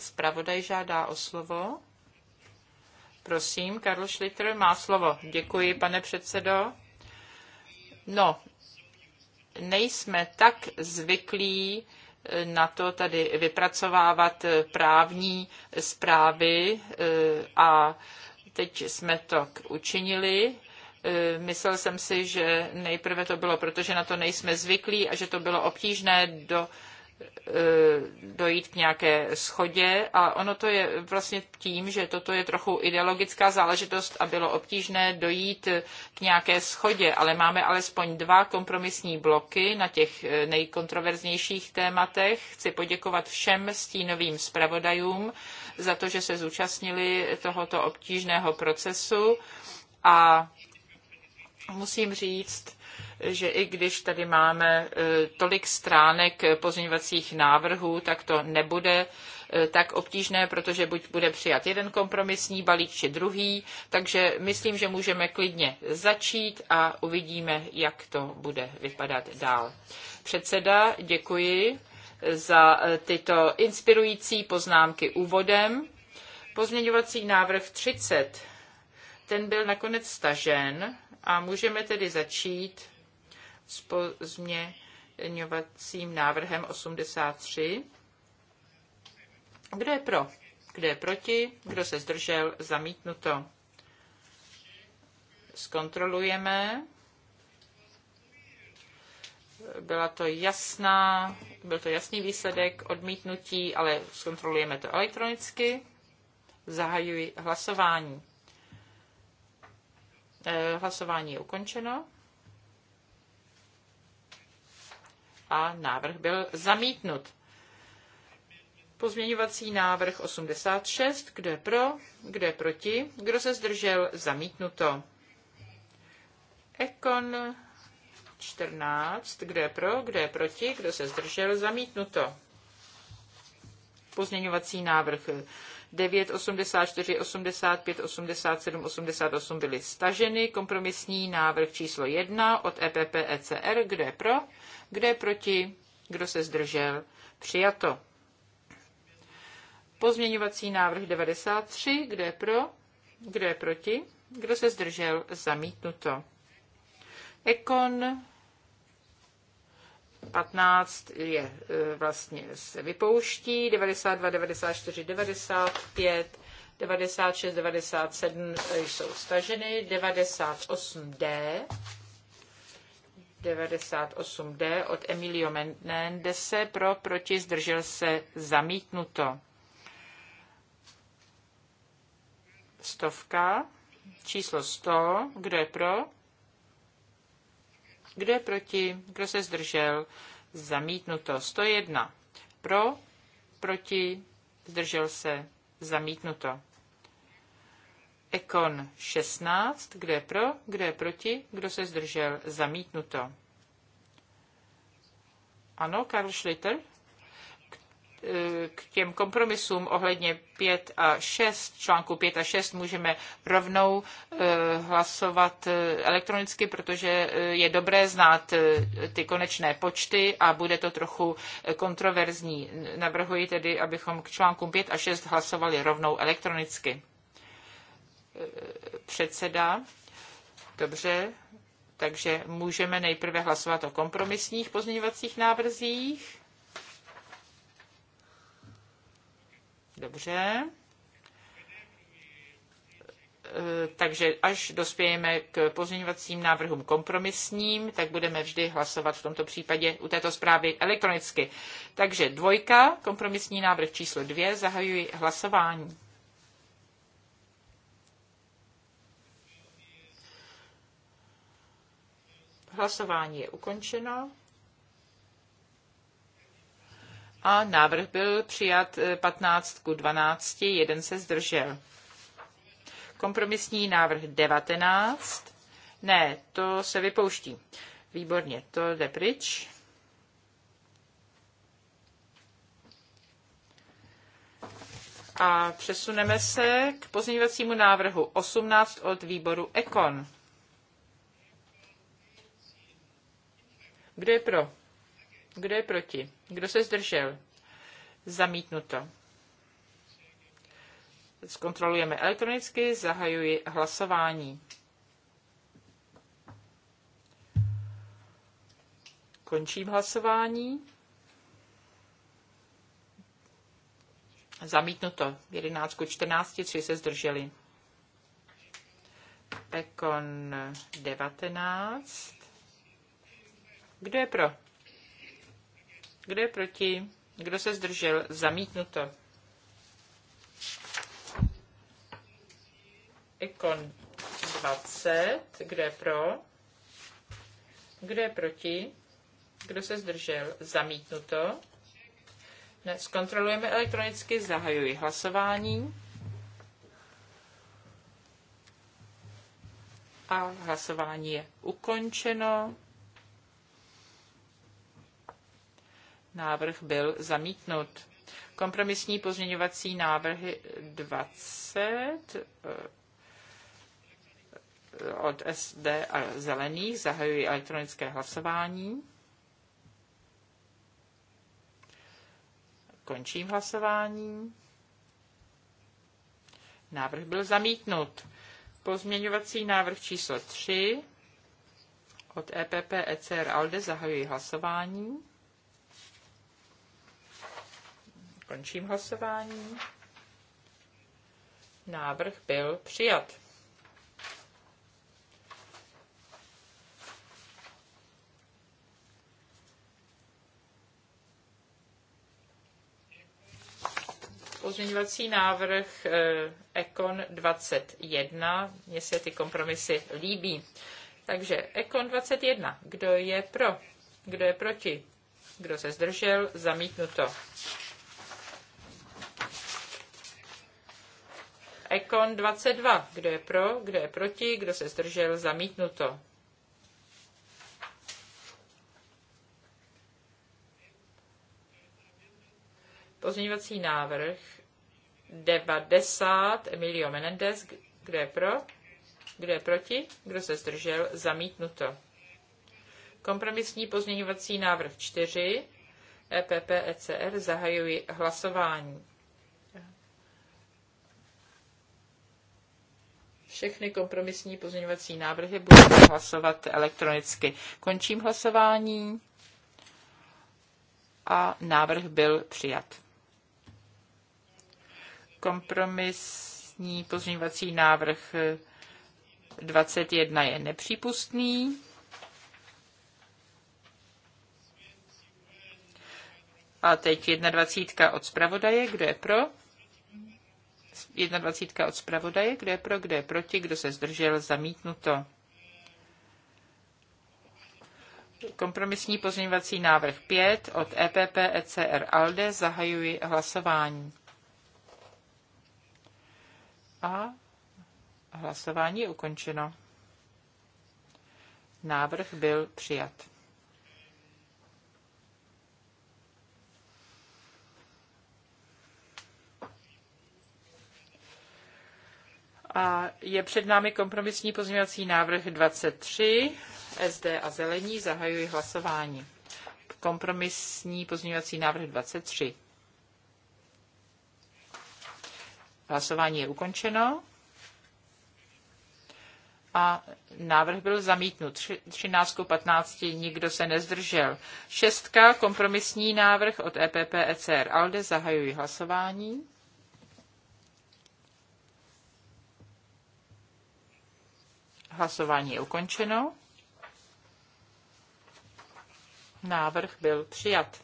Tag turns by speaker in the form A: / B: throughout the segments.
A: Spravodaj žádá o slovo. Prosím, Karl Schlitter má slovo. Děkuji, pane předsedo. No, nejsme tak zvyklí eh, na to tady vypracovávat eh, právní eh, zprávy a teď jsme to učinili. Myslel jsem si, že nejprve to bylo, protože na to nejsme zvyklí a že to bylo obtížné do Eh, dojít k nějaké schodě a ono to je vlastně tím, že toto je trochu ideologická záležitost a bylo obtížné dojít k nějaké schodě, ale máme alespoň dva kompromisní bloky na těch eh, nejkontroverznějších tématech. Chci poděkovat všem stínovým zpravodajům za to, že se zúčastnili tohoto obtížného procesu a musím říct, že i když tady máme e, tolik stránek pozměňovacích návrhů, tak to nebude e, tak obtížné, protože buď bude přijat jeden kompromisní balík či druhý, takže myslím, že můžeme klidně začít a uvidíme, jak to bude vypadat dál. Předseda, děkuji za e, tyto inspirující poznámky úvodem. Pozměňovací návrh 30, ten byl nakonec stažen a můžeme tedy začít s pozměňovacím návrhem 83. Kdo je pro? Kdo je proti? Kdo se zdržel? Zamítnuto. Zkontrolujeme. Byla to jasná, byl to jasný výsledek odmítnutí, ale zkontrolujeme to elektronicky. Zahajuji hlasování. Eh, hlasování je ukončeno. a návrh byl zamítnut. Pozměňovací návrh 86, kdo je pro, kdo je proti, kdo se zdržel, zamítnuto. Ekon 14, kdo je pro, kdo je proti, kdo se zdržel, zamítnuto. Pozměňovací návrh 9, 84, 85, 87, 88 byly staženy. Kompromisní návrh číslo 1 od EPP ECR, kdo je pro, kdo je proti? Kdo se zdržel? Přijato. Pozměňovací návrh 93. Kdo je pro? Kdo je proti? Kdo se zdržel? Zamítnuto. Ekon 15 je e, vlastně se vypouští, 92, 94, 95, 96, 97 jsou staženy, 98D 98D od Emilio Mendese pro, proti, zdržel se, zamítnuto. Stovka, číslo 100, kdo je pro? Kdo je proti? Kdo se zdržel? Zamítnuto. 101. Pro, proti, zdržel se, zamítnuto. Ekon 16, kdo je pro, kdo je proti, kdo se zdržel, zamítnuto. Ano, Karl Schlitter? k e, k těm kompromisům ohledně 5 a 6, článku 5 a 6 můžeme rovnou uh, hlasovat e, elektronicky, protože je dobré znát ty konečné počty a bude to trochu kontroverzní. Navrhuji tedy, abychom k článkům 5 a 6 hlasovali rovnou elektronicky předseda. Dobře, takže můžeme nejprve hlasovat o kompromisních pozměňovacích návrzích. Dobře. E, takže až dospějeme k pozměňovacím návrhům kompromisním, tak budeme vždy hlasovat v tomto případě u této zprávy elektronicky. Takže dvojka, kompromisní návrh číslo dvě, zahajuji hlasování. Hlasování je ukončeno. A návrh byl přijat 15 eh, ku 12, jeden se zdržel. Kompromisní návrh 19. Ne, to se vypouští. Výborně, to jde pryč. A přesuneme se k pozměňovacímu návrhu 18 od výboru Ekon. Kdo je pro? Kdo je proti? Kdo se zdržel? Zamítnuto. Zkontrolujeme elektronicky, zahajuji hlasování. Končím hlasování. Zamítnuto. 11 ku 14, 3 se zdrželi. Pekon 19. Kdo je pro? Kdo je proti? Kdo se zdržel? Zamítnuto. Ikon 20. Kdo je pro? Kdo je proti? Kdo se zdržel? Zamítnuto. Ne, zkontrolujeme elektronicky, zahajuji hlasování. A hlasování je ukončeno. Návrh byl zamítnut. Kompromisní pozměňovací návrhy 20 eh, od SD a zelených zahajuji elektronické hlasování. Končím hlasování. Návrh byl zamítnut. Pozměňovací návrh číslo 3 od EPP ECR ALDE zahajuji hlasování. Končím hlasování. Návrh byl přijat. pozměňovací návrh eh, Econ 21. Mně se ty kompromisy líbí. Takže Econ 21. Kdo je pro? Kdo je proti? Kdo se zdržel? Zamítnuto. Ekon 22. Kdo je pro, kdo je proti, kdo se zdržel, zamítnuto. Pozměňovací návrh 90 Emilio Menendez. Kdo je pro, kdo je proti, kdo se zdržel, zamítnuto. Kompromisní pozměňovací návrh 4 EPP ECR zahajuji hlasování. Všechny kompromisní pozměňovací návrhy budeme hlasovat elektronicky. Končím hlasování a návrh byl přijat. Kompromisní pozměňovací návrh 21 je nepřípustný. A teď 21 od zpravodaje. Kdo je pro? 21 od zpravodaje, kdo je pro, kdo je proti, kdo se zdržel, zamítnuto. Kompromisní pozměňovací návrh 5 od EPP ECR ALDE zahajuji hlasování. A hlasování je ukončeno. Návrh byl přijat. A je před námi kompromisní pozměňovací návrh 23 SD a zelení. Zahajuji hlasování. Kompromisní pozměňovací návrh 23. Hlasování je ukončeno. A návrh byl zamítnut. 13 15 nikdo se nezdržel. Šestka, kompromisní návrh od EPP ECR ALDE. Zahajuji hlasování. Hlasování je ukončeno. Návrh byl přijat.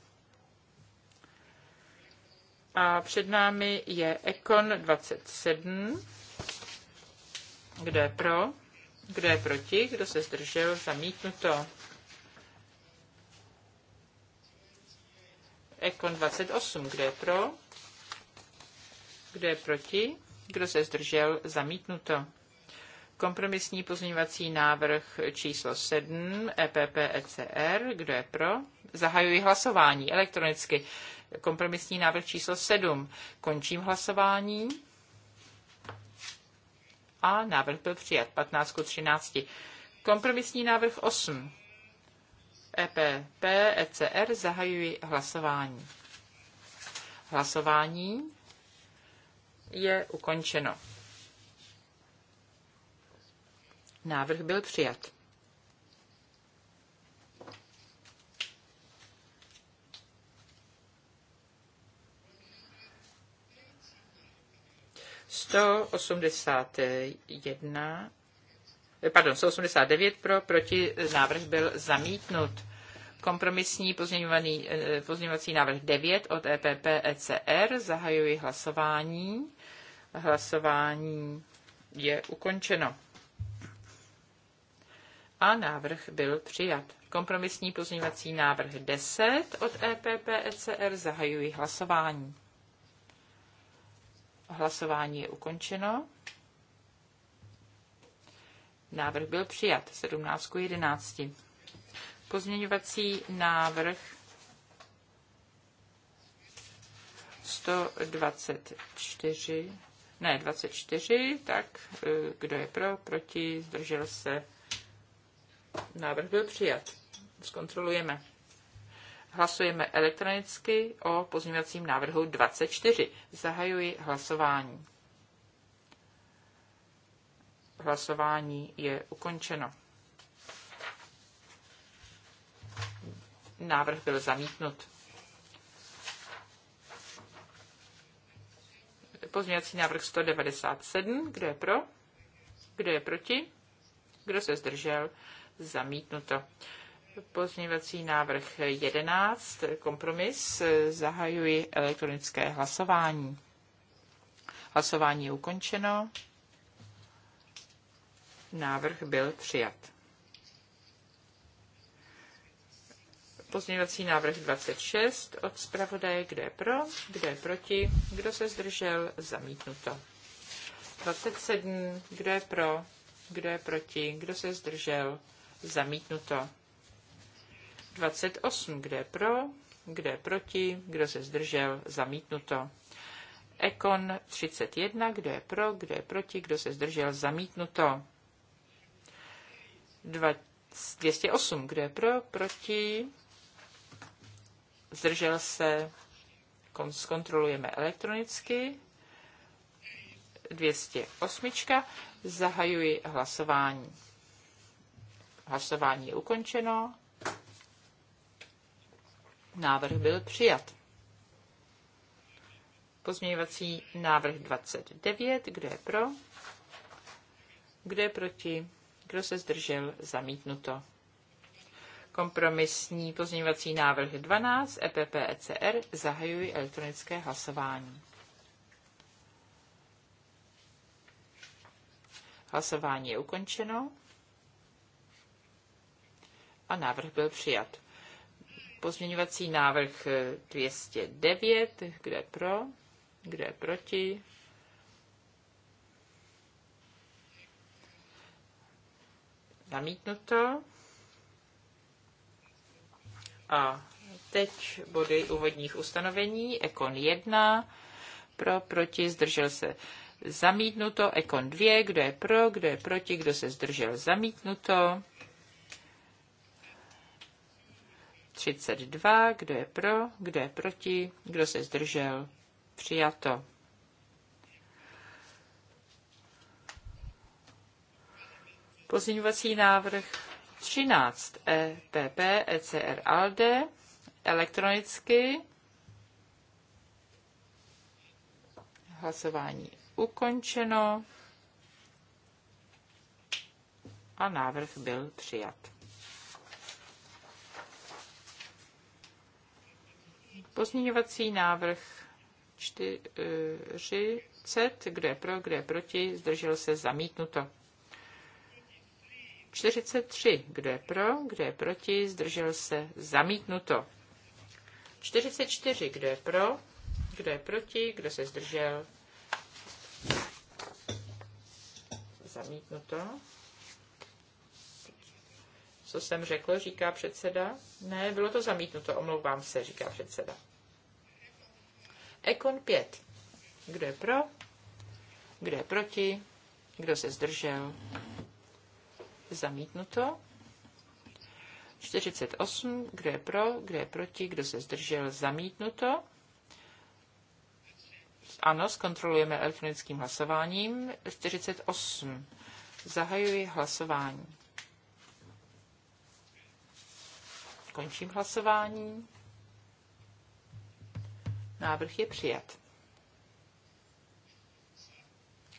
A: A před námi je Ekon 27. Kdo je pro? Kdo je proti? Kdo se zdržel? Zamítnuto. Ekon 28. Kdo je pro? Kdo je proti? Kdo se zdržel? Zamítnuto. Kompromisní pozměňovací návrh číslo 7 EPP ECR. Kdo je pro? Zahajuji hlasování elektronicky. Kompromisní návrh číslo 7. Končím hlasování. A návrh byl přijat 15 k 13. Kompromisní návrh 8. EPP ECR. Zahajuji hlasování. Hlasování je ukončeno. Návrh byl přijat. Sto osmdesát jedna, eh, pardon, 189 pro, proti eh, návrh byl zamítnut. Kompromisní eh, pozměňovací návrh 9 od EPP ECR. Zahajuji hlasování. Hlasování je ukončeno a návrh byl přijat. Kompromisní pozměňovací návrh 10 od EPP ECR zahajují hlasování. Hlasování je ukončeno. Návrh byl přijat 17 11. Pozměňovací návrh 124, ne 24, tak eh, kdo je pro, proti, zdržel se Návrh byl přijat. Zkontrolujeme. Hlasujeme elektronicky o pozměňovacím návrhu 24. Zahajuji hlasování. Hlasování je ukončeno. Návrh byl zamítnut. Pozměňovací návrh 197. Kdo je pro? Kdo je proti? Kdo se zdržel? zamítnuto. Pozměňovací návrh 11, kompromis, zahajuji elektronické hlasování. Hlasování je ukončeno. Návrh byl přijat. Pozměňovací návrh 26 od zpravodaje, kde je pro, kde je proti, kdo se zdržel, zamítnuto. 27, kdo je pro, kdo je proti, kdo se zdržel, zamítnuto. 28, kde je pro, kde je proti, kdo se zdržel, zamítnuto. Ekon 31, kdo je pro, kdo je proti, kdo se zdržel, zamítnuto. 208, kdo je pro, proti, zdržel se, zkontrolujeme elektronicky. 208, zahajuji hlasování. Hlasování je ukončeno. Návrh byl přijat. Pozměňovací návrh 29. Kdo je pro? Kdo je proti? Kdo se zdržel? Zamítnuto. Kompromisní pozměňovací návrh 12 EPP ECR zahajuji elektronické hlasování. Hlasování je ukončeno a návrh byl přijat. Pozměňovací návrh 209, eh, kde pro, kde proti. Zamítnuto. A teď body úvodních ustanovení. Ekon 1, pro, proti, zdržel se zamítnuto. Ekon 2, kdo je pro, kdo je proti, kdo se zdržel zamítnuto. 32. Kdo je pro? Kdo je proti? Kdo se zdržel? Přijato. Pozměňovací návrh 13 EPP ECR ALDE elektronicky. Hlasování ukončeno a návrh byl přijat. Pozměňovací návrh 40, kdo je pro, kdo je proti, zdržel se zamítnuto. 43, kdo je pro, kdo je proti, zdržel se zamítnuto. 44, kdo je pro, kdo je proti, kdo se zdržel zamítnuto. Co jsem řekl, říká předseda. Ne, bylo to zamítnuto, omlouvám se, říká předseda. Ekon 5. Kdo je pro? Kdo je proti? Kdo se zdržel? Zamítnuto. 48. Kdo je pro? Kdo je proti? Kdo se zdržel? Zamítnuto. Ano, zkontrolujeme elektronickým hlasováním. 48. Zahajuji hlasování. Končím hlasování. Návrh je přijat.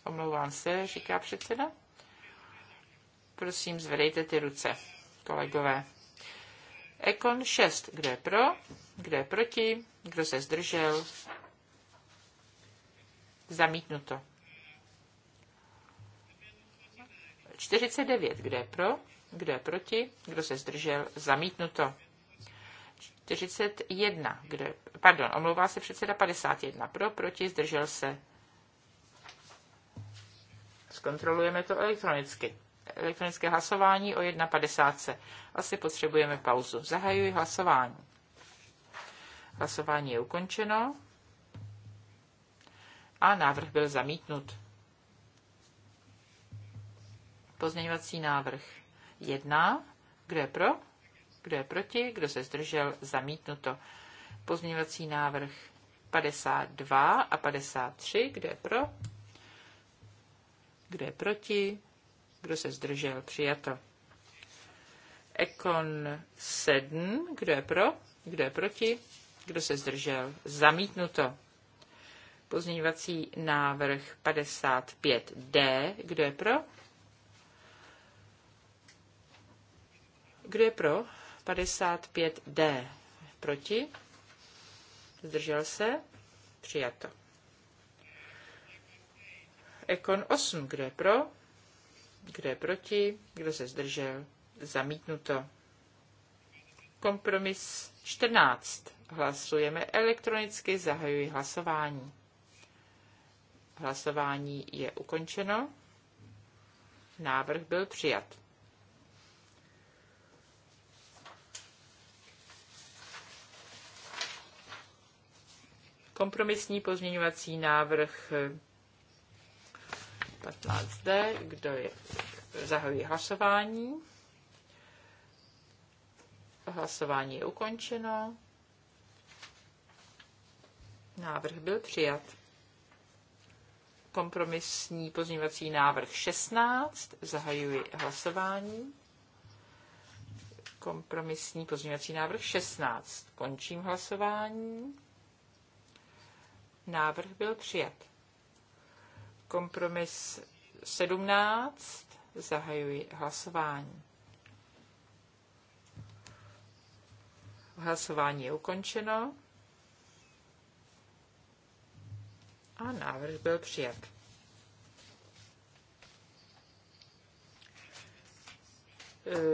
A: Omlouvám se, říká předseda. Prosím, zvedejte ty ruce, kolegové. Ekon 6. Kdo je pro? Kdo je proti? Kdo se zdržel? Zamítnuto. 49. Kdo je pro? Kdo je proti? Kdo se zdržel? Zamítnuto. 41, kde, pardon, omlouvá se předseda 51 pro, proti, zdržel se. Zkontrolujeme to elektronicky. Elektronické hlasování o 1.50. Asi potřebujeme pauzu. Zahajuji hlasování. Hlasování je ukončeno a návrh byl zamítnut. Pozměňovací návrh 1. Kdo je pro? Kdo je proti? Kdo se zdržel? Zamítnuto. Pozměňovací návrh 52 a 53. Kdo je pro? Kdo je proti? Kdo se zdržel? Přijato. Ekon 7. Kdo je pro? Kdo je proti? Kdo se zdržel? Zamítnuto. Pozměňovací návrh 55D. Kdo je pro? Kdo je pro? 55D. Proti? Zdržel se? Přijato. Ekon 8. Kdo je pro? Kdo je proti? Kdo se zdržel? Zamítnuto. Kompromis 14. Hlasujeme elektronicky, zahajuji hlasování. Hlasování je ukončeno. Návrh byl přijat. Kompromisní pozměňovací návrh 15D, kdo je zahajují hlasování. Hlasování je ukončeno. Návrh byl přijat. Kompromisní pozměňovací návrh 16. Zahajuji hlasování. Kompromisní pozměňovací návrh 16. Končím hlasování. Návrh byl přijat. Kompromis 17. Zahajuji hlasování. Hlasování je ukončeno. A návrh byl přijat.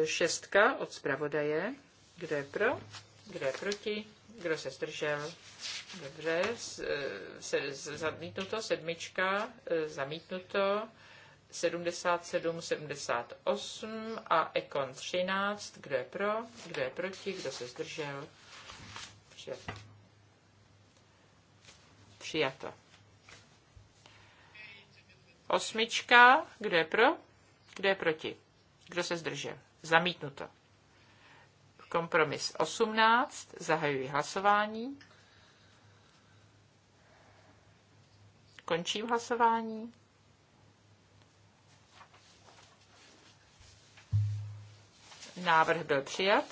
A: Šestka od zpravodaje. Kdo je pro? Kdo je proti? Kdo se zdržel? Dobře, se, zamítnuto, sedmička, e, zamítnuto, 77, 78 a Ekon 13. Kdo je pro? Kdo je proti? Kdo se zdržel? Přijato. Přijato. Osmička. Kdo je pro? Kdo je proti? Kdo se zdržel? Zamítnuto. Kompromis 18. Zahajuji hlasování. Končím hlasování. Návrh byl přijat.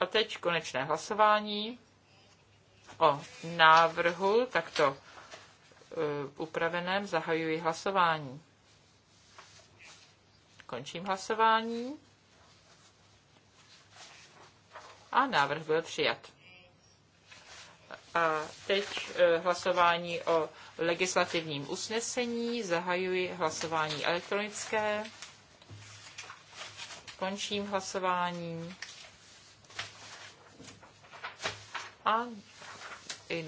A: A teď konečné hlasování o návrhu takto eh, upraveném zahajuji hlasování. Končím hlasování. A návrh byl přijat. A teď e, hlasování o legislativním usnesení. Zahajuji hlasování elektronické. Končím hlasování. A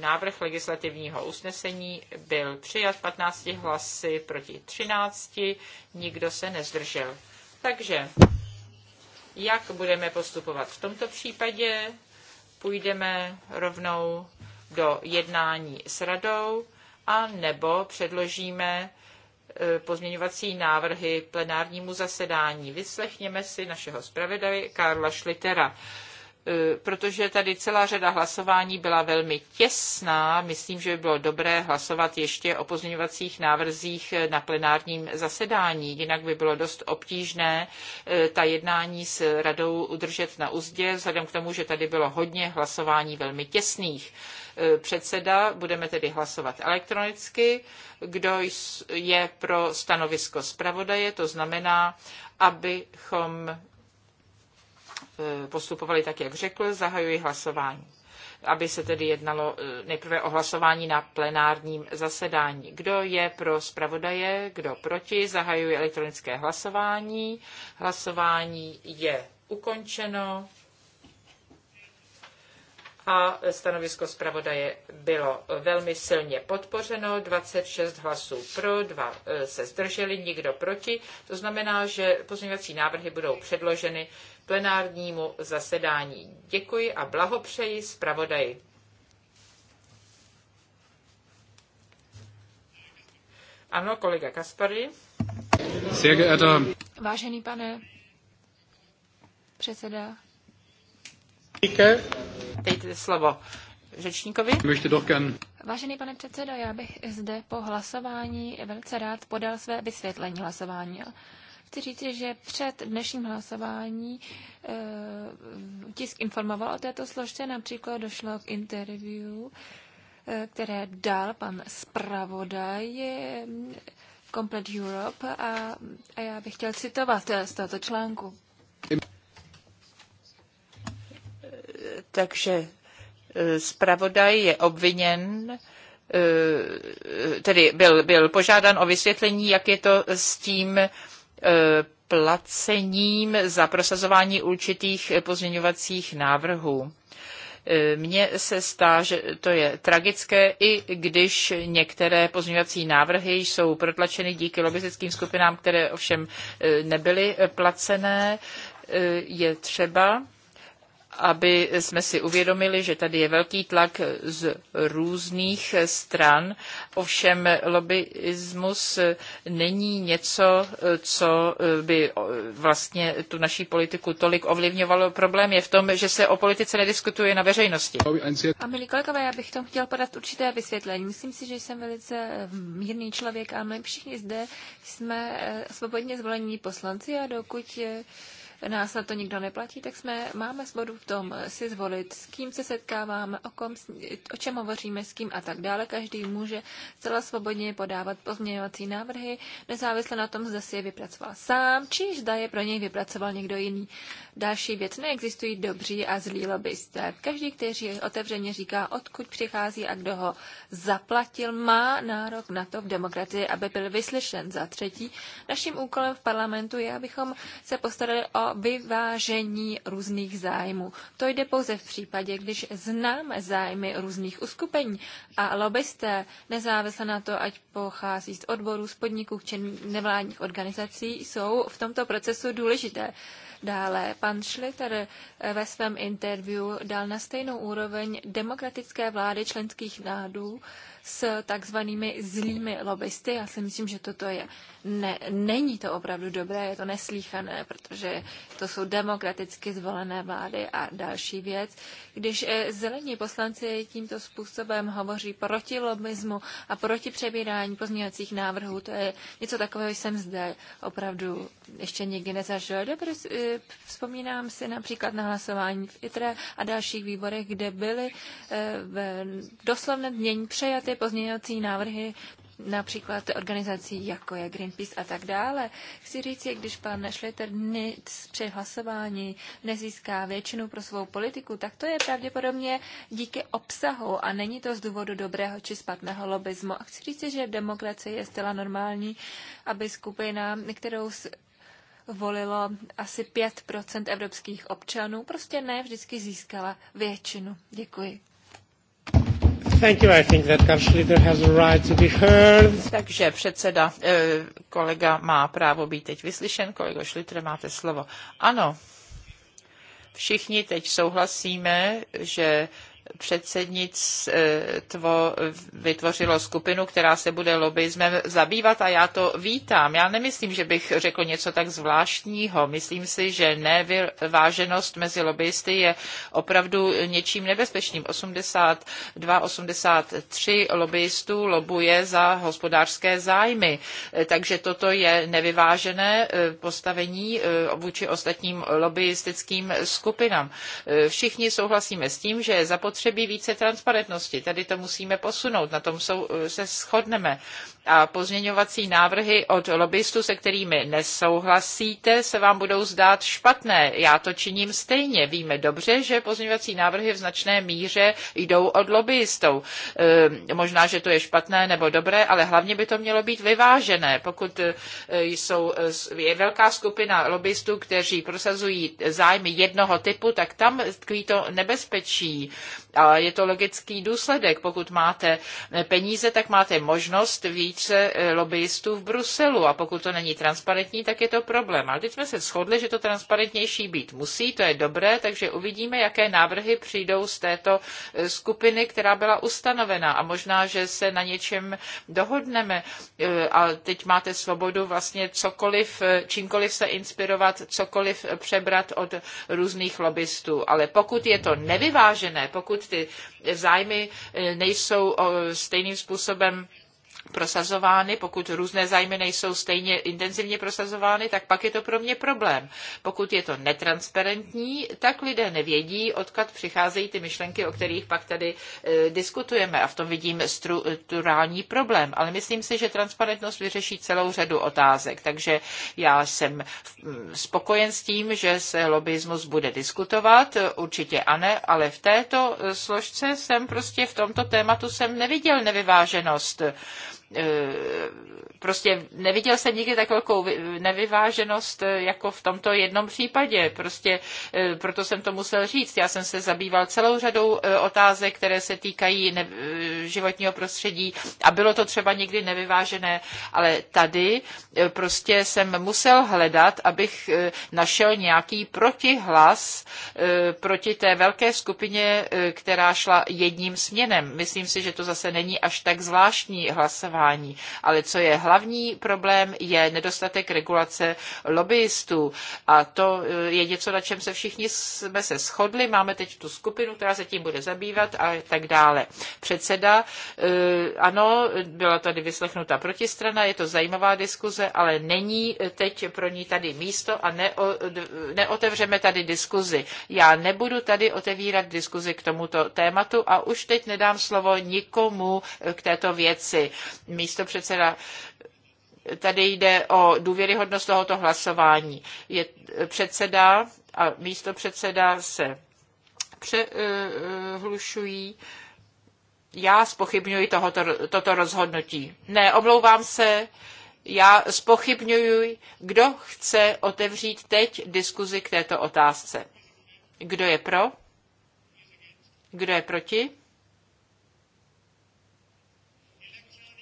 A: Návrh legislativního usnesení byl přijat 15 hlasy proti 13, nikdo se nezdržel. Takže jak budeme postupovat v tomto případě? Půjdeme rovnou do jednání s radou a nebo předložíme e, pozměňovací návrhy plenárnímu zasedání. Vyslechněme si našeho zpravodaje Karla Šlitera. Eh, protože tady celá řada hlasování byla velmi těsná, myslím, že by bylo dobré hlasovat ještě o pozměňovacích návrzích eh, na plenárním zasedání, jinak by bylo dost obtížné eh, ta jednání s radou udržet na úzdě, vzhledem k tomu, že tady bylo hodně hlasování velmi těsných. Předseda, budeme tedy hlasovat elektronicky, kdo je pro stanovisko zpravodaje, to znamená, abychom Eh, postupovali tak, jak řekl, zahajuji hlasování aby se tedy jednalo eh, nejprve o hlasování na plenárním zasedání. Kdo je pro zpravodaje, kdo proti, zahajuji elektronické hlasování. Hlasování je ukončeno a stanovisko zpravodaje bylo velmi silně podpořeno, 26 hlasů pro, 2 eh, se zdrželi, nikdo proti. To znamená, že pozměňovací návrhy budou předloženy plenárnímu zasedání. Děkuji a blahopřeji zpravodaji. Ano, kolega Kaspary.
B: Vážený pane předseda.
A: Dejte slovo řečníkovi.
B: Vážený pane předsedo, já bych zde po hlasování velice rád podal své vysvětlení hlasování. Chci říct, že před dnešním hlasování eh, tisk informoval o této složce, například došlo k interview, eh, které dal pan zpravodaj eh, Complete Europe a, a já bych chtěl citovat z tohoto článku.
A: Takže zpravodaj je obviněn tedy byl, byl požádán o vysvětlení, jak je to s tím E, placením za prosazování určitých pozměňovacích návrhů. E, mně se stá, že to je tragické, i když některé pozměňovací návrhy jsou protlačeny díky lobistickým skupinám, které ovšem e, nebyly placené, je třeba aby jsme si uvědomili, že tady je velký tlak z různých stran. Ovšem lobbyismus není něco, co by vlastně tu naší politiku tolik ovlivňovalo. Problém je v tom, že se o politice nediskutuje na veřejnosti.
B: A milí kolegové, já bych tomu chtěl podat určité vysvětlení. Myslím si, že jsem velice mírný člověk a my všichni zde jsme eh, svobodně zvolení poslanci a dokud eh, nás na to nikdo neplatí, tak jsme, máme svobodu v tom si zvolit, s kým se setkáváme, o, kom, o čem hovoříme, s kým a tak dále. Každý může zcela svobodně podávat pozměňovací návrhy, nezávisle na tom, zda si je vypracoval sám, či zda je pro něj vypracoval někdo jiný. Další věc, neexistují dobří a zlí lobbysté. Každý, který otevřeně říká, odkud přichází a kdo ho zaplatil, má nárok na to v demokracii, aby byl vyslyšen. Za třetí, naším úkolem v parlamentu je, abychom se postarali o vyvážení různých zájmů. To jde pouze v případě, když znám zájmy různých uskupení a lobbysté, nezávisle na to, ať pochází z odborů, z podniků či nevládních organizací, jsou v tomto procesu důležité. Dále pan Schlitter eh, ve svém interview dal na stejnou úroveň demokratické vlády členských nádů s takzvanými zlými lobbysty. Já si myslím, že toto je. Ne, není to opravdu dobré, je to neslíchané, protože to jsou demokraticky zvolené vlády a další věc. Když eh, zelení poslanci tímto způsobem hovoří proti lobbyzmu a proti přebírání pozměňovacích návrhů, to je něco takového, jsem zde opravdu ještě nikdy nezažil. Dobře, eh, Vzpomínám si například na hlasování v ITRE a dalších výborech, kde byly eh, v doslovném dnění přejaty pozměňovací návrhy například organizací jako je Greenpeace a tak dále. Chci říct, když pan Schlitter nic při hlasování nezíská většinu pro svou politiku, tak to je pravděpodobně díky obsahu a není to z důvodu dobrého či spadného lobbyzmu. A chci říct, že v demokracii je zcela normální, aby skupina, kterou volilo asi 5 evropských občanů, prostě ne vždycky získala většinu. Děkuji.
C: Thank you. I think that has a right to be heard.
B: Takže předseda, eh,
A: kolega má právo být teď vyslyšen. Kolego Schlitter, máte slovo. Ano, všichni teď souhlasíme, že předsednictvo vytvořilo skupinu, která se bude lobbyismem zabývat a já to vítám. Já nemyslím, že bych řekl něco tak zvláštního. Myslím si, že nevyváženost mezi lobbyisty je opravdu něčím nebezpečným. 82, 83 lobbyistů lobuje za hospodářské zájmy, takže toto je nevyvážené eh, postavení eh, vůči ostatním lobbyistickým skupinám. Eh, všichni souhlasíme s tím, že je zapotřebí zapotřebí více transparentnosti. Tady to musíme posunout, na tom jsou, se shodneme a pozměňovací návrhy od lobbystů, se kterými nesouhlasíte, se vám budou zdát špatné. Já to činím stejně. Víme dobře, že pozměňovací návrhy v značné míře jdou od lobbyistů. Ehm, možná, že to je špatné nebo dobré, ale hlavně by to mělo být vyvážené. Pokud e, jsou, e, je velká skupina lobbystů, kteří prosazují zájmy jednoho typu, tak tam tkví to nebezpečí. A je to logický důsledek. Pokud máte e, peníze, tak máte možnost víc více e, lobbyistů v Bruselu a pokud to není transparentní, tak je to problém. Ale teď jsme se shodli, že to transparentnější být musí, to je dobré, takže uvidíme, jaké návrhy přijdou z této e, skupiny, která byla ustanovena a možná, že se na něčem dohodneme. E, a teď máte svobodu vlastně cokoliv, čímkoliv se inspirovat, cokoliv přebrat od různých lobbystů. Ale pokud je to nevyvážené, pokud ty zájmy nejsou stejným způsobem prosazovány, pokud různé zájmy nejsou stejně intenzivně prosazovány, tak pak je to pro mě problém. Pokud je to netransparentní, tak lidé nevědí, odkud přicházejí ty myšlenky, o kterých pak tady e, diskutujeme. A v tom vidím strukturální problém. Ale myslím si, že transparentnost vyřeší celou řadu otázek. Takže já jsem mm, spokojen s tím, že se lobbyismus bude diskutovat. Určitě ano, ale v této eh, složce jsem prostě v tomto tématu jsem neviděl nevyváženost. Eh, prostě neviděl jsem nikdy tak velkou nevyváženost eh, jako v tomto jednom případě. Prostě eh, proto jsem to musel říct. Já jsem se zabýval celou řadou otázek, které se týkají životního prostředí a bylo to třeba někdy nevyvážené, ale tady prostě jsem musel hledat, abych našel nějaký protihlas proti té velké skupině, která šla jedním směrem. Myslím si, že to zase není až tak zvláštní hlasování vyjednávání. Ale co je hlavní problém, je nedostatek regulace lobbyistů. A to eh, je něco, na čem se všichni jsme se shodli. Máme teď tu skupinu, která se tím bude zabývat a tak dále. Předseda, eh, ano, byla tady vyslechnuta protistrana, je to zajímavá diskuze, ale není eh, teď pro ní tady místo a neo, neotevřeme tady diskuzi. Já nebudu tady otevírat diskuzi k tomuto tématu a už teď nedám slovo nikomu k této věci místo předseda tady jde o důvěryhodnost tohoto hlasování. Je předseda a místo předseda se přehlušují. Já spochybňuji tohoto, toto rozhodnutí. Ne, omlouvám se, já spochybňuji, kdo chce otevřít teď diskuzi k této otázce. Kdo je pro? Kdo je proti?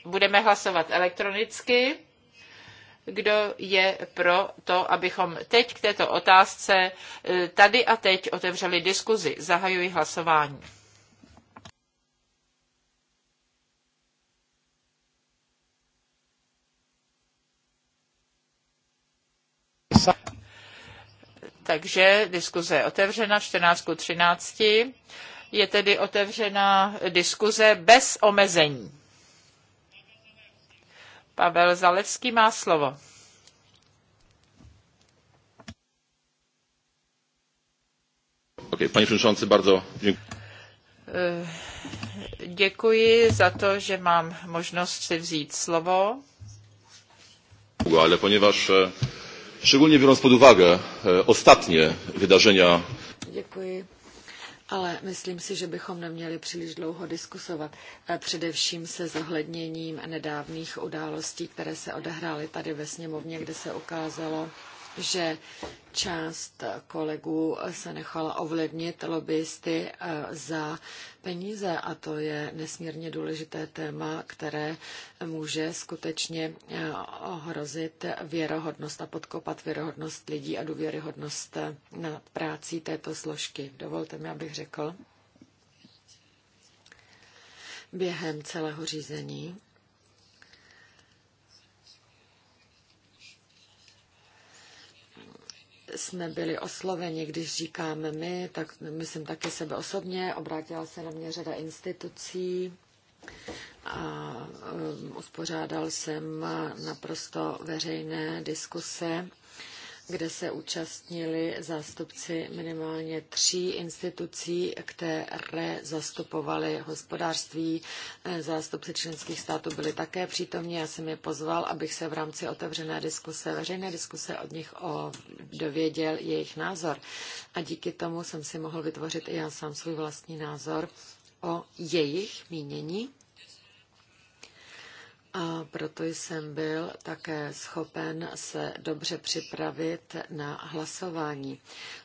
A: Budeme hlasovat elektronicky. Kdo je pro to, abychom teď k této otázce eh, tady a teď otevřeli diskuzi? Zahajuji hlasování. Takže diskuze je otevřena 14 13. Je tedy otevřena diskuze bez omezení. Pavel Zalevský má slovo. Okay, panie przewodniczący, bardzo dziękuję. Eh, děkuji za to, že mám možnost si vzít slovo. Ale ponieważ e, szczególnie biorąc pod uwagę e, ostatnie wydarzenia
D: Děkuji ale myslím si, že bychom neměli příliš dlouho diskusovat, eh, především se zohledněním nedávných událostí, které se odehrály tady ve sněmovně, kde se ukázalo, že část kolegů se nechala ovlivnit lobbyisty eh, za peníze a to je nesmírně důležité téma, které může skutečně eh, ohrozit věrohodnost a podkopat věrohodnost lidí a důvěryhodnost eh, nad prácí této složky. Dovolte mi, abych řekl, během celého řízení jsme byli osloveni, když říkáme my, tak myslím taky sebe osobně, obrátila se na mě řada institucí a um, uspořádal jsem naprosto veřejné diskuse kde se účastnili zástupci minimálně tří institucí, které zastupovaly hospodářství. Eh, zástupci členských států byli také přítomní. Já jsem je pozval, abych se v rámci otevřené diskuse, veřejné diskuse od nich o, dověděl jejich názor. A díky tomu jsem si mohl vytvořit i já sám svůj vlastní názor o jejich mínění a proto jsem byl také schopen se dobře připravit na hlasování.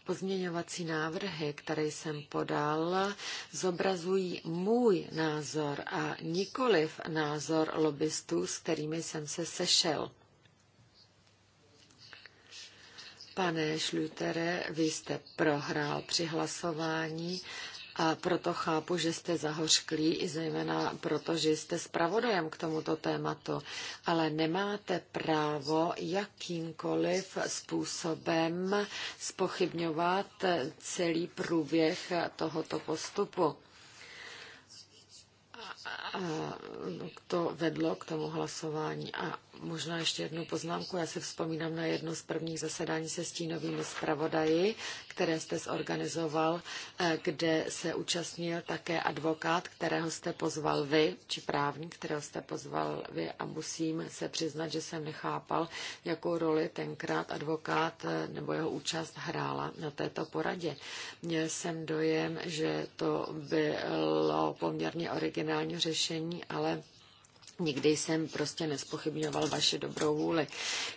D: Pozměňovací návrhy, které jsem podal, zobrazují můj názor a nikoliv názor lobbystů, s kterými jsem se sešel. Pane Šlutere, vy jste prohrál při hlasování a proto chápu, že jste zahořklí, i zejména proto, že jste zpravodajem k tomuto tématu, ale nemáte právo jakýmkoliv způsobem spochybňovat celý průběh tohoto postupu. A to vedlo k tomu hlasování. A Možná ještě jednu poznámku. Já si vzpomínám na jedno z prvních zasedání se stínovými zpravodaji, které jste zorganizoval, eh, kde se účastnil také advokát, kterého jste pozval vy, či právník, kterého jste pozval vy a musím se přiznat, že jsem nechápal, jakou roli tenkrát advokát eh, nebo jeho účast hrála na této poradě. Měl jsem dojem, že to bylo poměrně originální řešení, ale Nikdy jsem prostě nespochybňoval vaše dobrou vůli.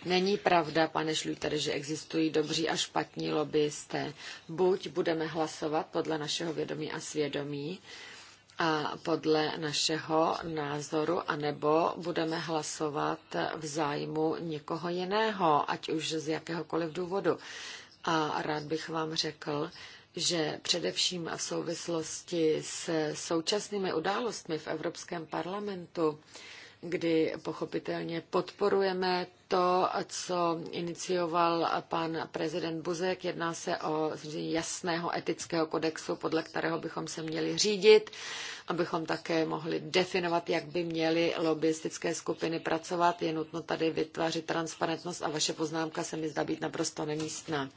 D: Není pravda, pane Šlujtere, že existují dobří a špatní lobbyisté. Buď budeme hlasovat podle našeho vědomí a svědomí, a podle našeho názoru, anebo budeme hlasovat v zájmu někoho jiného, ať už z jakéhokoliv důvodu. A rád bych vám řekl, že především v souvislosti s současnými událostmi v Evropském parlamentu, kdy pochopitelně podporujeme to, co inicioval pan prezident Buzek. Jedná se o zřízení jasného etického kodexu, podle kterého bychom se měli řídit, abychom také mohli definovat, jak by měly lobbyistické skupiny pracovat. Je nutno tady vytvářet transparentnost a vaše poznámka se mi zdá být naprosto nemístná.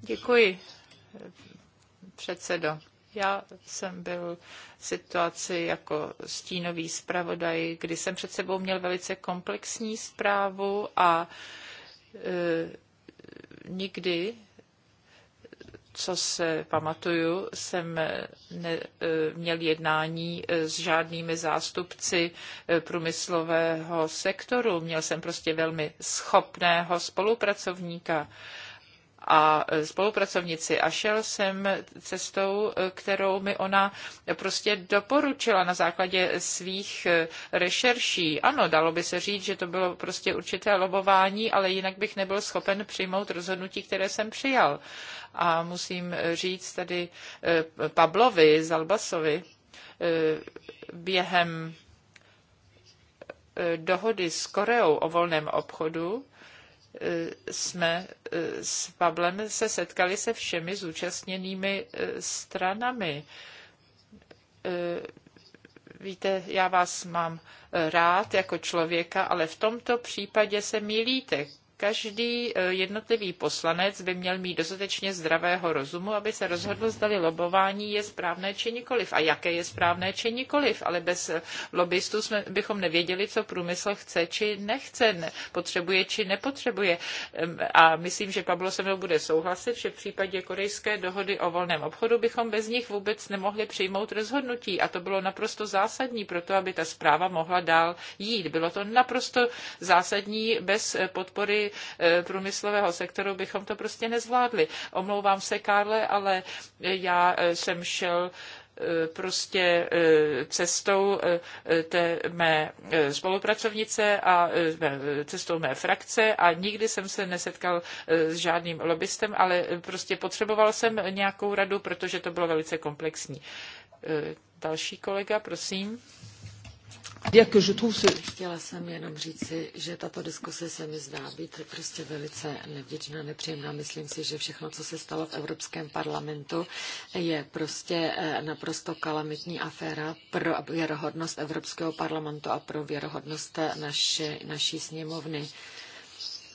A: Děkuji, předsedo. Já jsem byl v situaci jako stínový zpravodaj, kdy jsem před sebou měl velice komplexní zprávu a e, nikdy, co se pamatuju, jsem ne, e, měl jednání e, s žádnými zástupci e, průmyslového sektoru. Měl jsem prostě velmi schopného spolupracovníka. E, a e, spolupracovnici a šel jsem cestou, e, kterou mi ona prostě doporučila na základě svých e, rešerší. Ano, dalo by se říct, že to bylo prostě určité lobování, ale jinak bych nebyl schopen přijmout rozhodnutí, které jsem přijal. A musím říct tady Pablovi, Zalbasovi, během dohody s Koreou o volném obchodu, Eh, jsme eh, s Pavlem se setkali se všemi zúčastněnými eh, stranami. Víte, já vás mám rád jako člověka, ale v tomto případě se milíte každý eh, jednotlivý poslanec by měl mít dostatečně zdravého rozumu, aby se rozhodl, zdali lobování je správné či nikoliv a jaké je správné či nikoliv. Ale bez eh, lobbystů bychom nevěděli, co průmysl chce či nechce, potřebuje či nepotřebuje. A myslím, že Pablo se mnou bude souhlasit, že v případě korejské dohody o volném obchodu bychom bez nich vůbec nemohli přijmout rozhodnutí. A to bylo naprosto zásadní pro to, aby ta zpráva mohla dál jít. Bylo to naprosto zásadní bez eh, podpory Eh, průmyslového sektoru bychom to prostě nezvládli. Omlouvám se, Karle, ale eh, já eh, jsem šel prostě cestou té mé spolupracovnice a cestou mé frakce a nikdy jsem se nesetkal s žádným lobbystem, ale prostě potřeboval jsem nějakou radu, protože to bylo velice komplexní.
D: Další kolega, prosím. Chtěla jsem jenom říci, že tato diskuse se mi zdá být prostě velice nevděčná, nepříjemná. Myslím si, že všechno, co se stalo v Evropském parlamentu, je prostě eh, naprosto kalamitní aféra pro věrohodnost Evropského parlamentu a pro věrohodnost eh, naše, naší sněmovny.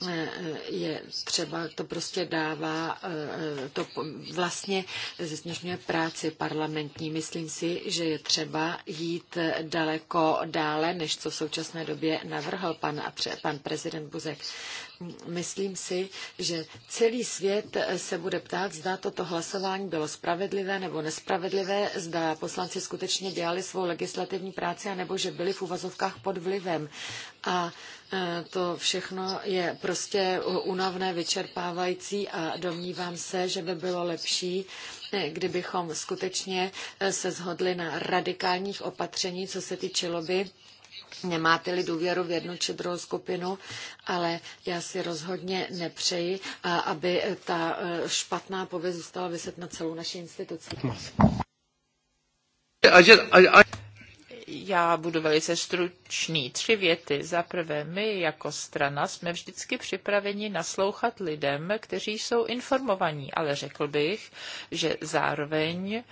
D: Eh, eh, je třeba, to prostě dává, eh, to vlastně zesměšňuje práci parlamentní. Myslím si, že je třeba jít daleko dále, než co v současné době navrhl pan, pan prezident Buzek myslím si, že celý svět se bude ptát, zda toto hlasování bylo spravedlivé nebo nespravedlivé, zda poslanci skutečně dělali svou legislativní práci, anebo že byli v uvazovkách pod vlivem. A e, to všechno je prostě unavné, vyčerpávající a domnívám se, že by bylo lepší, e, kdybychom skutečně e, se zhodli na radikálních opatření, co se týče by Nemáte-li důvěru v jednu či druhou skupinu, ale já si rozhodně nepřeji, aby e, ta e, špatná pověst zůstala vyset na celou naši instituci. Já budu velice stručný. Tři
A: věty. Za prvé, my jako strana jsme vždycky připraveni naslouchat lidem, kteří jsou informovaní, ale řekl bych, že zároveň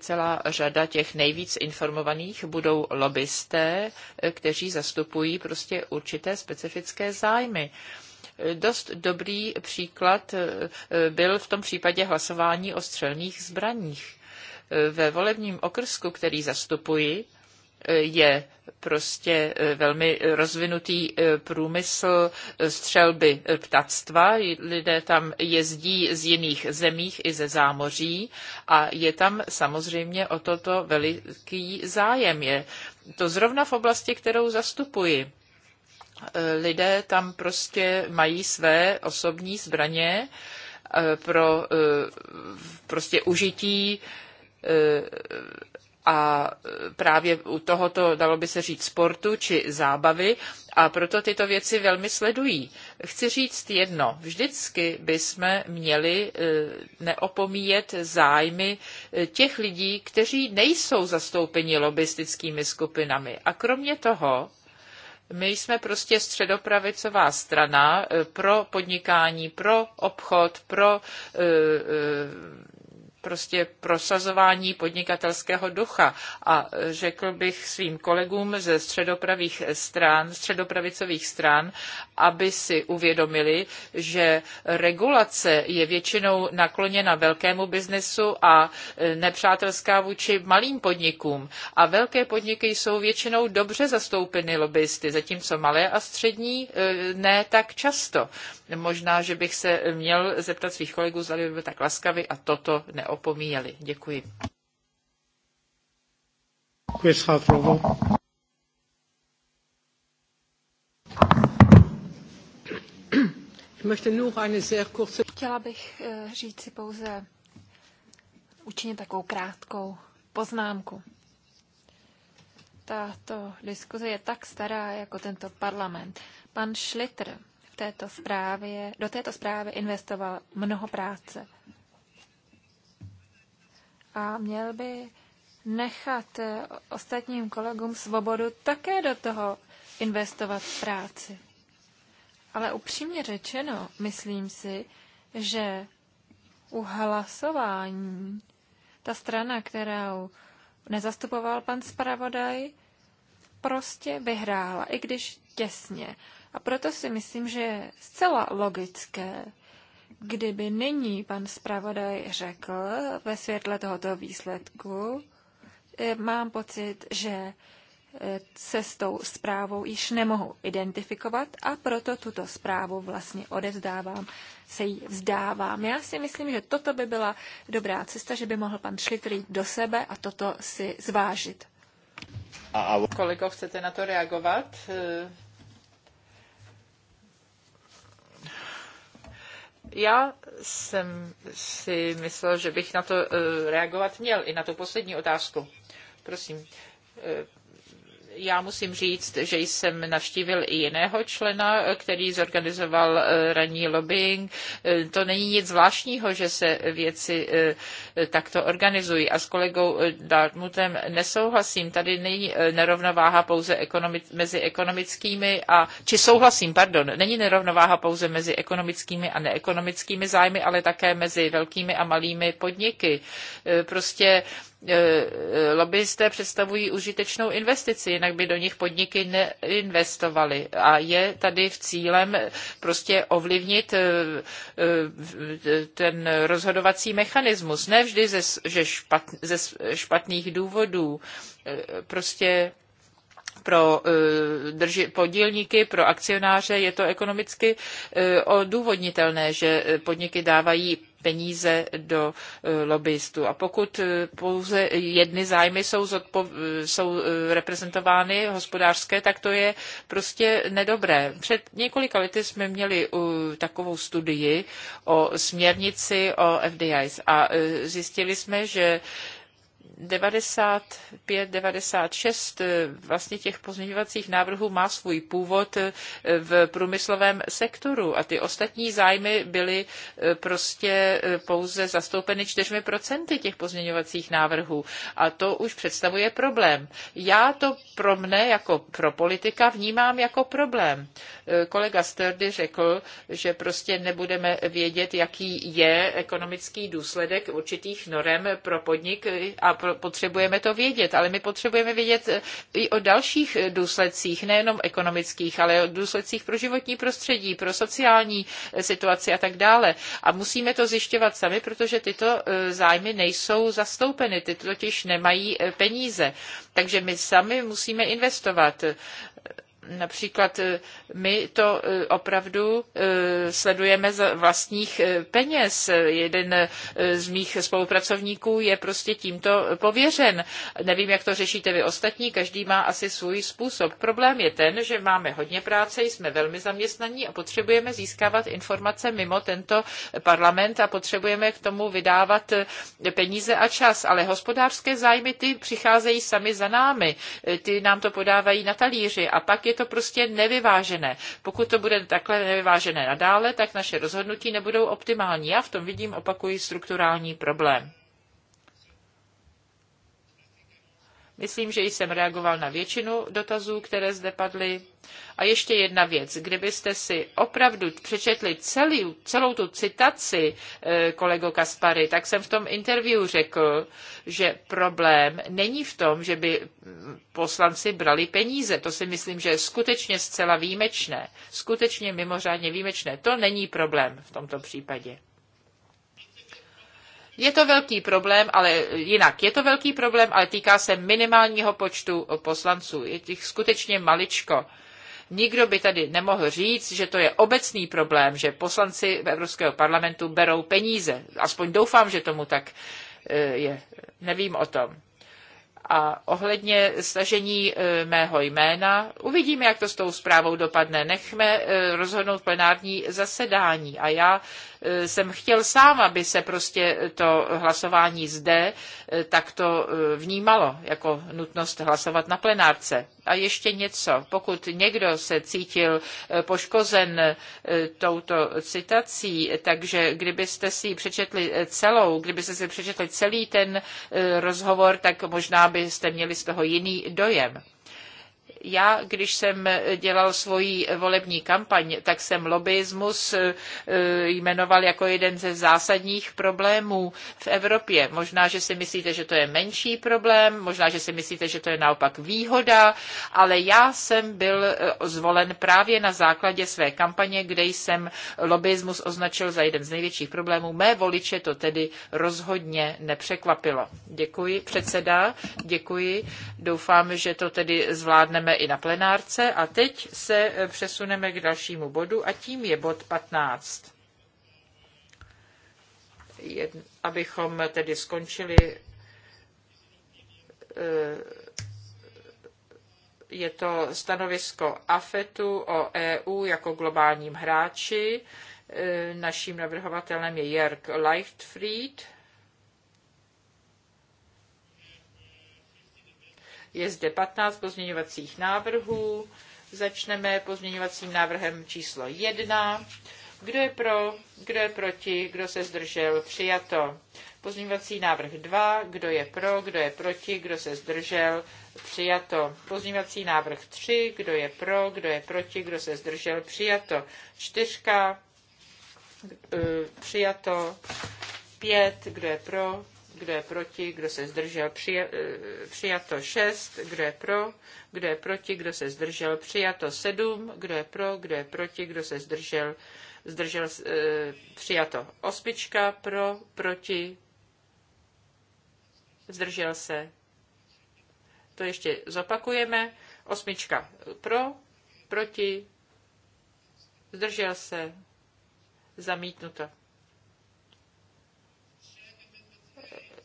A: celá řada těch nejvíc informovaných budou lobbysté, eh, kteří zastupují prostě určité specifické zájmy dost dobrý příklad eh, eh, byl v tom případě hlasování o střelných zbraních. Ve volebním okrsku, který zastupuji, je prostě e, velmi rozvinutý e, průmysl e, střelby ptactva. Lidé tam jezdí z jiných zemích i ze zámoří a je tam samozřejmě o toto veliký zájem. Je to zrovna v oblasti, kterou zastupuji. Lidé tam prostě mají své osobní zbraně pro prostě užití a právě u tohoto, dalo by se říct, sportu či zábavy a proto tyto věci velmi sledují. Chci říct jedno, vždycky bychom měli e, neopomíjet zájmy e, těch lidí, kteří nejsou zastoupeni lobbystickými skupinami. A kromě toho, my jsme prostě středopravicová strana e, pro podnikání, pro obchod, pro prostě prosazování podnikatelského ducha. A řekl bych svým kolegům ze středopravých stran, středopravicových stran, aby si uvědomili, že regulace je většinou nakloněna velkému biznesu a e, nepřátelská vůči malým podnikům. A velké podniky jsou většinou dobře zastoupeny lobbyisty, zatímco malé a střední e, ne tak často. Možná, že bych se měl zeptat svých kolegů, zda by byl tak laskavý a toto ne opomíjeli. Děkuji.
B: Chtěla bych eh, říct si pouze učinit takovou krátkou poznámku. Tato diskuze je tak stará jako tento parlament. Pan Schlitter v této zprávě, do této zprávy investoval mnoho práce a měl by nechat eh, ostatním kolegům svobodu také do toho investovat práci. Ale upřímně řečeno, myslím si, že u hlasování ta strana, kterou nezastupoval pan zpravodaj, prostě vyhrála, i když těsně. A proto si myslím, že je zcela logické, kdyby nyní pan zpravodaj řekl ve světle tohoto výsledku, e, mám pocit, že e, se s tou zprávou již nemohu identifikovat a proto tuto zprávu vlastně odevzdávám, se jí vzdávám. Já si myslím, že toto by byla dobrá cesta, že by mohl pan Šlitr jít do sebe a toto si zvážit.
A: A Kolego, chcete na to reagovat? E, Já jsem si myslel, že bych na to eh, reagovat měl, i na tu poslední otázku. Prosím, eh, já musím říct, že jsem navštívil i jiného člena, který zorganizoval eh, ranní lobbying. Eh, to není nic zvláštního, že se věci eh, takto organizují. A s kolegou Dartmutem nesouhlasím. Tady není nerovnováha pouze ekonomi- mezi ekonomickými a, či souhlasím, pardon, není nerovnováha pouze mezi ekonomickými a neekonomickými zájmy, ale také mezi velkými a malými podniky. Prostě Eh, eh, lobbyisté představují užitečnou investici, jinak by do nich podniky neinvestovaly. A je tady v cílem prostě ovlivnit eh, ten rozhodovací mechanismus. Ne vždy ze, špat, ze špatných důvodů. Prostě pro eh, drži, podílníky, pro akcionáře je to ekonomicky eh, odůvodnitelné, že eh, podniky dávají peníze do lobbyistů. A pokud pouze jedny zájmy jsou, zodpo, jsou reprezentovány hospodářské, tak to je prostě nedobré. Před několika lety jsme měli takovou studii o směrnici o FDIs a zjistili jsme, že 95, 96 eh, vlastně těch pozměňovacích návrhů má svůj původ eh, v průmyslovém sektoru a ty ostatní zájmy byly eh, prostě pouze zastoupeny 4% těch pozměňovacích návrhů a to už představuje problém. Já to pro mne jako pro politika vnímám jako problém. Kolega Sturdy řekl, že prostě nebudeme vědět, jaký je ekonomický důsledek určitých norem pro podnik a pro potřebujeme to vědět, ale my potřebujeme vědět eh, i o dalších eh, důsledcích, nejenom ekonomických, ale o důsledcích pro životní prostředí, pro sociální eh, situaci a tak dále. A musíme to zjišťovat sami, protože tyto zájmy nejsou zastoupeny, ty totiž nemají peníze. Takže my sami musíme investovat. Například eh, my to eh, opravdu eh, sledujeme z vlastních peněz. Jeden z mých spolupracovníků je prostě tímto pověřen. Nevím, jak to řešíte vy ostatní, každý má asi svůj způsob. Problém je ten, že máme hodně práce, jsme velmi zaměstnaní a potřebujeme získávat informace mimo tento parlament a potřebujeme k tomu vydávat peníze a čas. Ale hospodářské zájmy ty přicházejí sami za námi, ty nám to podávají na talíři a pak je to prostě nevyvážené. Pokud to bude takhle nevyvážené nadále, tak naše rozhodnutí nebudou optimální. Já v tom vidím, opakuji, strukturální problém. Myslím, že jsem reagoval na většinu dotazů, které zde padly. A ještě jedna věc. Kdybyste si opravdu přečetli celý, celou tu citaci eh, kolego Kaspary, tak jsem v tom interview řekl, že problém není v tom, že by poslanci brali peníze. To si myslím, že je skutečně zcela výjimečné. Skutečně mimořádně výjimečné. To není problém v tomto případě. Je to velký problém, ale jinak je to velký problém, ale týká se minimálního počtu poslanců. Je těch skutečně maličko. Nikdo by tady nemohl říct, že to je obecný problém, že poslanci Evropského parlamentu berou peníze. Aspoň doufám, že tomu tak eh, je. Nevím o tom. A ohledně stažení eh, mého jména, uvidíme, jak to s tou zprávou dopadne. Nechme eh, rozhodnout plenární zasedání. A já Eh, jsem chtěl sám, aby se prostě to hlasování zde eh, takto eh, vnímalo jako nutnost hlasovat na plenárce. A ještě něco, pokud někdo se cítil poškozen touto citací, takže kdybyste si přečetli celou, kdybyste si přečetli celý ten rozhovor, tak možná byste měli z toho jiný dojem já, když jsem dělal svoji volební kampaň, tak jsem lobbyismus eh, eh, jmenoval jako jeden ze zásadních problémů v Evropě. Možná, že si myslíte, že to je menší problém, možná, že si myslíte, že to je naopak výhoda, ale já jsem byl eh, zvolen právě na základě své kampaně, kde jsem lobbyismus označil za jeden z největších problémů. Mé voliče to tedy rozhodně nepřekvapilo. Děkuji, předseda, děkuji. Doufám, že to tedy zvládne dostaneme i na plenárce. A teď se přesuneme k dalšímu bodu a tím je bod 15. Jedn, abychom tedy skončili eh, je to stanovisko AFETu o EU jako globálním hráči. Eh, naším navrhovatelem je Jörg Leichtfried Je zde 15 pozměňovacích návrhů. Začneme pozměňovacím návrhem číslo 1. Kdo je pro, kdo je proti, kdo se zdržel, přijato. Pozměňovací návrh 2, kdo je pro, kdo je proti, kdo se zdržel, přijato. Pozměňovací návrh 3, kdo je pro, kdo je proti, kdo se zdržel, přijato. Čtyřka, eh, přijato. Pět, kdo je pro, kdo je proti, kdo se zdržel, eh, přijato 6, kdo je pro, kdo je proti, kdo se zdržel, přijato 7, kdo je pro, kdo je proti, kdo se zdržel, zdržel eh, přijato osmička, pro, proti, zdržel se. To ještě zopakujeme. Osmička pro, proti, zdržel se, zamítnuto.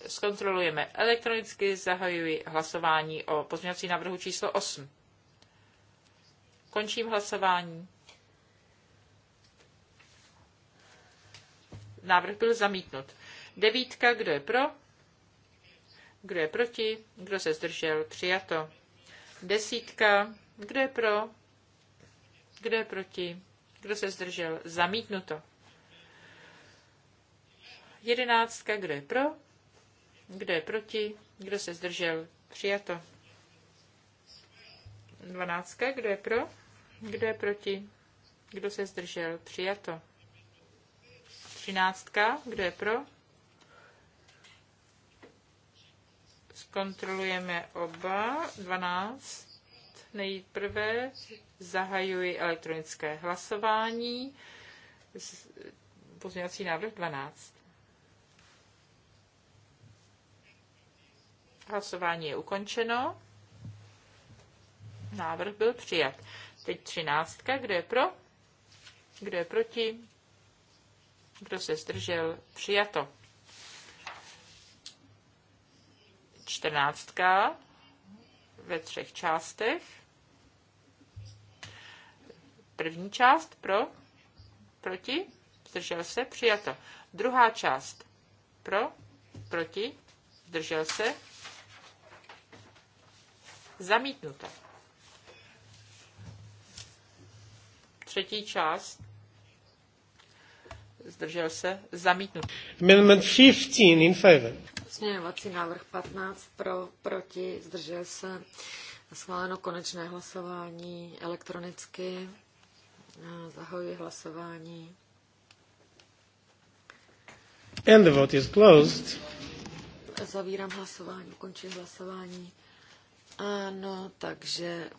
A: zkontrolujeme elektronicky, zahajuji hlasování o pozměňovací návrhu číslo 8. Končím hlasování. Návrh byl zamítnut. Devítka, kdo je pro? Kdo je proti? Kdo se zdržel? Přijato. Desítka, kdo je pro? Kdo je proti? Kdo se zdržel? Zamítnuto. Jedenáctka, kdo je pro? Kdo je proti? Kdo se zdržel? Přijato. Dvanáctka. Kdo je pro? Kdo je proti? Kdo se zdržel? Přijato. Třináctka. Kdo je pro? Zkontrolujeme oba. Dvanáct. Nejprve zahajuji elektronické hlasování. Pozměňovací návrh 12. Hlasování je ukončeno. Návrh byl přijat. Teď třináctka. Kdo je pro? Kdo je proti? Kdo se zdržel? Přijato. Čtrnáctka ve třech částech. První část pro, proti, zdržel se, přijato. Druhá část pro, proti, zdržel se, zamítnuta. Třetí část.
D: Zdržel se. Zamítnut.
C: Amendment 15 in favor.
D: Směňovací návrh 15 pro, proti, zdržel se. Schváleno konečné hlasování elektronicky. Zahajuji hlasování.
C: And the vote is closed.
D: Zavírám hlasování, končím hlasování. Ano, takže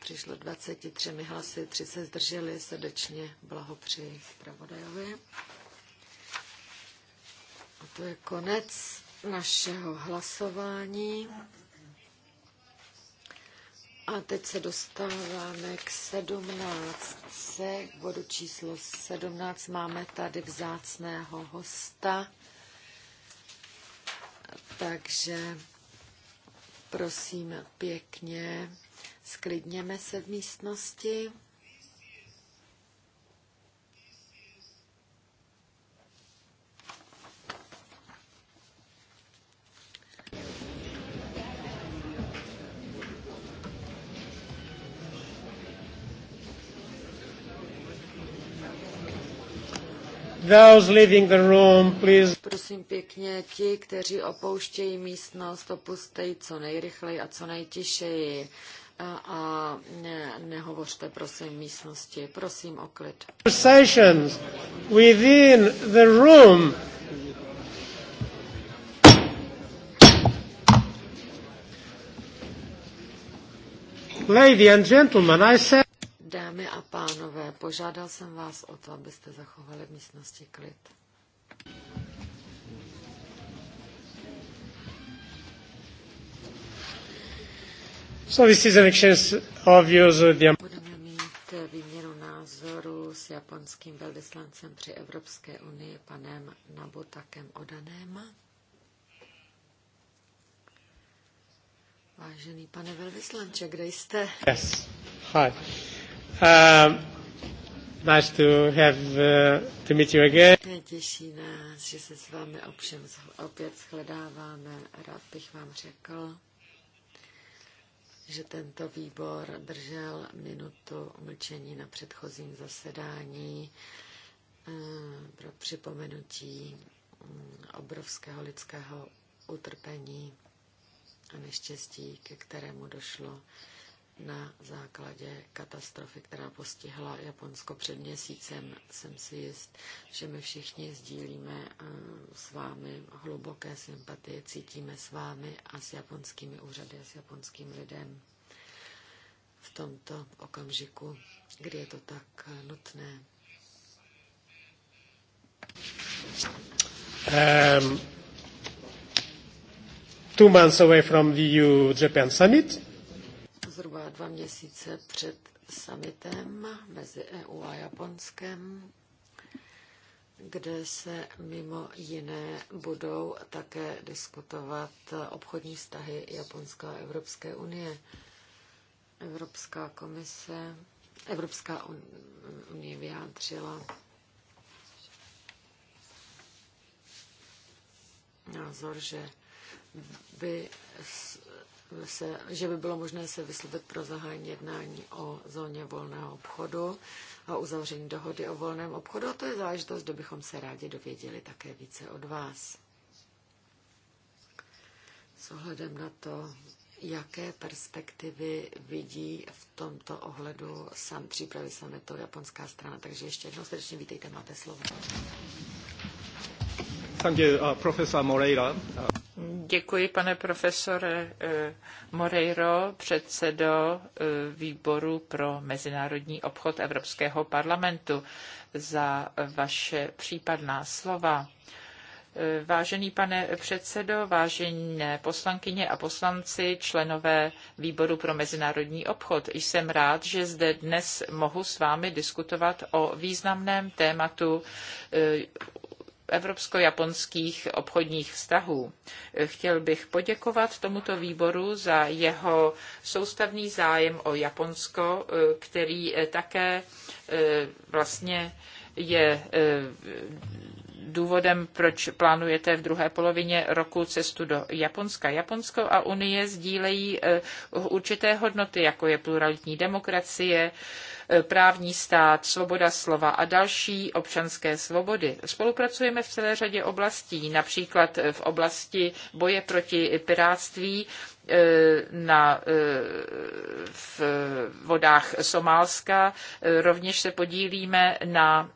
D: přišlo 23 hlasy, 3 se zdrželi, srdečně blahopřeji zpravodajovi. A to je konec našeho hlasování. A teď se dostáváme k 17. K bodu číslo 17 máme tady vzácného hosta. Takže Prosím pěkně, sklidněme se v místnosti.
C: Those leaving the room, please.
D: Prosím pěkně, ti, kteří opouštějí místnost, opustej co nejrychleji a co nejtišeji. A, a ne, nehovořte, prosím, místnosti. Prosím o klid.
C: within the room. Lady and gentlemen, I said...
D: Dámy a pánové, požádal jsem vás o to, abyste zachovali v místnosti klid.
C: So this is an exchange of views with the... Budeme mít
D: výměnu názoru s japonským velvyslancem při Evropské unii, panem Nabutakem Odanem. Vážený pane velvyslanče, kde jste? Yes.
C: Hi. Um, nice to have uh, to meet you again.
D: Těší nás, že se s vámi ovšem opět shledáváme. Rád bych vám řekl, že tento výbor držel minutu mlčení na předchozím zasedání eh, pro připomenutí mm, obrovského lidského utrpení a neštěstí, ke kterému došlo na základě katastrofy, která postihla Japonsko před měsícem. Jsem si jist, že my všichni sdílíme eh, s vámi hluboké sympatie, cítíme s vámi a s japonskými úřady a s japonským lidem v tomto okamžiku, kdy je to tak eh, nutné.
C: Um, two months away from the EU-Japan summit,
D: zhruba dva měsíce před summitem mezi EU a Japonskem, kde se mimo jiné budou také diskutovat obchodní vztahy Japonska a Evropské unie. Evropská komise, Evropská unie vyjádřila názor, že by se, že by bylo možné se vyslovit pro zahájení jednání o zóně volného obchodu a uzavření dohody o volném obchodu. A to je záležitost, kde bychom se rádi dověděli také více od vás. S ohledem na to, jaké perspektivy vidí v tomto ohledu sam přípravy sametu japonská strana. Takže ještě jednou srdečně vítejte, máte slovo.
C: Thank you, uh, Professor Moreira. Uh...
D: Děkuji,
A: pane profesore eh, Moreiro, předsedo eh, výboru pro mezinárodní obchod Evropského parlamentu, za vaše případná slova. Eh, vážený pane předsedo, vážené poslankyně a poslanci, členové Výboru pro mezinárodní obchod, jsem rád, že zde dnes mohu s vámi diskutovat o významném tématu evropsko-japonských obchodních vztahů. Chtěl bych poděkovat tomuto výboru za jeho soustavný zájem o Japonsko, který eh, také eh, vlastně je eh, důvodem, proč plánujete v druhé polovině roku cestu do Japonska. Japonsko a Unie sdílejí určité hodnoty, jako je pluralitní demokracie, právní stát, svoboda slova a další občanské svobody. Spolupracujeme v celé řadě oblastí, například v oblasti boje proti piráctví, e, na, e, v vodách Somálska. E, rovněž se podílíme na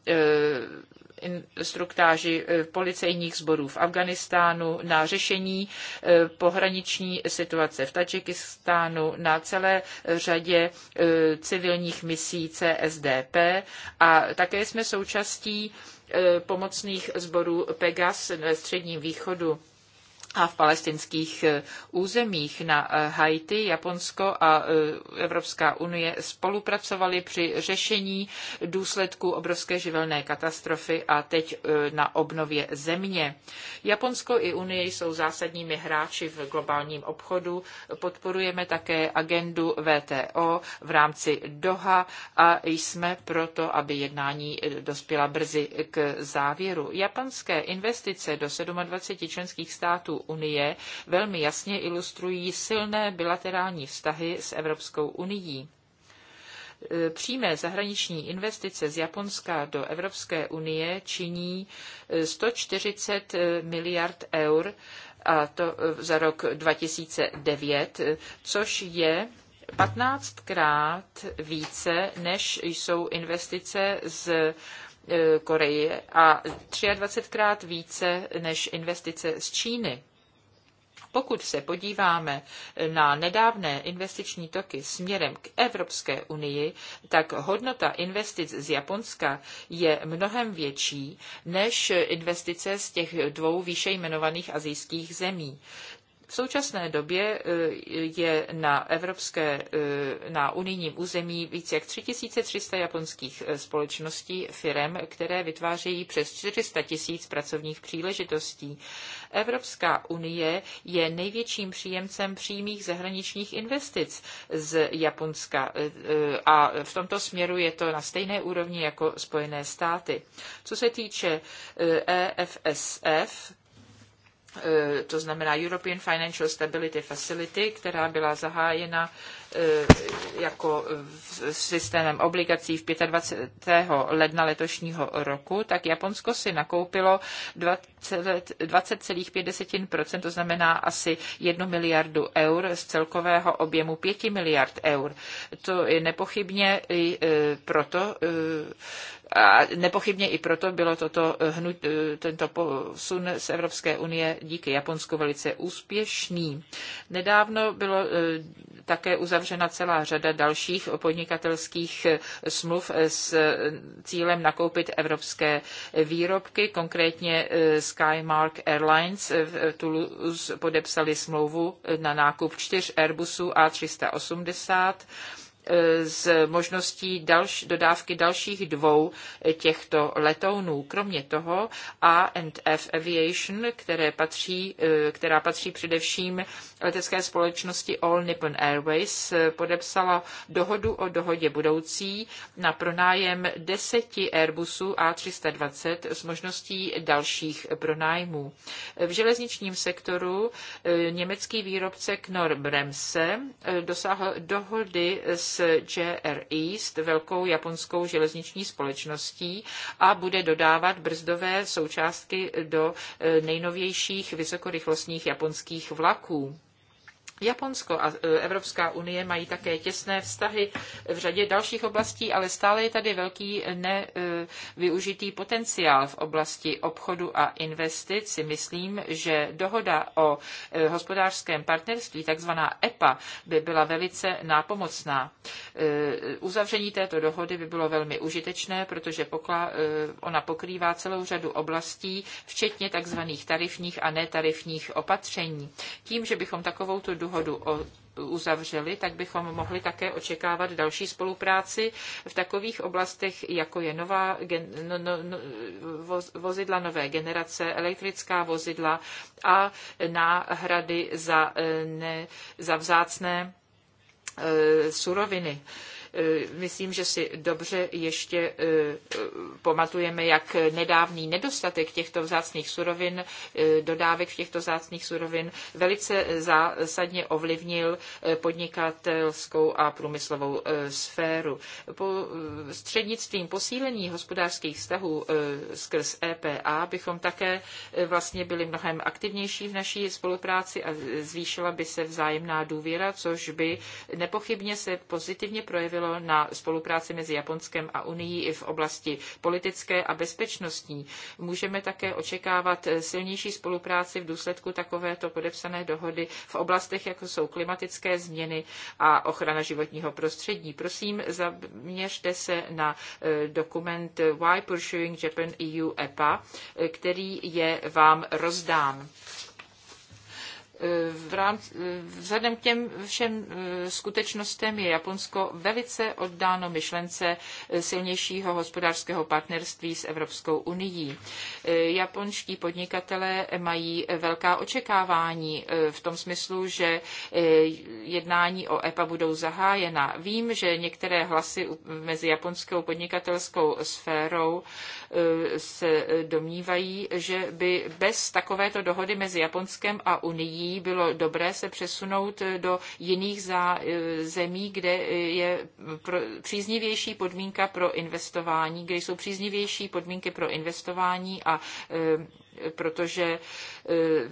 A: instruktáži eh, policejních sborů v Afganistánu, na řešení eh, pohraniční situace v Tadžikistánu, na celé řadě eh, civilních misí CSDP a také jsme součástí pomocných sborů Pegas ve Středním východu a v palestinských eh, územích na eh, Haiti, Japonsko a eh, Evropská unie spolupracovali při řešení důsledků obrovské živelné katastrofy a teď na obnově země. Japonsko i unie jsou zásadními hráči v globálním obchodu. Podporujeme také agendu VTO v rámci Doha a jsme proto, aby jednání dospěla brzy k závěru. Japonské investice do 27 členských států unie velmi jasně ilustrují silné bilaterální vztahy s Evropskou unií e, přímé zahraniční investice z Japonska do Evropské unie činí 140 e, e, miliard eur a to za rok 2009, což je 15krát více, než jsou investice z Koreje a 23krát více než investice z Číny. Pokud se podíváme na nedávné investiční toky směrem k Evropské unii, tak hodnota investic z Japonska je mnohem větší než investice z těch dvou výše jmenovaných azijských zemí. V současné době e, je na evropské, e, na unijním území více jak 3300 japonských e, společností, firem, které vytvářejí přes 400 tisíc pracovních příležitostí. Evropská unie je největším příjemcem přímých zahraničních investic z Japonska a v tomto směru je to na stejné úrovni jako Spojené státy. Co se týče EFSF, Eh, to znamená European Financial Stability Facility, která byla zahájena Eh, jako systémem obligací v 25. ledna letošního roku, tak Japonsko si nakoupilo 20,5%, to znamená asi 1 miliardu eur z celkového objemu 5 miliard eur. To je nepochybně i eh, proto, eh, a nepochybně i proto bylo toto hnut, tento posun z Evropské unie díky Japonsku velice úspěšný. Nedávno bylo také uzavřeno uzavřena celá řada dalších podnikatelských smluv s cílem nakoupit evropské výrobky, konkrétně eh, Skymark Airlines v eh, Toulouse podepsali smlouvu na nákup čtyř Airbusů A380 E, z možností dalš, dodávky dalších dvou těchto letounů. Kromě toho A&F Aviation, které patří, e, která patří především letecké společnosti All Nippon Airways, e, podepsala dohodu o dohodě budoucí na pronájem deseti Airbusů A320 s možností dalších pronájmů. V železničním sektoru německý výrobce Knorr Bremse dosáhl dohody s s JR East, velkou japonskou železniční společností, a bude dodávat brzdové součástky do eh, nejnovějších vysokorychlostních japonských vlaků. Japonsko a e, Evropská unie mají také těsné vztahy v řadě dalších oblastí, ale stále je tady velký nevyužitý e, potenciál v oblasti obchodu a investic. Myslím, že dohoda o e, hospodářském partnerství, takzvaná EPA, by byla velice nápomocná. Uzavření této dohody by bylo velmi užitečné, protože ona pokrývá celou řadu oblastí, včetně takzvaných tarifních a netarifních opatření. Tím, že bychom takovou tu dohodu o uzavřeli, tak bychom mohli také očekávat další spolupráci v takových oblastech, jako je nová gen, no, no, no, vozidla nové generace, elektrická vozidla a náhrady za, ne, za vzácné e, suroviny. Eh, myslím, že si dobře ještě eh, pamatujeme, jak nedávný nedostatek těchto vzácných surovin, eh, dodávek v těchto vzácných surovin velice zásadně ovlivnil podnikatelskou a průmyslovou sféru. Po střednictvím posílení hospodářských vztahů skrz EPA bychom také vlastně byli mnohem aktivnější v naší spolupráci a zvýšila by se vzájemná důvěra, což by nepochybně se pozitivně projevilo zaměřilo na spolupráci mezi Japonskem a Unií i v oblasti politické a bezpečnostní. Můžeme také očekávat eh, silnější spolupráci v důsledku takovéto podepsané dohody v oblastech, jako jsou klimatické změny a ochrana životního prostředí. Prosím, zaměřte se na eh, dokument Why Pursuing Japan EU EPA, eh, který je vám rozdán v rámci, vzhledem k těm všem e, skutečnostem je Japonsko velice oddáno myšlence e, silnějšího hospodářského partnerství s Evropskou unií. E, japonští podnikatelé mají velká očekávání v tom smyslu, že jednání o EPA budou zahájena. Vím, že některé hlasy mezi japonskou podnikatelskou sférou se domnívají, že by bez takovéto dohody mezi Japonskem a Unií lidí bylo dobré se přesunout do jiných zá, e, zemí, kde je pro, příznivější podmínka pro investování, kde jsou příznivější podmínky pro investování a e, protože e,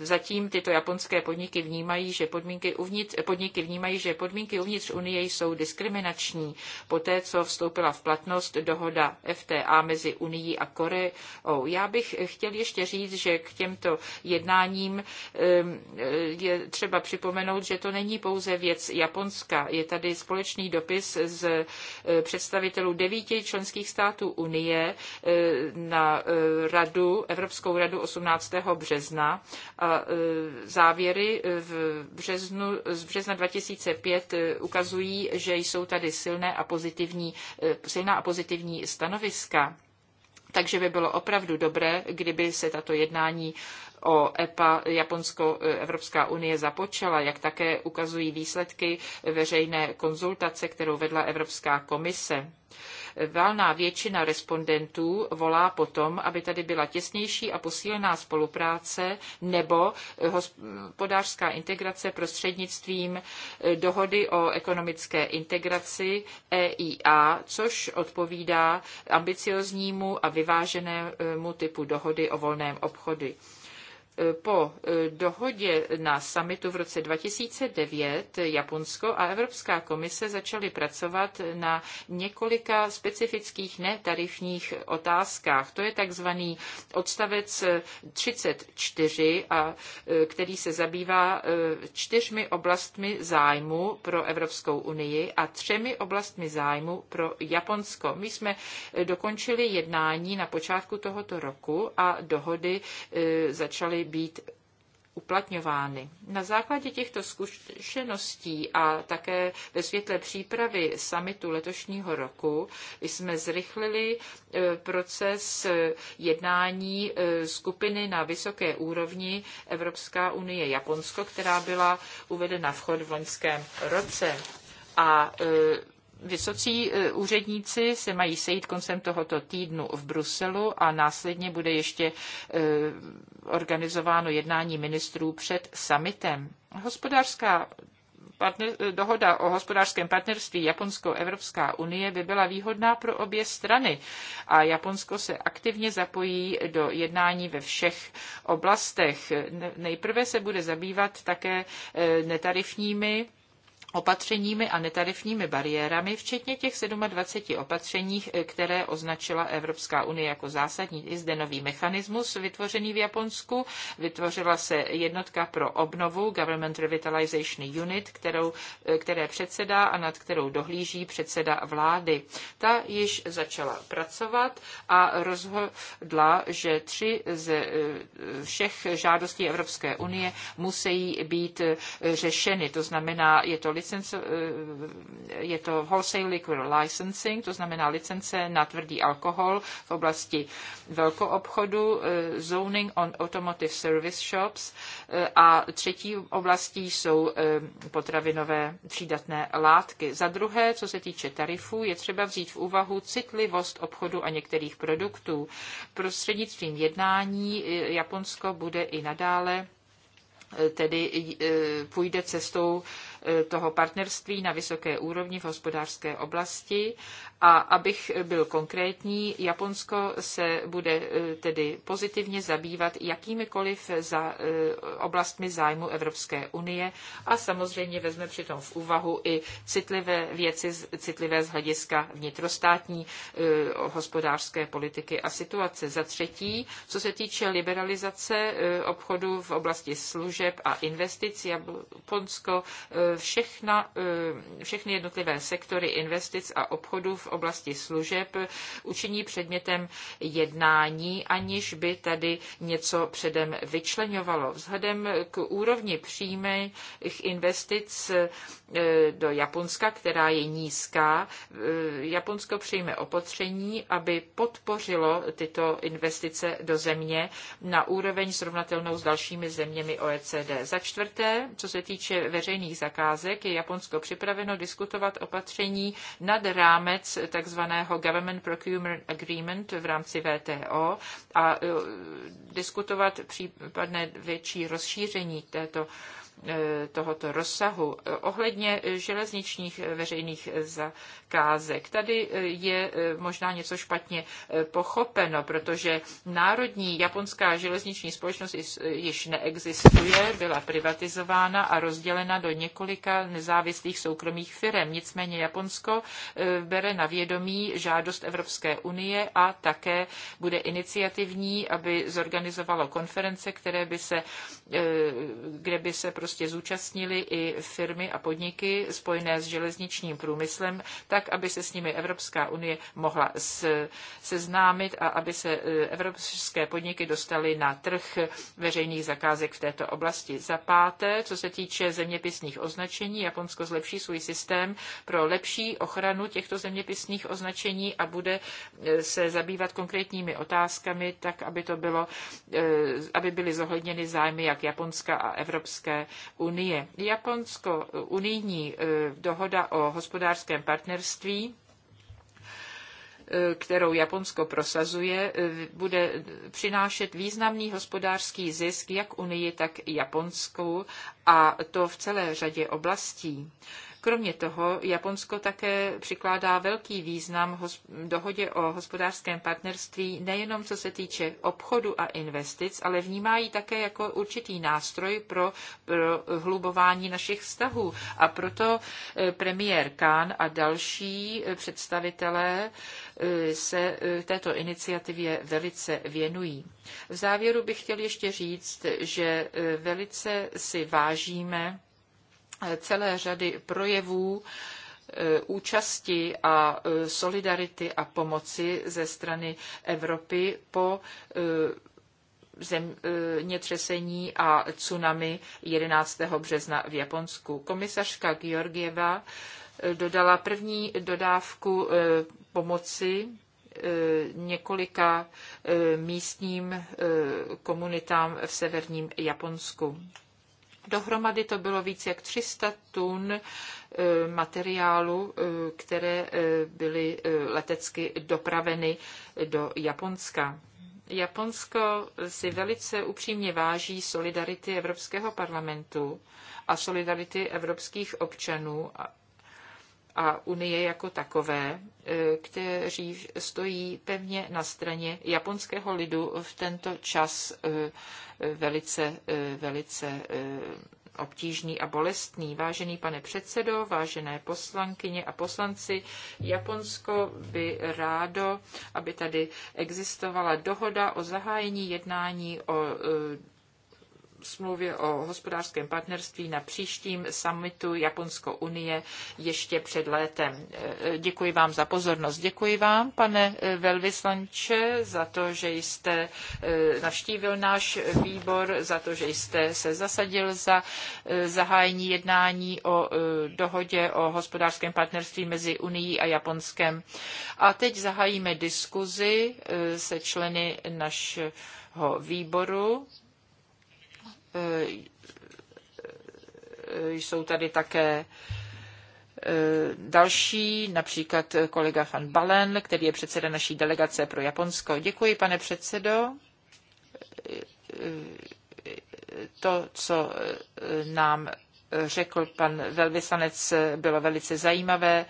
A: zatím tyto japonské podniky vnímají, že podmínky uvnitř, podniky vnímají, že podmínky uvnitř Unie jsou diskriminační. Poté, co vstoupila v platnost dohoda FTA mezi Unii a Koreou. Já bych chtěl ještě říct, že k těmto jednáním je třeba připomenout, že to není pouze věc Japonska. Je tady společný dopis z e, představitelů devíti členských států Unie e, na radu, Evropskou radu 18. března. E, závěry v březnu, z března 2005 e, ukazují, že jsou tady silné a pozitivní, e, silná a pozitivní stanoviska. Takže by bylo opravdu dobré, kdyby se tato jednání o EPA Japonsko Evropská unie započala, jak také ukazují výsledky veřejné konzultace, kterou vedla Evropská komise. Valná většina respondentů volá potom, aby tady byla těsnější a posílená spolupráce nebo hospodářská integrace prostřednictvím eh, dohody o ekonomické integraci EIA, což odpovídá ambicioznímu a vyváženému typu dohody o volném obchodu po e, dohodě na summitu v roce 2009 Japonsko a Evropská komise začaly pracovat na několika specifických netarifních otázkách. To je takzvaný odstavec 34, a, e, který se zabývá e, čtyřmi oblastmi zájmu pro Evropskou unii a třemi oblastmi zájmu pro Japonsko. My jsme dokončili jednání na počátku tohoto roku a dohody začaly být uplatňovány. Na základě těchto zkušeností a také ve světle přípravy samitu letošního roku jsme zrychlili e, proces jednání e, skupiny na vysoké úrovni Evropská unie Japonsko, která byla uvedena v chod v loňském roce. A e, Vysocí e, úředníci se mají sejít koncem tohoto týdnu v Bruselu a následně bude ještě e, organizováno jednání ministrů před summitem. Hospodářská partner, e, dohoda o hospodářském partnerství Japonsko-Evropská unie by byla výhodná pro obě strany a Japonsko se aktivně zapojí do jednání ve všech oblastech. Nejprve se bude zabývat také netarifními opatřeními a netarifními bariérami, včetně těch 27 opatřeních, eh, které označila Evropská unie jako zásadní. I zde nový mechanismus vytvořený v Japonsku. Vytvořila se jednotka pro obnovu Government Revitalization Unit, kterou, eh, které předsedá a nad kterou dohlíží předseda vlády. Ta již začala pracovat a rozhodla, že tři z eh, všech žádostí Evropské unie musí být řešeny. To znamená, je to Eh, je to wholesale liquor licensing, to znamená licence na tvrdý alkohol v oblasti velkoobchodu, eh, zoning on automotive service shops eh, a třetí oblastí jsou potravinové přídatné látky. Za druhé, co se týče tarifů, je třeba vzít v úvahu citlivost obchodu a některých produktů. Prostřednictvím jednání Japonsko bude i nadále tedy půjde cestou Eh, toho partnerství na vysoké úrovni v hospodářské oblasti. A abych byl konkrétní, Japonsko se bude eh, tedy pozitivně zabývat jakýmikoliv za eh, oblastmi zájmu Evropské unie a samozřejmě vezme přitom v úvahu i citlivé věci, citlivé z hlediska vnitrostátní hospodářské politiky a situace. Za třetí, co se týče liberalizace obchodu v oblasti služeb a investic, Japonsko všechna, eh, všechny jednotlivé sektory investic a obchodu v oblasti služeb učiní předmětem jednání, aniž by tady něco předem vyčlenovalo. Vzhledem k úrovni příjmech investic eh, do Japonska, která je nízká, eh, Japonsko přijme opatření, aby podpořilo tyto investice do země na úroveň srovnatelnou s dalšími zeměmi OECD. Za čtvrté, co se týče veřejných zakázek, zakázek je Japonsko připraveno diskutovat opatření nad rámec takzvaného Government Procurement Agreement v rámci VTO a e, diskutovat případné větší rozšíření této tohoto rozsahu. Ohledně železničních veřejných zakázek, tady je eh, možná něco špatně eh, pochopeno, protože národní japonská železniční společnost eh, již neexistuje, byla privatizována a rozdělena do několika nezávislých soukromých firm. Nicméně Japonsko bere na vědomí žádost Evropské unie a také bude iniciativní, aby zorganizovalo konference, které by se, kde by se prostě zúčastnili i firmy a podniky spojené s železničním průmyslem, tak, aby se s nimi Evropská unie mohla seznámit a aby se e, evropské podniky dostaly na trh veřejných zakázek v této oblasti. Za páté, co se týče zeměpisných označení, Japonsko zlepší svůj systém pro lepší ochranu těchto zeměpisných označení a bude e, se zabývat konkrétními otázkami, tak aby to bylo, e, aby byly zohledněny zájmy jak Japonska a Evropské unie. Japonsko-unijní e, dohoda o hospodářském partnerství e, kterou Japonsko prosazuje, e, bude přinášet významný hospodářský zisk jak Unii, tak Japonsku a to v celé řadě oblastí. Kromě toho Japonsko také přikládá velký význam dohodě o hospodářském partnerství nejenom co se týče obchodu a investic, ale vnímá ji také jako určitý nástroj pro, pro hlubování našich vztahů. A proto eh, premiér Kán a další eh, představitelé eh, se této iniciativě velice věnují. V závěru bych chtěl ještě říct, že velice si vážíme celé řady projevů e, účasti a e, solidarity a pomoci ze strany Evropy po e, zemětřesení a tsunami 11. března v Japonsku. Komisařka Georgieva dodala první dodávku pomoci několika místním komunitám v severním Japonsku. Dohromady to bylo více jak 300 tun eh, materiálu, eh, které eh, byly letecky dopraveny do Japonska. Japonsko si velice upřímně váží solidarity Evropského parlamentu a solidarity evropských občanů a Unie jako takové, e, kteří stojí pevně na straně japonského lidu v tento čas e, velice, e, velice obtížný a bolestný. Vážený pane předsedo, vážené poslankyně a poslanci, Japonsko by rádo, aby tady existovala dohoda o zahájení jednání o smlouvě o hospodářském partnerství na příštím summitu Japonsko-Unie ještě před létem. Eh, děkuji vám za pozornost. Děkuji vám, pane eh, velvyslanče, za to, že jste eh, navštívil náš výbor, za to, že jste se zasadil za zahájení jednání o dohodě o hospodářském partnerství mezi Unií a Japonskem. A teď zahájíme diskuzi se členy našeho výboru. Eh, eh, jsou tady také eh, další, například kolega van Balen, který je předseda naší delegace pro Japonsko. Děkuji, pane předsedo. To, co nám řekl pan velvyslanec, bylo velice zajímavé.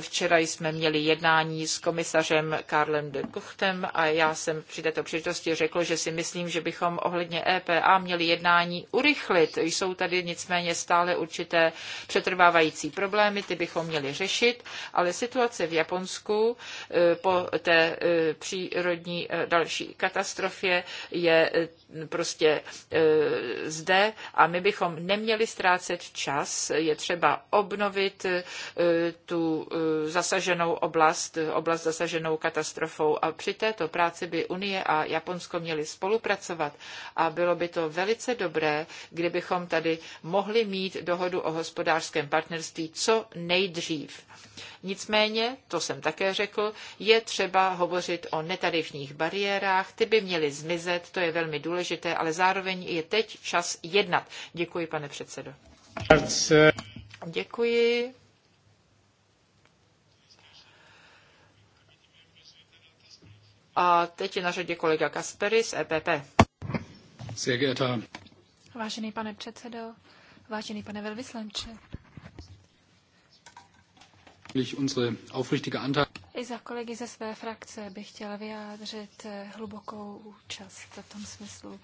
A: Včera jsme měli jednání s komisařem Karlem de Kuchtem a já jsem při této příležitosti řekl, že si myslím, že bychom ohledně EPA měli jednání urychlit. Jsou tady nicméně stále určité přetrvávající problémy, ty bychom měli řešit, ale situace v Japonsku eh, po té eh, přírodní eh, další katastrofě je prostě zde a my bychom neměli ztrácet čas. Je třeba obnovit tu Eh, zasaženou oblast, oblast zasaženou katastrofou. A při této práci by Unie a Japonsko měly spolupracovat a bylo by to velice dobré, kdybychom tady mohli mít dohodu o hospodářském partnerství co nejdřív. Nicméně, to jsem také řekl, je třeba hovořit o netarifních bariérách, ty by měly zmizet, to je velmi důležité, ale zároveň je teď čas jednat. Děkuji, pane předsedo. Děkuji. A teď je na řadě kolega Kaspery z EPP.
B: Vážený pane předsedo, vážený pane velvyslanče. I za kolegy ze své frakce bych chtěla vyjádřit eh, hlubokou účast v tom smyslu,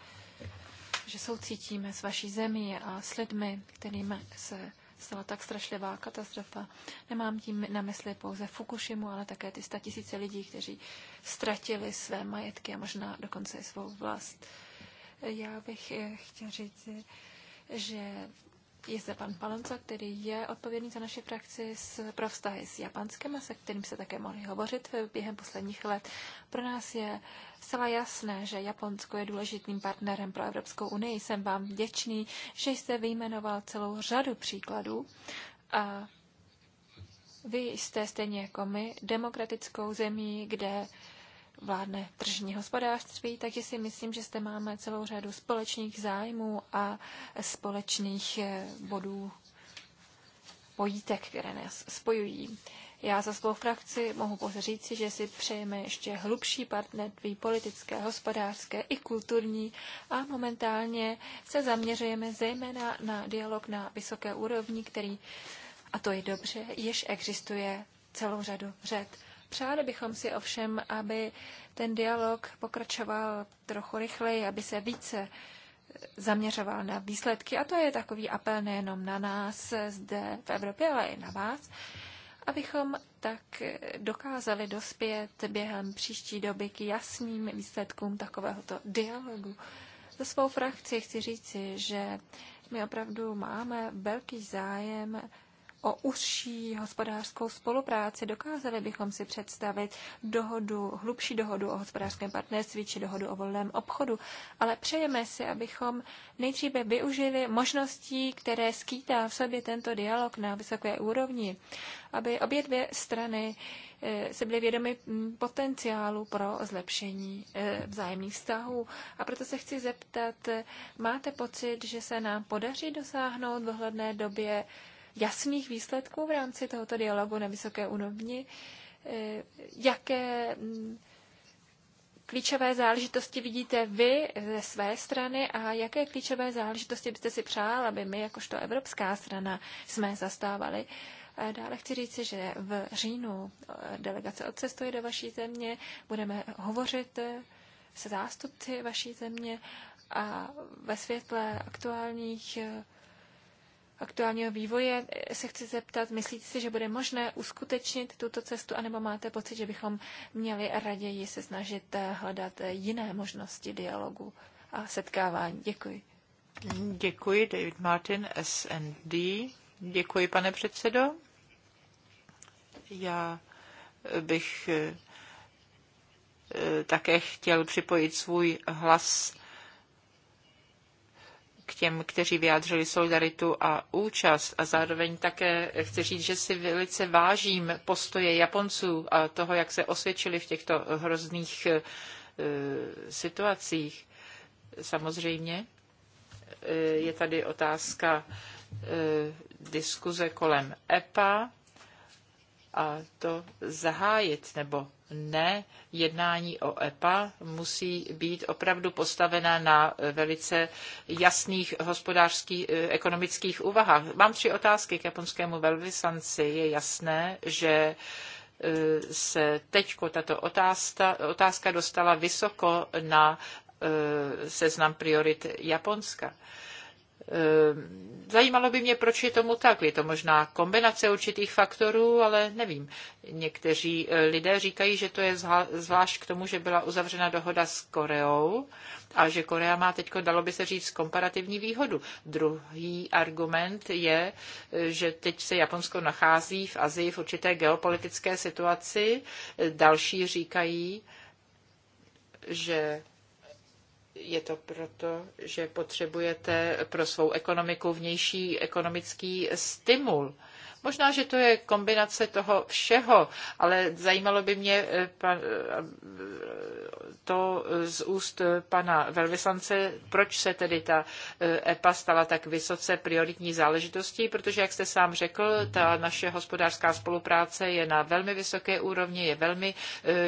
B: že soucítíme s vaší zemí a s lidmi, kterým se stala tak strašlivá katastrofa. Nemám tím na mysli pouze Fukushimu, ale také ty tisíce lidí, kteří ztratili své majetky a možná dokonce i svou vlast. Já bych eh, chtěl říct, eh, že je zde pan Palonco, který je odpovědný za naše praxi s, pro vztahy s Japanskem, se kterým se také mohli hovořit během posledních let. Pro nás je zcela jasné, že Japonsko je důležitým partnerem pro Evropskou unii. Jsem vám vděčný, že jste vyjmenoval celou řadu příkladů a vy jste stejně jako my demokratickou zemí, kde vládne tržní hospodářství, takže si myslím, že zde máme celou řadu společných zájmů a společných eh, bodů pojítek, které nás spojují. Já za svou frakci mohu pouze říci, že si přejeme ještě hlubší partnerství politické, hospodářské i kulturní a momentálně se zaměřujeme zejména na dialog na vysoké úrovni, který, a to je dobře, již existuje celou řadu řad. Přáli bychom si ovšem, aby ten dialog pokračoval trochu rychleji, aby se více zaměřoval na výsledky. A to je takový apel nejenom na nás zde v Evropě, ale i na vás, abychom tak dokázali dospět během příští doby k jasným výsledkům takovéhoto dialogu. Za svou frakci chci říci, že my opravdu máme velký zájem o užší hospodářskou spolupráci. Dokázali bychom si představit dohodu, hlubší dohodu o hospodářském partnerství či dohodu o volném obchodu, ale přejeme si, abychom nejdříve využili možností, které skýtá v sobě tento dialog na vysoké úrovni, aby obě dvě strany eh, se byly vědomy mm, potenciálu pro zlepšení eh, vzájemných vztahů. A proto se chci zeptat, eh, máte pocit, že se nám podaří dosáhnout v dohledné době jasných výsledků v rámci tohoto dialogu na vysoké úrovni, eh, jaké mm, klíčové záležitosti vidíte vy eh, ze své strany a jaké klíčové záležitosti byste si přál, aby my, jakožto evropská strana, jsme zastávali. Dále chci říct, že v říjnu eh, delegace odcestuje do vaší země, budeme hovořit se zástupci vaší země a ve světle aktuálních aktuálního vývoje eh, se chci zeptat, myslíte si, že bude možné uskutečnit tuto cestu, anebo máte pocit, že bychom měli raději se snažit eh, hledat eh, jiné možnosti dialogu a setkávání? Děkuji.
A: Děkuji, David Martin, SND. Děkuji, pane předsedo. Já bych také chtěl připojit svůj hlas těm, kteří vyjádřili solidaritu a účast. A zároveň také chci říct, že si velice vážím postoje Japonců a toho, jak se osvědčili v těchto hrozných eh, situacích. Samozřejmě eh, je tady otázka eh, diskuze kolem EPA a to zahájit nebo ne, jednání o EPA musí být opravdu postavena na velice jasných hospodářských, eh, ekonomických úvahách. Mám tři otázky k japonskému velvyslanci. Je jasné, že eh, se teď tato otázka, otázka dostala vysoko na eh, seznam priorit Japonska. Eh, zajímalo by mě, proč je tomu tak. Je to možná kombinace určitých faktorů, ale nevím. Někteří eh, lidé říkají, že to je zvlášť k tomu, že byla uzavřena dohoda s Koreou a že Korea má teď, dalo by se říct, komparativní výhodu. Druhý argument je, eh, že teď se Japonsko nachází v Azii v určité geopolitické situaci. Další říkají, že je to proto, že potřebujete pro svou ekonomiku vnější ekonomický stimul Možná, že to je kombinace toho všeho, ale zajímalo by mě eh, eh, to z úst pana velvyslance, proč se tedy ta eh, EPA stala tak vysoce prioritní záležitostí, protože, jak jste sám řekl, ta naše hospodářská spolupráce je na velmi vysoké úrovni, je velmi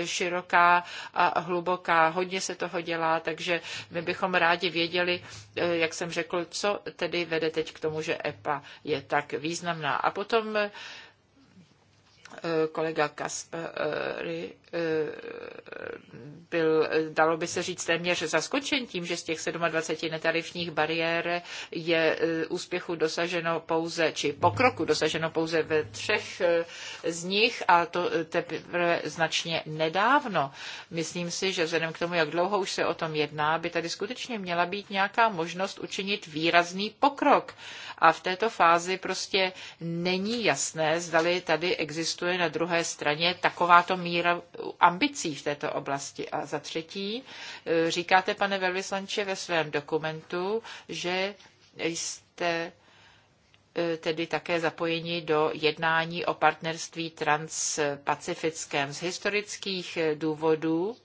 A: široká a hluboká, hodně se toho dělá, takže my bychom rádi věděli, jak jsem řekl, co tedy vede teď k tomu, že EPA je tak významná. A potom tom Eh, kolega Kaspary eh, byl, dalo by se říct, téměř zaskočen tím, že z těch 27 netarifních bariér je eh, úspěchu dosaženo pouze, či pokroku dosaženo pouze ve třech z nich a to teprve značně nedávno. Myslím si, že vzhledem k tomu, jak dlouho už se o tom jedná, by tady skutečně měla být nějaká možnost učinit výrazný pokrok. A v této fázi prostě není jasné, zdali tady existuje je na druhé straně takováto míra ambicí v této oblasti. A za třetí, eh, říkáte, pane velvyslanče, ve svém dokumentu, že jste eh, tedy také zapojeni do jednání o partnerství transpacifickém. Z historických eh, důvodů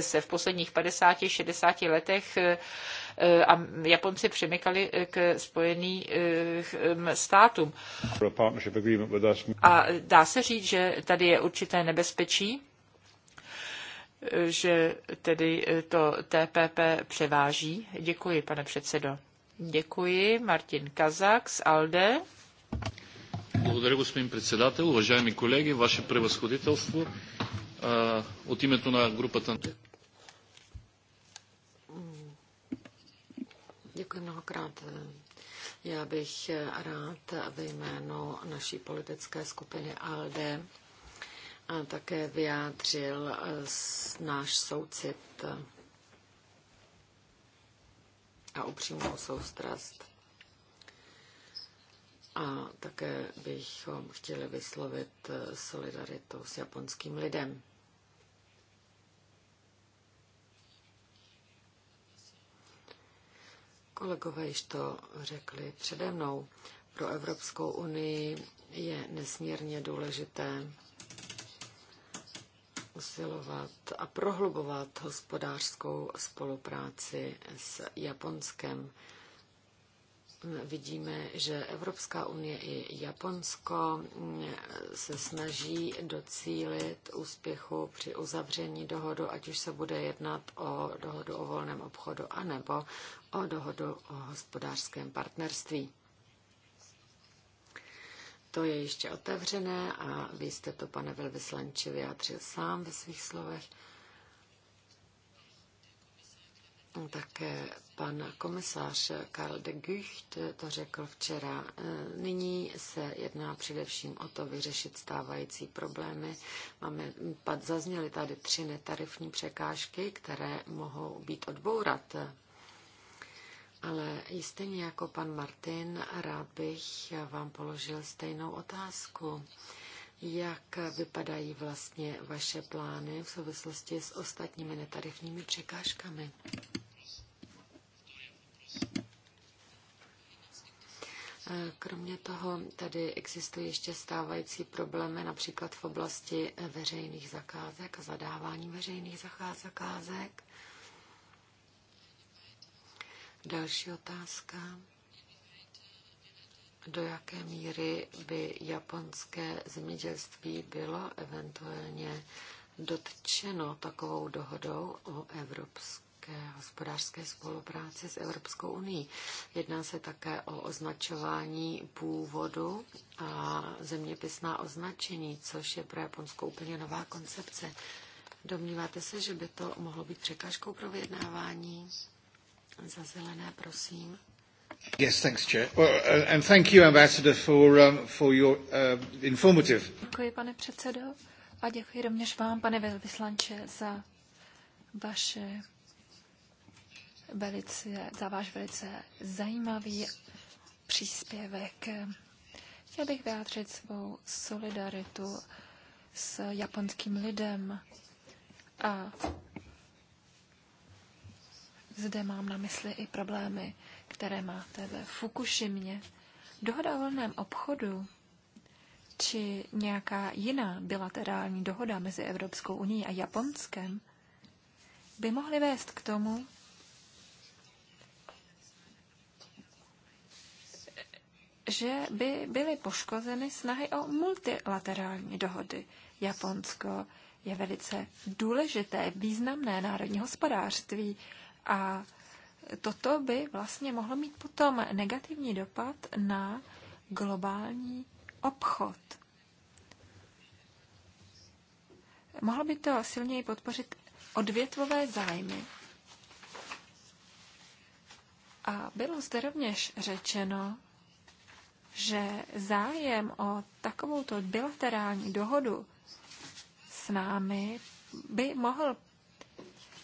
A: se v posledních 50-60 letech Eh, a Japonci přemykali eh, k spojeným eh, státům. A dá se říct, že tady je určité nebezpečí, že tedy to TPP převáží. Děkuji, pane předsedo. Děkuji. Martin Kazak z ALDE. Благодаря, господин председател. Уважаеми колеги, ваше превъзходителство, от името на групата...
D: Děkuji mnohokrát. Já bych rád ve jménu naší politické skupiny ALDE a také vyjádřil eh, náš soucit a upřímnou soustrast. A také bychom chtěli vyslovit solidaritu s japonským lidem. Kolegové již to řekli přede mnou. Pro Evropskou unii je nesmírně důležité usilovat a prohlubovat hospodářskou spolupráci s Japonskem vidíme, že Evropská unie i Japonsko se snaží docílit úspěchu při uzavření dohodu, ať už se bude jednat o dohodu o volném obchodu anebo o dohodu o hospodářském partnerství. To je ještě otevřené a vy jste to, pane velvyslanče, vyjádřil sám ve svých slovech. No, také pan komisář Karl de Gucht to řekl včera. E, nyní se jedná především o to vyřešit stávající problémy. Máme, pad zazněly tady tři netarifní překážky, které mohou být odbourat. Ale stejně jako pan Martin, rád bych vám položil stejnou otázku. Jak vypadají vlastně vaše plány v souvislosti s ostatními netarifními překážkami? Kromě toho tady existují ještě stávající problémy například v oblasti veřejných zakázek a zadávání veřejných zakázek. Další otázka. Do jaké míry by japonské zemědělství bylo eventuálně dotčeno takovou dohodou o Evropské hospodářské, hospodářské spolupráci s Evropskou uní. Jedná se také o označování původu a zeměpisná označení, což je pro Japonsko úplně nová koncepce. Domníváte se, že by to mohlo být překážkou pro vyjednávání? Za zelené, prosím.
C: Yes, thanks, Chair. Well, uh, and thank you, Ambassador, for, um, for your uh, informative.
B: Děkuji, pane předsedo, a děkuji rovněž vám, pane velvyslanče, za vaše velice, za váš velice zajímavý příspěvek. Chtěl bych vyjádřit svou solidaritu s japonským lidem a zde mám na mysli i problémy, které máte ve Fukushimě. Dohoda o volném obchodu či nějaká jiná bilaterální dohoda mezi Evropskou unii a Japonskem by mohly vést k tomu, že by byly poškozeny snahy o multilaterální dohody. Japonsko je velice důležité, významné národní hospodářství a toto by vlastně mohlo mít potom negativní dopad na globální obchod. Mohlo by to silněji podpořit odvětvové zájmy. A bylo zde rovněž řečeno, že zájem o takovouto bilaterální dohodu s námi by mohl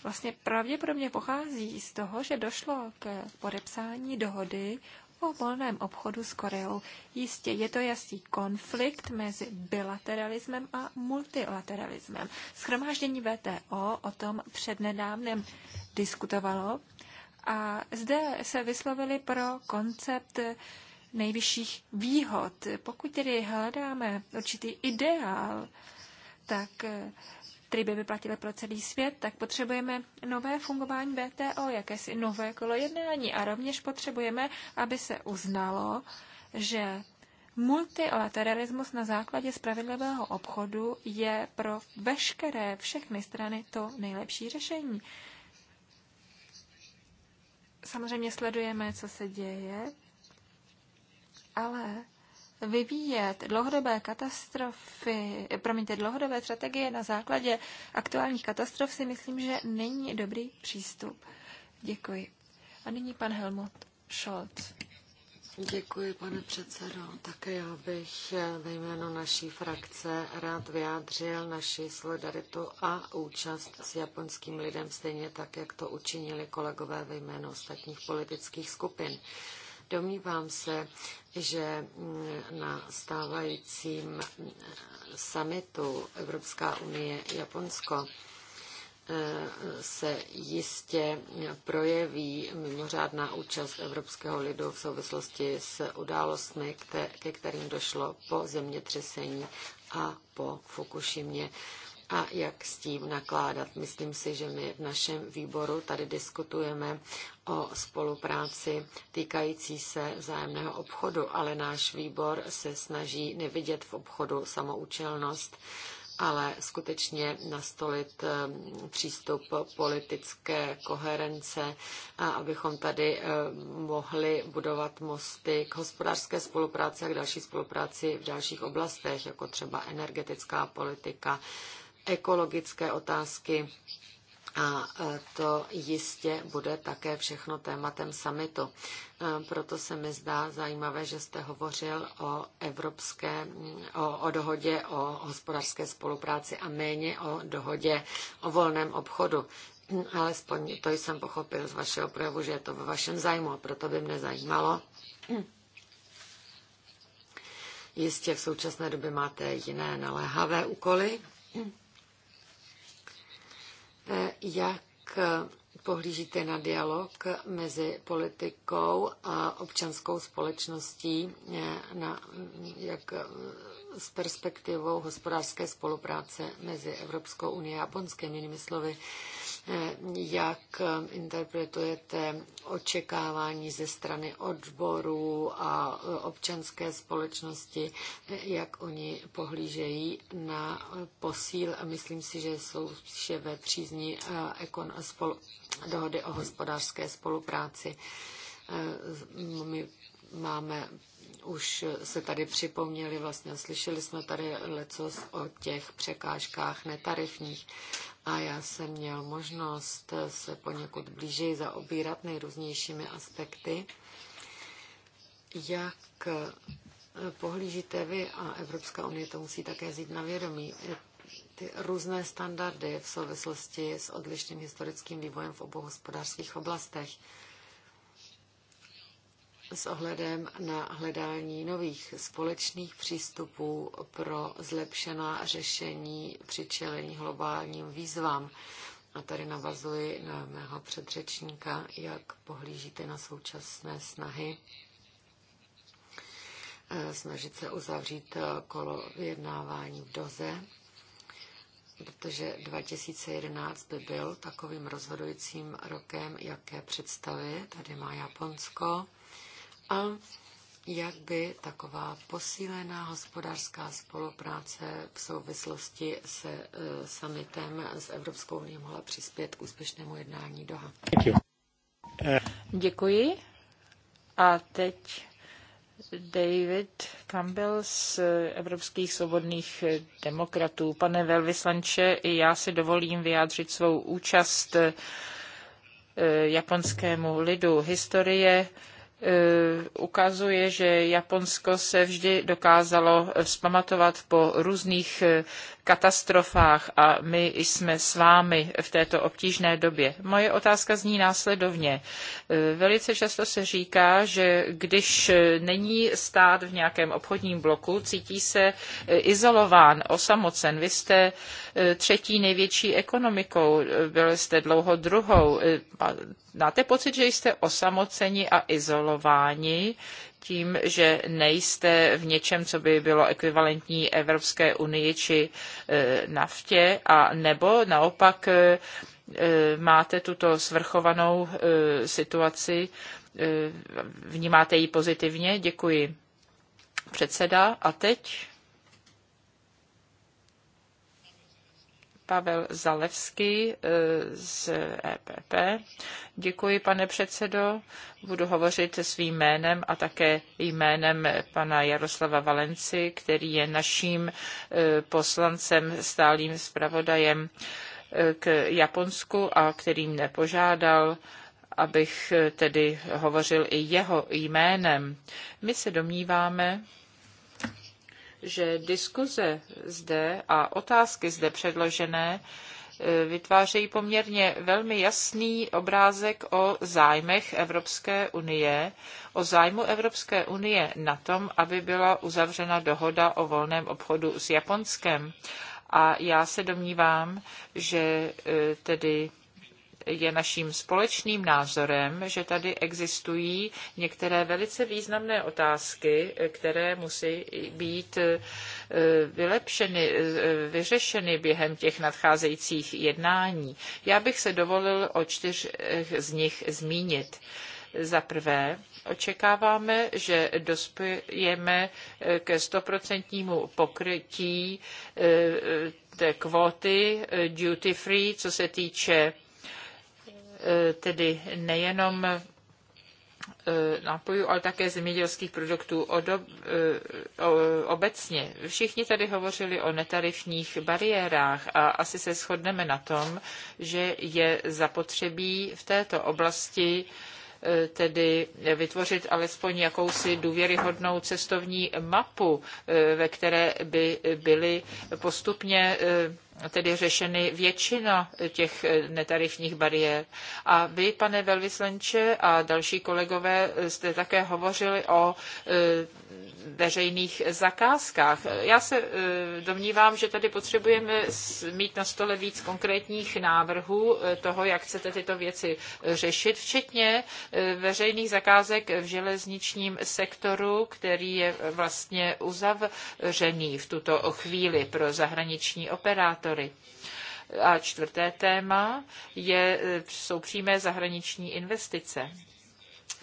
B: vlastně pravděpodobně pochází z toho, že došlo k podepsání dohody o volném obchodu s Koreou. Jistě je to jasný konflikt mezi bilateralismem a multilateralismem. Schromáždění VTO o tom přednedávnem diskutovalo a zde se vyslovili pro koncept nejvyšších výhod. Pokud tedy hledáme určitý ideál, tak eh, který by vyplatily pro celý svět, tak potřebujeme nové fungování BTO, jakési nové kolo jednání a rovněž potřebujeme, aby se uznalo, že multilateralismus na základě spravedlivého obchodu je pro veškeré všechny strany to nejlepší řešení. Samozřejmě sledujeme, co se děje ale vyvíjet dlouhodobé katastrofy, promiňte, dlouhodobé strategie na základě aktuálních katastrof si myslím, že není dobrý přístup. Děkuji. A nyní pan Helmut Scholz.
D: Děkuji, pane předsedo. Také já bych ve jménu naší frakce rád vyjádřil naši solidaritu a účast s japonským lidem, stejně tak, jak to učinili kolegové ve jménu ostatních politických skupin. Domnívám se, že na stávajícím eh, summitu Evropská unie Japonsko eh, se jistě projeví mimořádná účast Evropského lidu v souvislosti s událostmi, ke kterým došlo po zemětřesení a po Fukushimě a jak s tím nakládat. Myslím si, že my v našem výboru tady diskutujeme o spolupráci týkající se vzájemného obchodu, ale náš výbor se snaží nevidět v obchodu samoučelnost, ale skutečně nastolit ehm, přístup politické koherence, a abychom tady ehm, mohli budovat mosty k hospodářské spolupráci a k další spolupráci v dalších oblastech, jako třeba energetická politika, ekologické otázky. A e, to jistě bude také všechno tématem summitu. E, proto se mi zdá zajímavé, že jste hovořil o evropské, o, o dohodě o hospodářské spolupráci a méně o dohodě o volném obchodu. Alespoň to jsem pochopil z vašeho projevu, že je to ve vašem zájmu a proto by mě zajímalo. Jistě v současné době máte jiné naléhavé úkoly. Jak eh, pohlížíte na dialog mezi politikou a občanskou společností eh, na, jak eh, s perspektivou hospodářské spolupráce mezi Evropskou unii a Japonskem, jinými slovy, jak eh, interpretujete očekávání ze strany odborů a eh, občanské společnosti, jak oni pohlížejí na eh, posíl a myslím si, že jsou vše ve přízní ekon a spol- dohody o hospodářské spolupráci. My máme už se tady připomněli, vlastně slyšeli jsme tady lecos o těch překážkách netarifních a já jsem měl možnost se poněkud blížeji zaobírat nejrůznějšími aspekty. Jak pohlížíte vy, a Evropská unie to musí také zít na vědomí, ty různé standardy v souvislosti s odlišným historickým vývojem v obou hospodářských oblastech s ohledem na hledání nových společných přístupů pro zlepšená řešení při čelení globálním výzvám. A tady navazuji na mého předřečníka, jak pohlížíte na současné snahy eh, snažit se uzavřít eh, kolo vyjednávání v doze, protože 2011 by byl takovým rozhodujícím rokem, jaké představy tady má Japonsko a jak by taková posílená hospodářská spolupráce v souvislosti se uh, summitem s Evropskou unii mohla přispět k úspěšnému jednání Doha. Uh, Děkuji. A teď David
A: Campbell z Evropských svobodných demokratů. Pane velvyslanče, i já si dovolím vyjádřit svou účast e, japonskému lidu. Historie E, ukazuje, že Japonsko se vždy dokázalo vzpamatovat po různých e, katastrofách a my jsme s vámi v této obtížné době. Moje otázka zní následovně. E, velice často se říká, že když není stát v nějakém obchodním bloku, cítí se izolován, osamocen. Vy jste třetí největší ekonomikou, byl jste dlouho druhou. Máte pocit, že jste osamoceni a izolovaní? kontrolováni tím, že nejste v něčem, co by bylo ekvivalentní Evropské unii či e, naftě, a nebo naopak e, e, máte tuto svrchovanou situaci, vnímáte ji pozitivně? Děkuji. Předseda, a teď? Pavel Zalevský e, z EPP. Děkuji, pane předsedo. Budu hovořit svým jménem a také jménem pana Jaroslava Valenci, který je naším e, poslancem, stálým zpravodajem e, k Japonsku a který mne požádal, abych tedy hovořil i jeho jménem. My se domníváme, že diskuze zde a otázky zde předložené e, vytvářejí poměrně velmi jasný obrázek o zájmech Evropské unie, o zájmu Evropské unie na tom, aby byla uzavřena dohoda o volném obchodu s Japonskem. A já se domnívám, že e, tedy je naším společným názorem, že tady existují některé velice významné otázky, které musí být e, vylepšeny, e, vyřešeny během těch nadcházejících jednání. Já bych se dovolil o čtyř z nich zmínit. Za prvé, očekáváme, že dospějeme e, ke stoprocentnímu pokrytí té kvóty duty free, co se týče tedy nejenom eh, nápojů, ale také zemědělských produktů eh, obecně. Všichni tady hovořili o netarifních bariérách a asi se shodneme na tom, že je zapotřebí v této oblasti eh, tedy vytvořit alespoň jakousi důvěryhodnou cestovní mapu, ve které by byly postupně tedy řešeny většina těch netarifních bariér. A vy, pane velvyslenče a další kolegové, jste také hovořili o eh, veřejných zakázkách. Já se eh, domnívám, že tady potřebujeme mít na stole víc konkrétních návrhů eh, toho, jak chcete tyto věci řešit, včetně veřejných zakázek v železničním sektoru, který je vlastně uzavřený v tuto chvíli pro zahraniční operátory indikátory. A čtvrté téma je, jsou přímé zahraniční investice.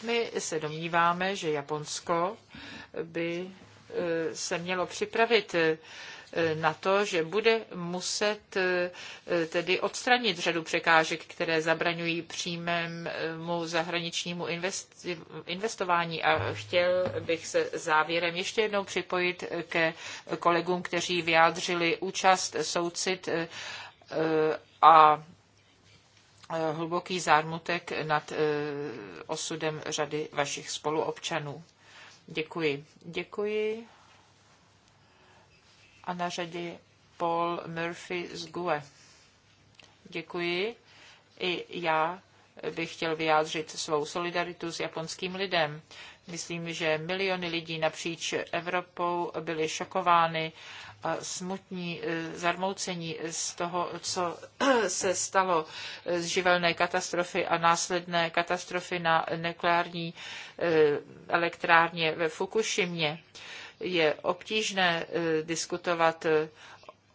A: My se domníváme, že Japonsko by eh, se mělo připravit eh, Eh, na to, že bude muset eh, tedy odstranit řadu překážek, které zabraňují přímému zahraničnímu investování. A chtěl bych se závěrem ještě jednou připojit ke kolegům, kteří vyjádřili účast, soucit eh, a hluboký zármutek nad osudem řady vašich spoluobčanů. Děkuji. Děkuji a na řadě Paul Murphy z GUE. Děkuji. I já bych chtěl vyjádřit svou solidaritu s japonským lidem. Myslím, že miliony lidí napříč Evropou byly šokovány a smutní, e, zarmoucení z toho, co se stalo e, z živelné katastrofy a následné katastrofy na nukleární e, elektrárně ve Fukushimě je obtížné eh, diskutovat eh,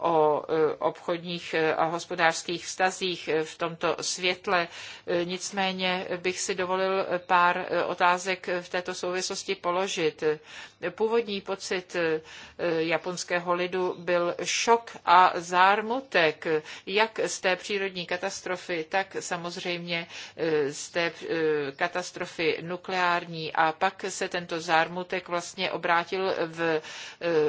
A: o e, obchodních e, a hospodářských vztazích e, v tomto světle. Nicméně bych si dovolil pár otázek v této souvislosti položit. Původní pocit japonského lidu byl šok a zármutek, jak z té přírodní katastrofy, tak samozřejmě z té katastrofy nukleární. A pak se tento zármutek vlastně obrátil v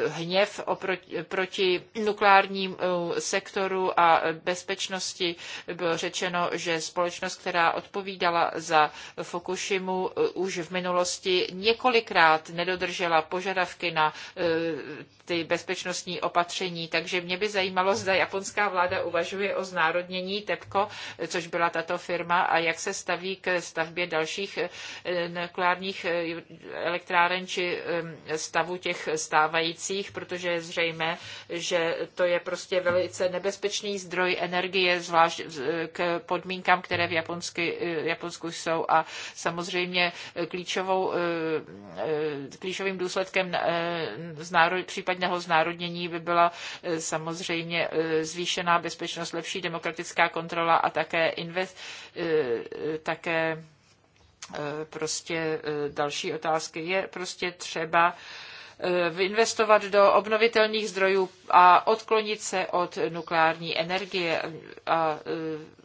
A: hněv oproti, proti nukleární solárním eh, sektoru a bezpečnosti bylo řečeno, že společnost, která odpovídala za Fukushimu eh, už v minulosti několikrát nedodržela požadavky na eh, ty bezpečnostní opatření, takže mě by zajímalo, zda japonská vláda uvažuje o znárodnění TEPCO, což byla tato firma, a jak se staví k stavbě dalších nukleárních elektráren či stavu těch stávajících, protože je zřejmé, že to je je prostě velice nebezpečný zdroj energie, zvlášť eh, k podmínkám, které v Japonsky, eh, Japonsku jsou. A samozřejmě klíčovou, eh, klíčovým důsledkem znárod, případného znárodnění by byla samozřejmě zvýšená bezpečnost, lepší demokratická kontrola a také, invest, také prostě další otázky. Je prostě třeba Eh, investovat do obnovitelných zdrojů a odklonit se od nukleární energie. A eh,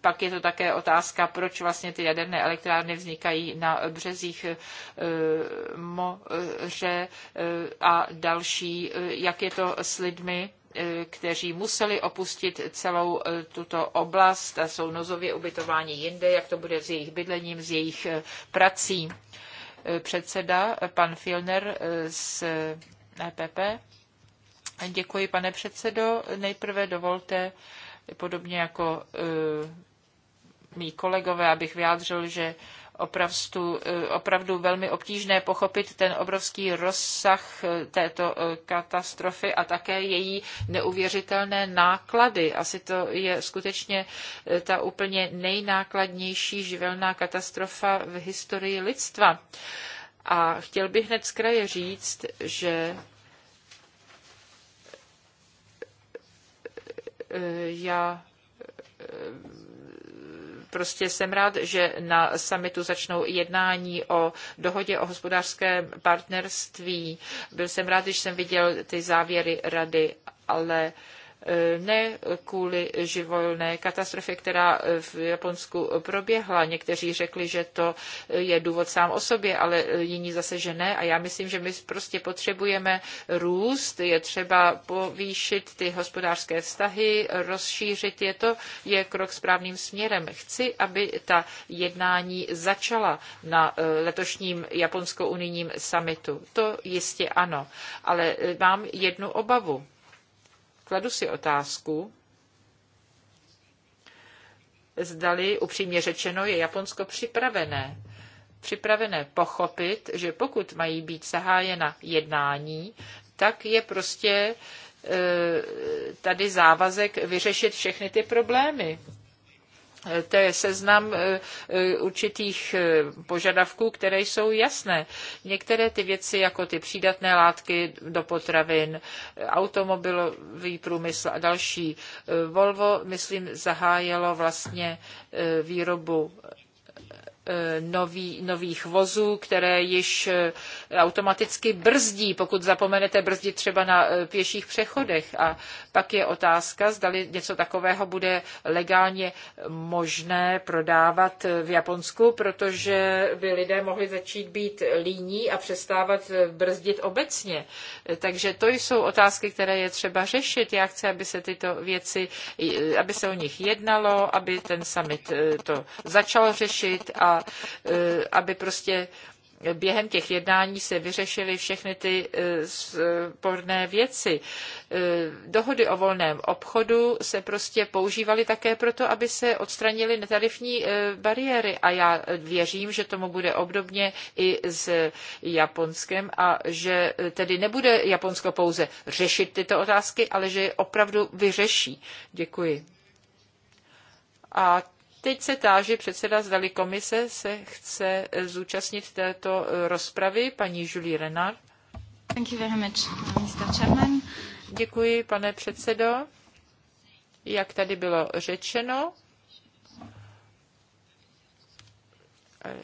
A: pak je to také otázka, proč vlastně ty jaderné elektrárny vznikají na březích eh, moře a další, jak je to s lidmi, kteří museli opustit celou tuto oblast a jsou nozově ubytováni jinde, jak to bude s jejich bydlením, s jejich prací předseda, pan Filner z EPP. Děkuji, pane předsedo. Nejprve dovolte, podobně jako eh, mý kolegové, abych vyjádřil, že opravdu, eh, opravdu velmi obtížné pochopit ten obrovský rozsah eh, této eh, katastrofy a také její neuvěřitelné náklady. Asi to je skutečně ta úplně nejnákladnější živelná katastrofa v historii lidstva. A chtěl bych hned z kraje říct, že já prostě jsem rád, že na summitu začnou jednání o dohodě o hospodářském partnerství. Byl jsem rád, když jsem viděl ty závěry rady, ale uh, ne kvůli živolné katastrofě, která v Japonsku proběhla. Někteří řekli, že to je důvod sám o sobě, ale jiní zase, že ne. A já myslím, že my prostě potřebujeme růst, je třeba povýšit ty hospodářské vztahy, rozšířit je. To je krok správným směrem. Chci, aby ta jednání začala na eh, letošním japonsko-unijním summitu. To jistě ano, ale eh, mám jednu obavu. Kladu si otázku, zdali, upřímně řečeno, je Japonsko připravené připravené pochopit, že pokud mají být zahájena jednání, tak je prostě eh, tady závazek vyřešit všechny ty problémy. To je seznam eh, eh, určitých eh, požadavků, které jsou jasné. Některé ty věci, jako ty přídatné látky do potravin, automobilový průmysl a další. Volvo, myslím, zahájilo vlastně výrobu Eh, nový, nových vozů, které již eh, automaticky brzdí, pokud zapomenete brzdit třeba na eh, pěších přechodech. A pak je otázka, zda něco takového bude legálně možné prodávat v Japonsku, protože by lidé mohli začít být líní a přestávat brzdit obecně. Takže to jsou otázky, které je třeba řešit. Já chci, aby se tyto věci, aby se o nich jednalo, aby ten summit to začal řešit a E, aby prostě během těch jednání se vyřešily všechny ty e, sporné věci. E, dohody o volném obchodu se prostě používaly také proto, aby se odstranily netarifní bariéry a já věřím, že tomu bude obdobně i s Japonskem a že tedy nebude Japonsko pouze řešit tyto otázky, ale že je opravdu vyřeší. Děkuji. A Teď se táži předseda zdali komise se chce eh, zúčastnit této eh, rozpravy, paní Julie Renard. Thank you very much, uh, Mr. Chairman. Děkuji, pane předsedo. Jak tady bylo řečeno, eh,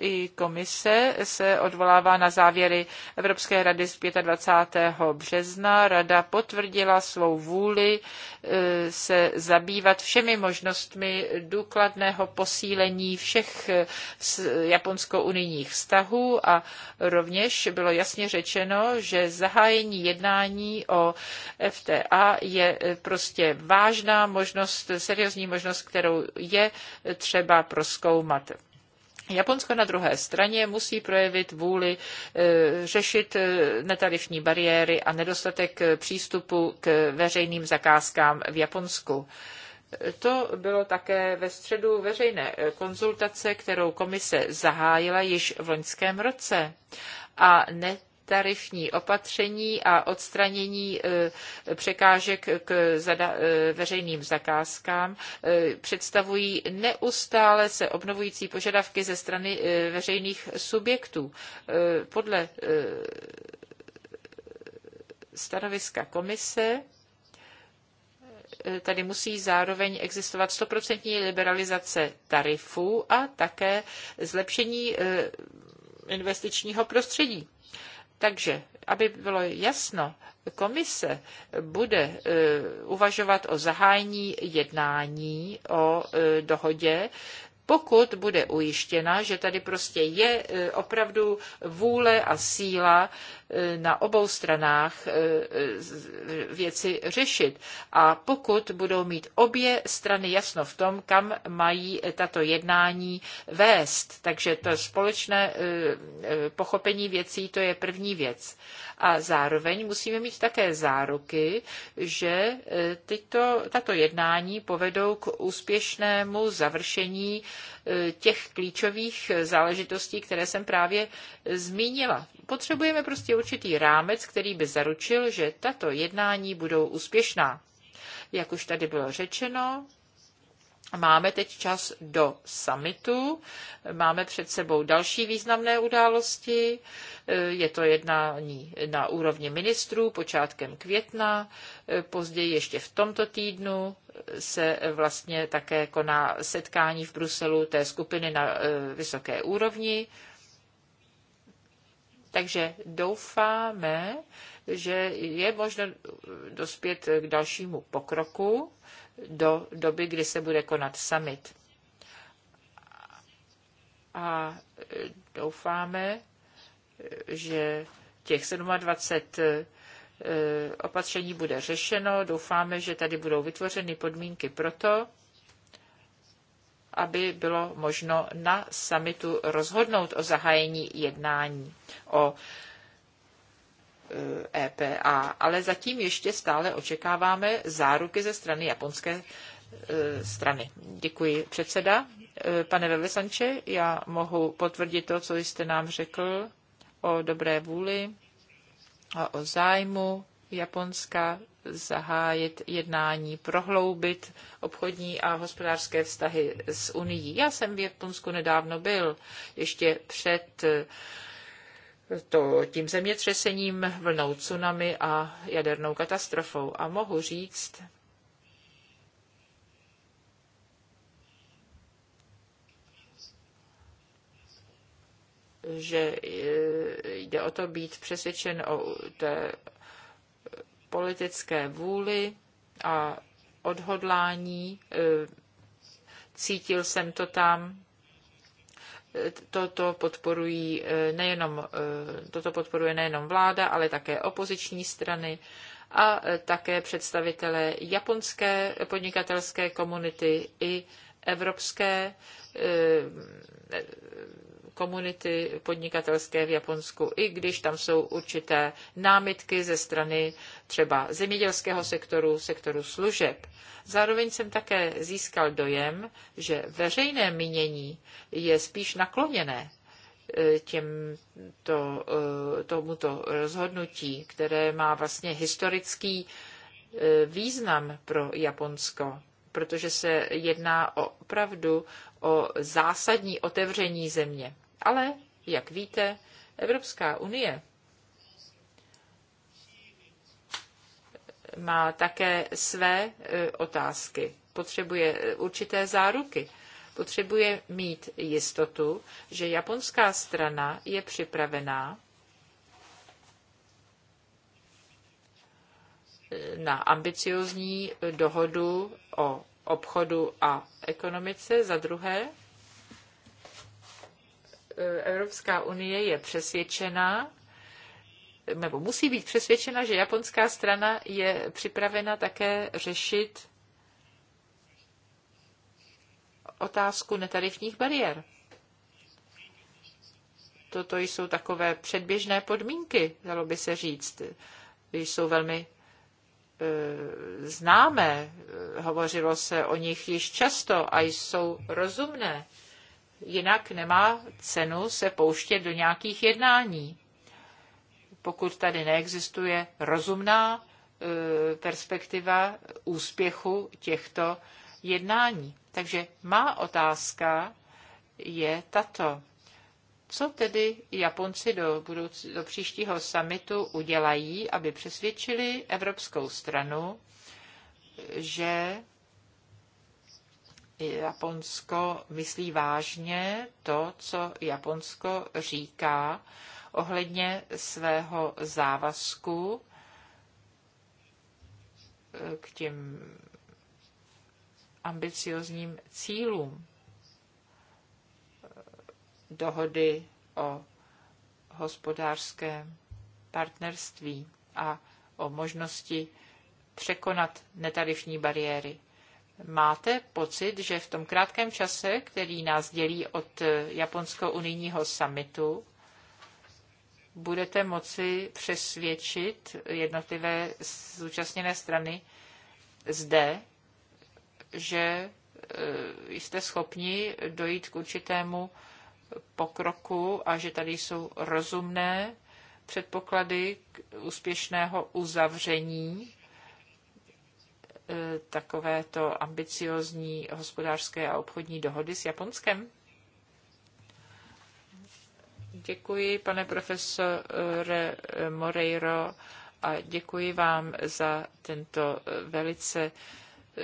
A: i komise se odvolává na závěry Evropské rady z 25. března. Rada potvrdila svou vůli e, se zabývat všemi možnostmi důkladného posílení všech e, japonsko-unijních vztahů a rovněž bylo jasně řečeno, že zahájení jednání o FTA je e, prostě vážná možnost, seriózní možnost, kterou je třeba proskoumat. Japonsko na druhé straně musí projevit vůli e, řešit e, netarifní bariéry a nedostatek e, přístupu k veřejným zakázkám v Japonsku. To bylo také ve středu veřejné konzultace, kterou komise zahájila již v loňském roce. A ne, tarifní opatření a odstranění e, překážek k e, veřejným zakázkám e, představují neustále se obnovující požadavky ze strany veřejných subjektů. Podle stanoviska komise tady musí zároveň existovat stoprocentní liberalizace tarifů a také zlepšení investičního prostředí. Takže, aby bylo jasno, komise bude e, uvažovat o zahájení jednání o e, dohodě, pokud bude ujištěna, že tady prostě je e, opravdu vůle a síla E, na obou stranách e, e, věci řešit. A pokud budou mít obě strany jasno v tom, kam mají tato jednání vést, takže to společné pochopení věcí, to je první věc. A zároveň musíme mít také záruky, že tyto, tato jednání povedou k úspěšnému završení těch klíčových záležitostí, které jsem právě zmínila. Potřebujeme prostě určitý rámec, který by zaručil, že tato jednání budou úspěšná. Jak už tady bylo řečeno, Máme teď čas do summitu, máme před sebou další významné události, je to jednání na úrovni ministrů počátkem května, později ještě v tomto týdnu se vlastně také koná setkání v Bruselu té skupiny na eh, vysoké úrovni. Takže doufáme, že je možno dospět k dalšímu pokroku do doby, kdy se bude konat summit. A doufáme, že těch 27 eh, opatření bude řešeno. Doufáme, že tady budou vytvořeny podmínky pro to, aby bylo možno na samitu rozhodnout o zahájení jednání o EPA, e ale zatím ještě stále očekáváme záruky ze strany japonské e, strany. Děkuji předseda. E, pane velvyslanče, já mohu potvrdit to, co jste nám řekl o dobré vůli a o zájmu Japonska zahájit jednání, prohloubit obchodní a hospodářské vztahy s Unií. Já jsem v Japonsku nedávno byl, ještě před eh, to tím zemětřesením, vlnou tsunami a jadernou katastrofou. A mohu říct, že eh, jde o to být přesvědčen o té politické vůli a odhodlání. E, cítil jsem to tam. E, toto, podporují e, nejenom, toto podporuje nejenom vláda, ale také opoziční strany a také představitelé japonské podnikatelské komunity i evropské komunity podnikatelské v Japonsku, i když tam jsou určité námitky ze strany třeba zemědělského sektoru, sektoru služeb. Zároveň jsem také získal dojem, že veřejné mínění je spíš nakloněné e, těmto, e, tomuto rozhodnutí, které má vlastně historický e, význam pro Japonsko, protože se jedná o, opravdu o zásadní otevření země. Ale, jak víte, Evropská unie má také své e, otázky. Potřebuje e, určité záruky. Potřebuje mít jistotu, že japonská strana je připravená e, na ambiciozní dohodu o obchodu a ekonomice, za druhé Evropská unie je přesvědčena, nebo musí být přesvědčena, že japonská strana je připravena také řešit otázku netarifních bariér. Toto jsou takové předběžné podmínky, dalo by se říct. Jsou velmi e, známé, hovořilo se o nich již často a jsou rozumné. Jinak nemá cenu se pouštět do nějakých jednání, pokud tady neexistuje rozumná e, perspektiva úspěchu těchto jednání. Takže má otázka je tato. Co tedy Japonci do, budouc- do příštího samitu udělají, aby přesvědčili evropskou stranu, že Japonsko myslí vážně to, co Japonsko říká ohledně svého závazku eh, k těm ambiciozním cílům eh, dohody o hospodářském partnerství a o možnosti překonat netarifní bariéry. Máte pocit, že v tom krátkém čase, který nás dělí od eh, japonsko-unijního summitu, budete moci přesvědčit jednotlivé zúčastněné strany zde, že eh, jste schopni dojít k určitému pokroku a že tady jsou rozumné předpoklady k úspěšného uzavření E, takovéto ambiciozní hospodářské a obchodní dohody s Japonskem? Děkuji, pane profesore Moreiro, a děkuji vám za tento e, velice Eh,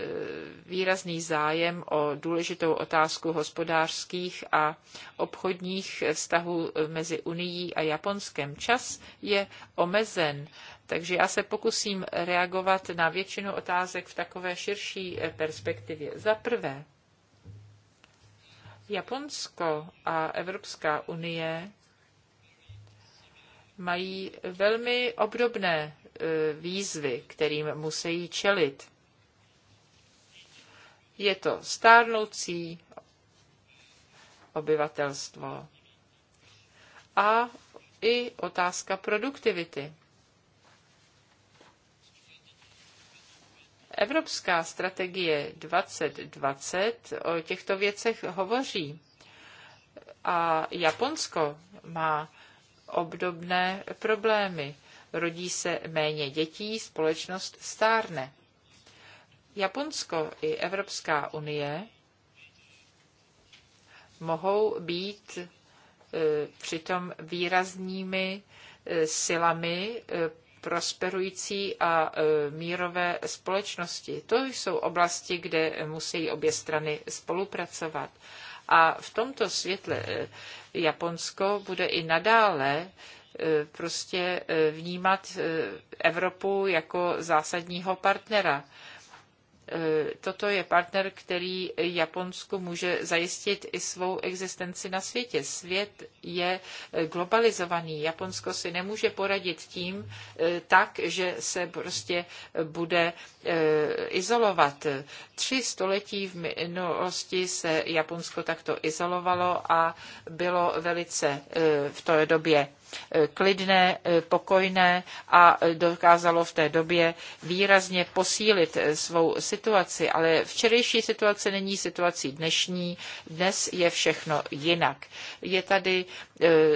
A: výrazný zájem o důležitou otázku hospodářských a obchodních vztahů mezi Unií a Japonskem. Čas je omezen, takže já se pokusím reagovat na většinu otázek v takové širší eh, perspektivě. Za prvé, Japonsko a Evropská unie mají velmi obdobné eh, výzvy, kterým musí čelit. Je to stárnoucí obyvatelstvo. A i otázka produktivity. Evropská strategie 2020 o těchto věcech hovoří. A Japonsko má obdobné problémy. Rodí se méně dětí, společnost stárne. Japonsko i Evropská unie mohou být e, přitom výraznými e, silami e, prosperující a mírové společnosti. To jsou oblasti, kde musí obě strany spolupracovat. A v tomto světle Japonsko bude i nadále prostě vnímat Evropu jako zásadního partnera. Eh, toto je partner, který Japonsku může zajistit i svou existenci na světě. Svět je eh, globalizovaný. Japonsko si nemůže poradit tím eh, tak, že se prostě bude izolovat. Tři století v minulosti se Japonsko takto izolovalo a bylo velice v té době Eh, klidné, eh, pokojné a eh, dokázalo v té době výrazně posílit svou situaci. Ale včerejší situace není situací dnešní, dnes je všechno jinak. Je tady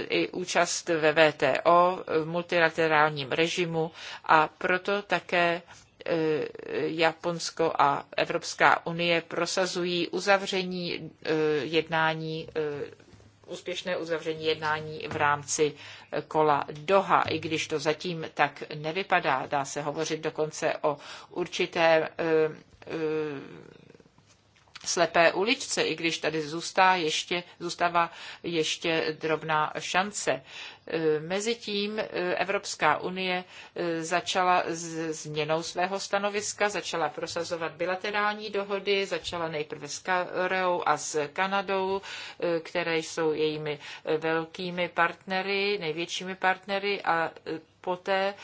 A: i účast ve VTO, v multilaterálním režimu a proto také Japonsko a Evropská unie prosazují uzavření jednání úspěšné uzavření jednání v rámci eh, kola Doha, i když to zatím tak nevypadá. Dá se hovořit dokonce o určité eh, eh, slepé uličce, i když tady zůstá ještě, zůstává ještě drobná šance. E, mezitím e, Evropská unie e, začala s změnou svého stanoviska, začala prosazovat bilaterální dohody, začala nejprve s Koreou a s Kanadou, které jsou jejími velkými partnery, největšími partnery a poté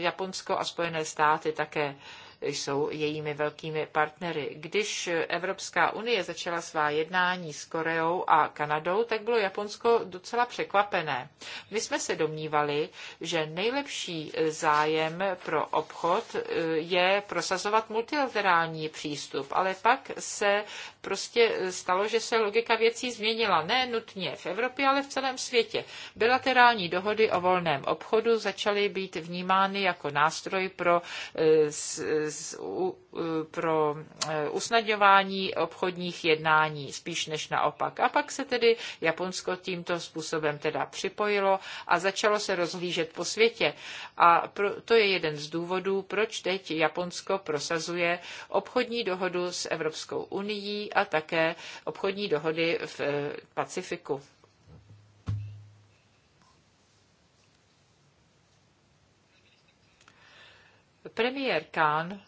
A: Japonsko a Spojené státy také jsou jejími velkými partnery. Když Evropská unie začala svá jednání s Koreou a Kanadou, tak bylo Japonsko docela překvapené. My jsme se domnívali, že nejlepší zájem pro obchod e, je prosazovat multilaterální přístup, ale pak se prostě stalo, že se logika věcí změnila. Ne nutně v Evropě, ale v celém světě. Bilaterální dohody o volném obchodu začaly být vnímány jako nástroj pro e, E, pro e, usnadňování obchodních jednání, spíš než naopak. A pak se tedy Japonsko tímto způsobem teda připojilo a začalo se rozhlížet po světě. A to je jeden z důvodů, proč teď Japonsko prosazuje obchodní dohodu s Evropskou unií a také obchodní dohody v e, Pacifiku. Premiér Kán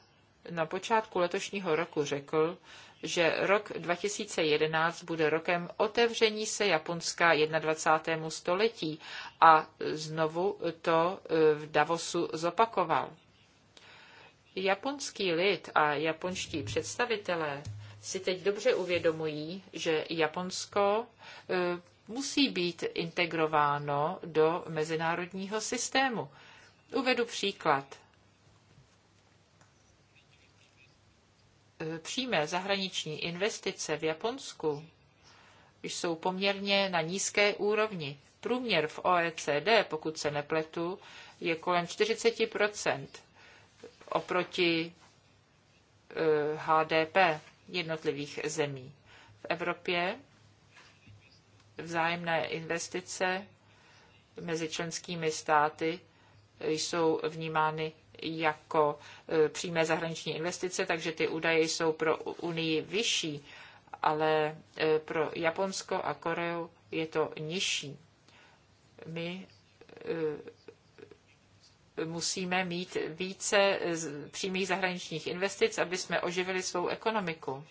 A: na počátku letošního roku řekl, že rok 2011 bude rokem otevření se Japonska 21. století a znovu to e, v Davosu zopakoval. Japonský lid a japonští představitelé si teď dobře uvědomují, že Japonsko e, musí být integrováno do mezinárodního systému. Uvedu příklad. Eh, přímé zahraniční investice v Japonsku jsou poměrně na nízké úrovni. Průměr v OECD, pokud se nepletu, je kolem 40 oproti HDP eh, jednotlivých zemí. V Evropě vzájemné investice mezi členskými státy jsou vnímány jako e, přímé zahraniční investice, takže ty údaje jsou pro Unii vyšší, ale e, pro Japonsko a Koreu je to nižší. My e, musíme mít více přímých zahraničních investic, aby jsme oživili svou ekonomiku.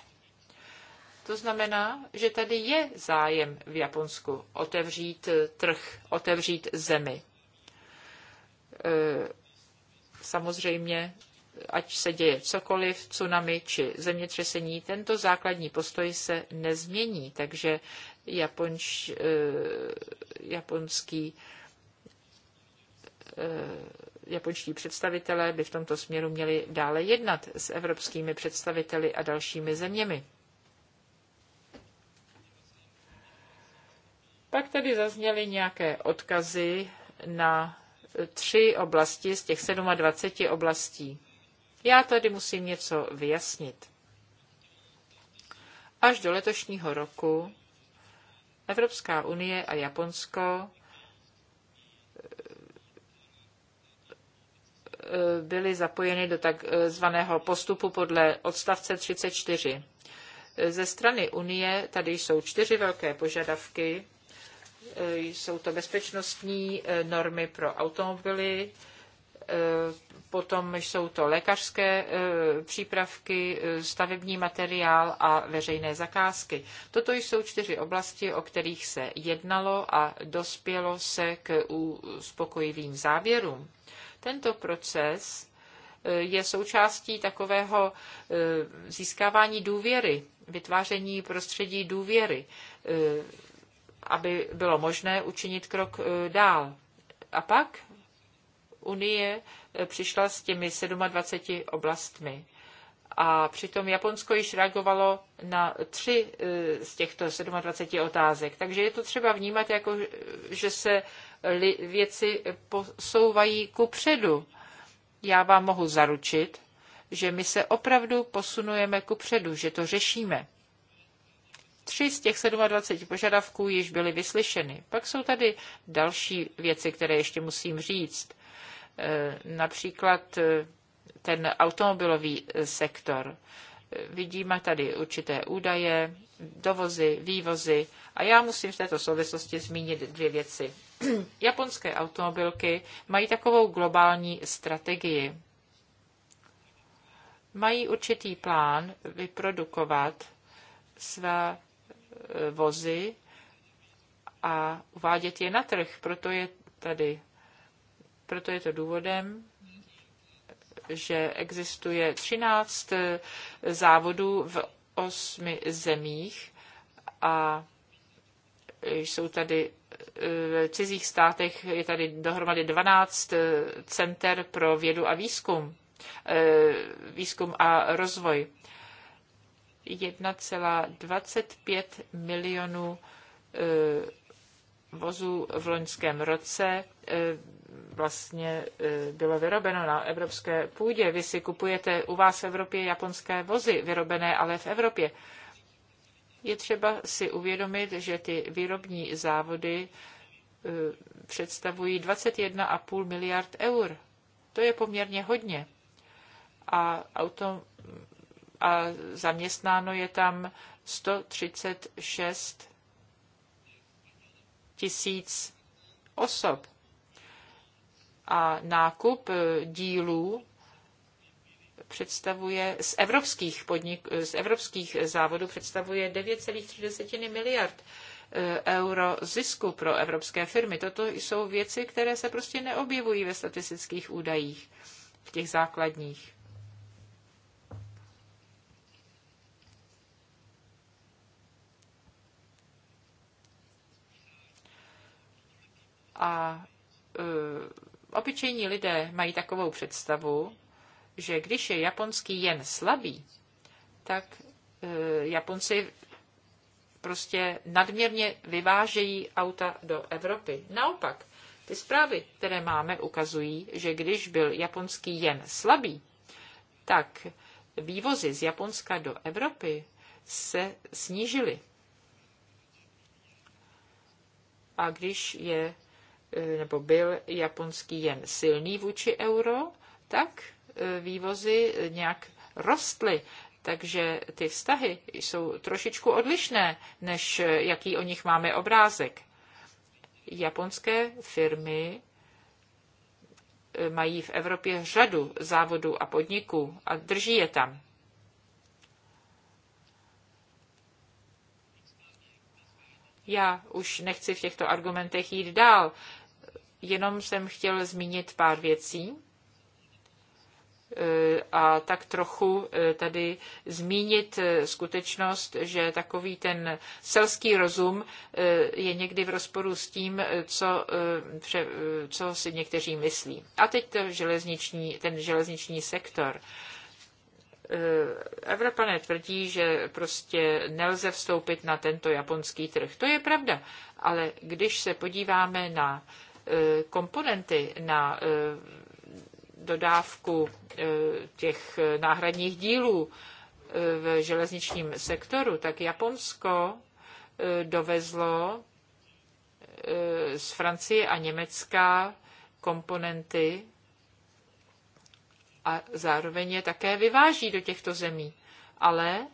A: To znamená, že tady je zájem v Japonsku otevřít trh, otevřít zemi samozřejmě, ať se děje cokoliv, tsunami či zemětřesení, tento základní postoj se nezmění. Takže japonč, eh, japonský eh, japonští představitelé by v tomto směru měli dále jednat s evropskými představiteli a dalšími zeměmi. Pak tady zazněly nějaké odkazy na tři oblasti z těch 27 oblastí. Já tady musím něco vyjasnit. Až do letošního roku Evropská unie a Japonsko eh, byly zapojeny do takzvaného eh, postupu podle odstavce 34. Ze strany Unie tady jsou čtyři velké požadavky Eh, jsou to bezpečnostní eh, normy pro automobily, eh, potom jsou to lékařské přípravky, stavební materiál a veřejné zakázky. Toto jsou čtyři oblasti, o kterých se jednalo a dospělo se k uspokojivým závěrům. Tento proces je součástí takového získávání důvěry, vytváření prostředí důvěry aby bylo možné učinit krok e, dál. A pak Unie e, přišla s těmi 27 oblastmi. A přitom Japonsko již reagovalo na tři e, z těchto 27 otázek. Takže je to třeba vnímat jako, že se věci posouvají ku předu. Já vám mohu zaručit, že my se opravdu posunujeme ku předu, že to řešíme. Tři z těch 27 požadavků již byly vyslyšeny. Pak jsou tady další věci, které ještě musím říct. E, například e, ten automobilový e, sektor. Vidíme tady určité údaje, dovozy, vývozy a já musím v této souvislosti zmínit dvě věci. Japonské automobilky mají takovou globální strategii. Mají určitý plán vyprodukovat své Eh, vozy a uvádět je na trh. Proto je tady, proto je to důvodem, že existuje 13 eh, závodů v osmi zemích a jsou tady eh, v cizích státech je tady dohromady 12 center pro vědu a výzkum, výzkum a rozvoj. 1,25 milionů eh, vozů v loňském roce eh, vlastně eh, bylo vyrobeno na evropské půdě. Vy si kupujete u vás v Evropě japonské vozy, vyrobené ale v Evropě. Je třeba si uvědomit, že ty výrobní závody představují 21,5 miliard eur. To je poměrně hodně. A auto a zaměstnáno je tam 136 tisíc osob. A nákup e, dílů představuje z evropských, podnik, e, z evropských závodů představuje 9,3 miliard e, euro zisku pro evropské firmy. Toto jsou věci, které se prostě neobjevují ve statistických údajích, v těch základních. A uh, obyčejní lidé mají takovou představu, že když je japonský jen slabý, tak uh, Japonci prostě nadměrně vyvážejí auta do Evropy. Naopak, ty zprávy, které máme, ukazují, že když byl japonský jen slabý, tak vývozy z Japonska do Evropy se snížily. A když je E, nebo byl japonský jen silný vůči euro, tak e, vývozy nějak rostly. Takže ty vztahy jsou trošičku odlišné, než e, jaký o nich máme obrázek. Japonské firmy mají v Evropě řadu závodů a podniků a drží je tam. Já už nechci v těchto argumentech jít dál. Jenom jsem chtěl zmínit pár věcí e, a tak trochu e, tady zmínit e, skutečnost, že takový ten selský rozum je někdy v rozporu s tím, co, co si někteří myslí. A teď to železniční, ten železniční sektor. Evropané tvrdí, že prostě nelze vstoupit na tento japonský trh. To je pravda, ale když se podíváme na komponenty na eh, dodávku eh, těch eh, náhradních dílů v železničním sektoru, tak Japonsko dovezlo z Francie a Německa komponenty a zároveň je také vyváží do těchto zemí. Ale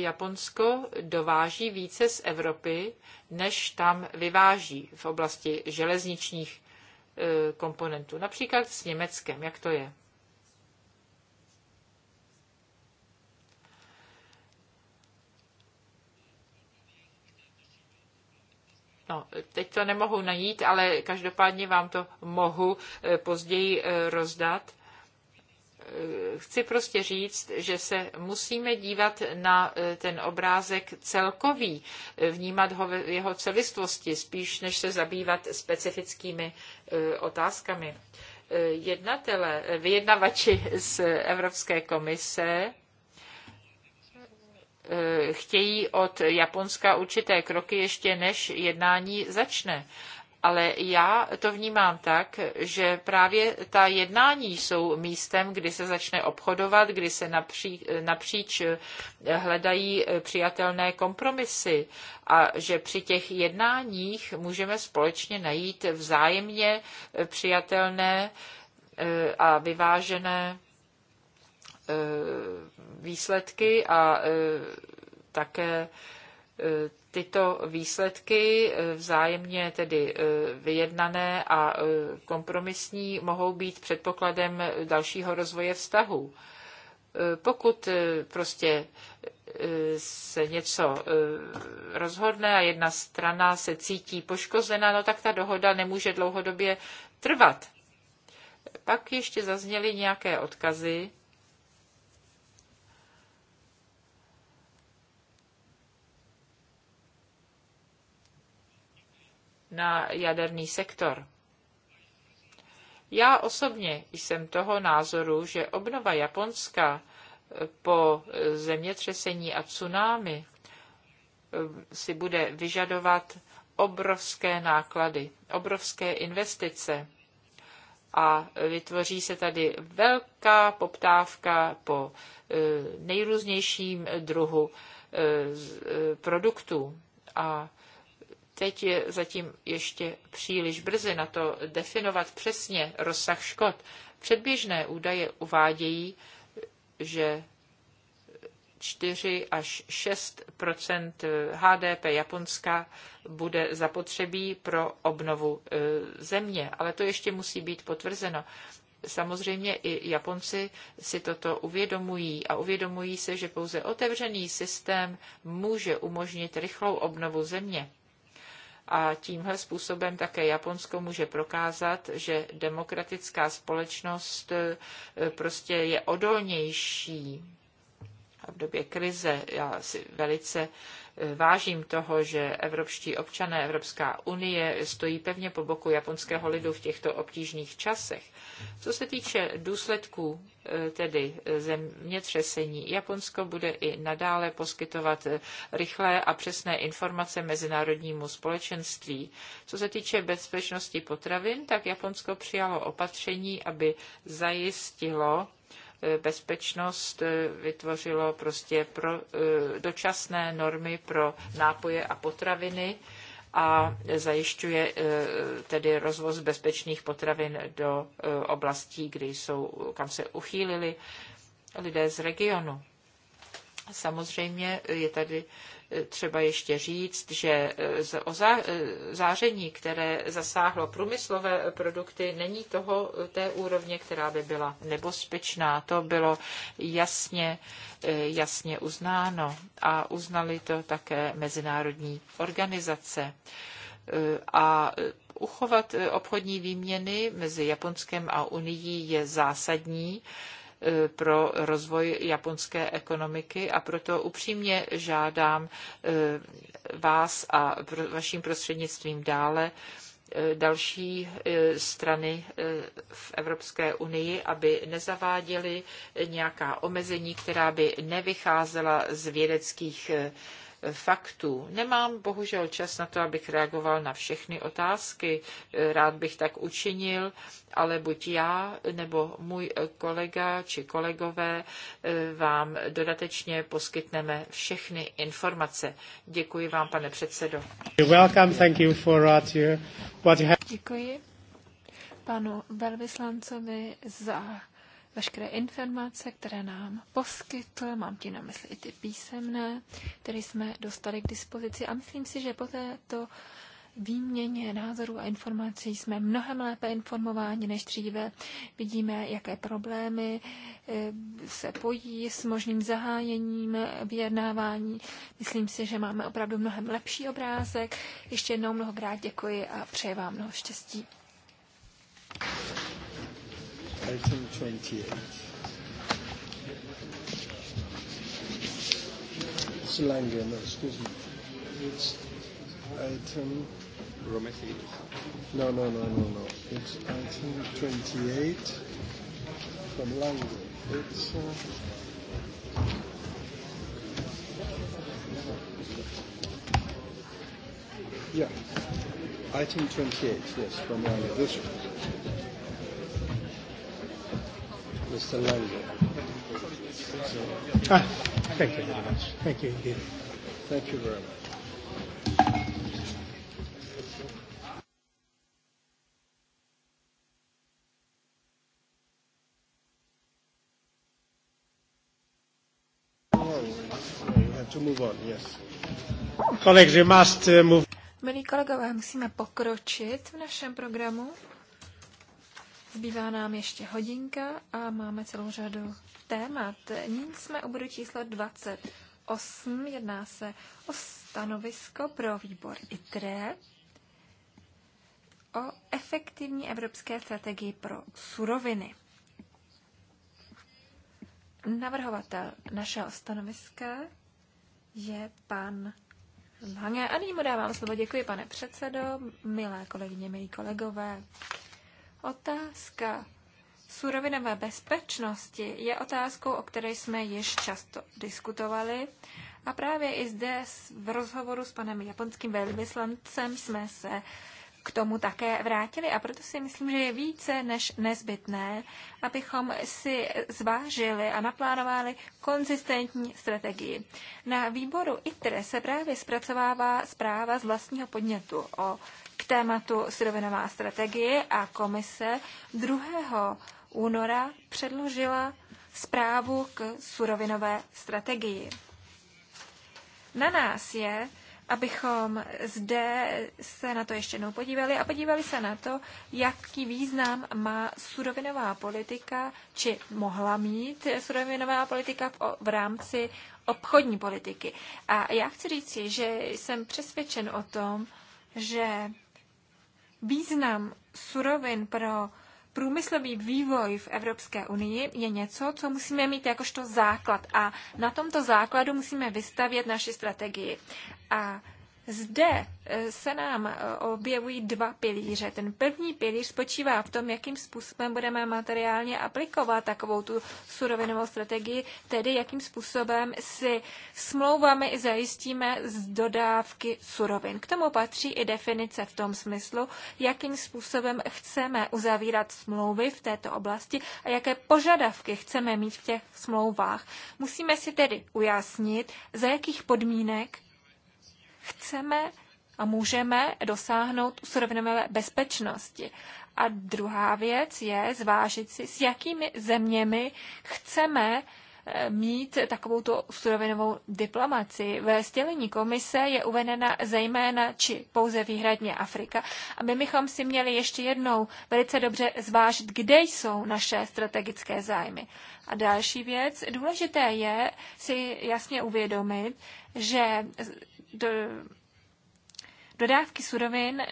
A: Japonsko dováží více z Evropy, než tam vyváží v oblasti železničních e, komponentů. Například s Německem, jak to je? No, teď to nemohu najít, ale každopádně vám to mohu e, později e, rozdat chci prostě říct, že se musíme dívat na eh, ten obrázek celkový, eh, vnímat ho v jeho celistvosti, spíš než se zabývat specifickými eh, otázkami. Jednatele, vyjednavači z Evropské komise chtějí od Japonska určité kroky ještě než jednání začne ale já to vnímám tak, že právě ta jednání jsou místem, kdy se začne obchodovat, kdy se napří, napříč eh, hledají eh, přijatelné kompromisy a že při těch jednáních můžeme společně najít vzájemně eh, přijatelné a vyvážené výsledky a také tyto výsledky, eh, vzájemně tedy eh, vyjednané a eh, kompromisní, mohou být předpokladem dalšího rozvoje vztahů. Pokud prostě se něco rozhodne a jedna strana se cítí poškozená, no tak ta dohoda nemůže dlouhodobě trvat. Pak ještě zazněly nějaké odkazy na jaderný sektor. Já osobně jsem toho názoru, že obnova Japonska eh, po eh, zemětřesení a tsunami eh, si bude vyžadovat obrovské náklady, obrovské investice a vytvoří se tady velká poptávka po nejrůznějším druhu produktů. A Teď je zatím ještě příliš brzy na to definovat přesně rozsah škod. Předběžné údaje uvádějí, že 4 až 6 eh, HDP Japonska bude zapotřebí pro obnovu eh, země, ale to ještě musí být potvrzeno. Samozřejmě i Japonci si toto uvědomují a uvědomují se, že pouze otevřený systém může umožnit rychlou obnovu země. A tímhle způsobem také Japonsko může prokázat, že demokratická společnost e, prostě je odolnější a v době krize. Já si velice vážím toho, že evropští občané Evropská unie stojí pevně po boku japonského lidu v těchto obtížných časech. Co se týče důsledků e, tedy zemětřesení, Japonsko bude i nadále poskytovat e, rychlé a přesné informace mezinárodnímu společenství. Co se týče bezpečnosti potravin, tak Japonsko přijalo opatření, aby zajistilo Eh, bezpečnost eh, vytvořilo prostě pro, eh, dočasné normy pro nápoje a potraviny a zajišťuje tedy rozvoz bezpečných potravin do oblastí, kde jsou, kam se uchýlili lidé z regionu. Samozřejmě je tady třeba ještě říct, že e, e, záření, které zasáhlo průmyslové produkty, není toho e, té úrovně, která by byla nebezpečná. To bylo jasně, jasně uznáno a uznali to také mezinárodní organizace. A uchovat obchodní výměny mezi Japonskem a Unií je zásadní pro rozvoj japonské ekonomiky a proto upřímně žádám eh, vás a vaším prostřednictvím dále eh, další eh, strany v Evropské unii, aby nezaváděly nějaká omezení, která by nevycházela z vědeckých faktů. Nemám bohužel čas na to, abych reagoval na všechny otázky. Rád bych tak učinil, ale buď já nebo můj kolega či kolegové eh, vám dodatečně poskytneme všechny informace. Děkuji vám, pane předsedo.
B: Děkuji panu velvyslancovi za veškeré informace, které nám poskytl, mám tím na mysli i ty písemné, které jsme dostali k dispozici a myslím si, že po této výměně názorů a informací jsme mnohem lépe informováni než dříve. Vidíme, jaké problémy eh, se pojí s možným zahájením vyjednávání. Myslím si, že máme opravdu mnohem lepší obrázek. Ještě jednou mnohokrát děkuji a přeji vám mnoho štěstí.
C: Uh, uh, item 28. It's Lange, no, excuse me. It's item. Romesi. No, no, no, no, no. It's item 28 from Lange. It's. yeah. Item 28, yes, from Lange. This one. Mr. So, ah, thank you very much. Thank you indeed. Thank you very much. must move.
B: Milí kolegové, musíme pokročit v našem programu. Zbývá nám ještě hodinka a máme celou řadu témat. Nyní jsme u bodu číslo 28. Jedná se o stanovisko pro výbor ITRE o efektivní evropské strategii pro suroviny. Navrhovatel našeho stanoviska je pan Lange. A nyní mu dávám slovo. Děkuji, pane předsedo, milé kolegyně, milí kolegové. Otázka surovinové bezpečnosti je otázkou, o které jsme již často diskutovali. A právě i zde v rozhovoru s panem japonským velvyslancem jsme se k tomu také vrátili a proto si myslím, že je více než nezbytné, abychom si zvážili a naplánovali konzistentní strategii. Na výboru ITRE se právě zpracovává zpráva z vlastního podnětu o k tématu surovinová strategie a komise 2. února předložila zprávu k surovinové strategii. Na nás je, abychom zde se na to ještě jednou podívali a podívali se na to, jaký význam má surovinová politika, či mohla mít surovinová politika v, v rámci obchodní politiky. A já chci říci, že jsem přesvědčen o tom, že význam surovin pro průmyslový vývoj v Evropské unii je něco, co musíme mít jakožto základ a na tomto základu musíme vystavět naši strategii. A zde eh, se nám eh, objevují dva pilíře. Ten první pilíř spočívá v tom, jakým způsobem budeme materiálně aplikovat takovou tu surovinovou strategii, tedy jakým způsobem si smlouvami zajistíme z dodávky surovin. K tomu patří i definice v tom smyslu, jakým způsobem chceme uzavírat smlouvy v této oblasti a jaké požadavky chceme mít v těch smlouvách. Musíme si tedy ujasnit, za jakých podmínek chceme a můžeme dosáhnout surovinové bezpečnosti. A druhá věc je zvážit si, s jakými zeměmi chceme eh, mít takovou surovinovou diplomaci. Ve stělení komise je uvedena zejména či pouze výhradně Afrika. A my bychom si měli ještě jednou velice dobře zvážit, kde jsou naše strategické zájmy. A další věc, důležité je si jasně uvědomit, že do, dodávky surovin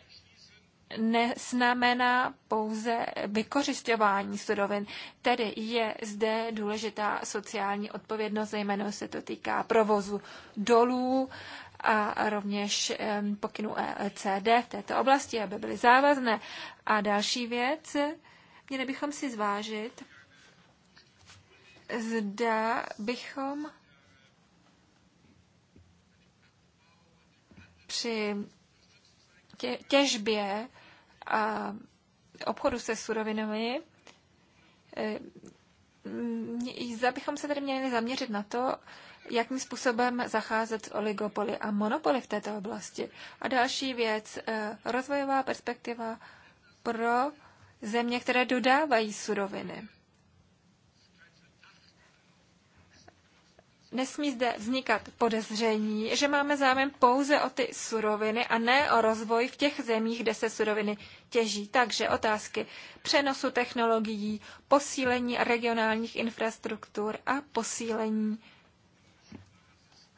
B: nesnamená pouze vykořišťování surovin, tedy je zde důležitá sociální odpovědnost, zejména se to týká provozu dolů a rovněž pokynu ECD e v této oblasti, aby byly závazné. A další věc, měli bychom si zvážit, zda bychom při těžbě a obchodu se surovinami, eh, zda bychom se tedy měli zaměřit na to, jakým způsobem zacházet oligopoly a monopoly v této oblasti. A další věc, eh, rozvojová perspektiva pro země, které dodávají suroviny. nesmí zde vznikat podezření, že máme zájem pouze o ty suroviny a ne o rozvoj v těch zemích, kde se suroviny těží. Takže otázky přenosu technologií, posílení regionálních infrastruktur a posílení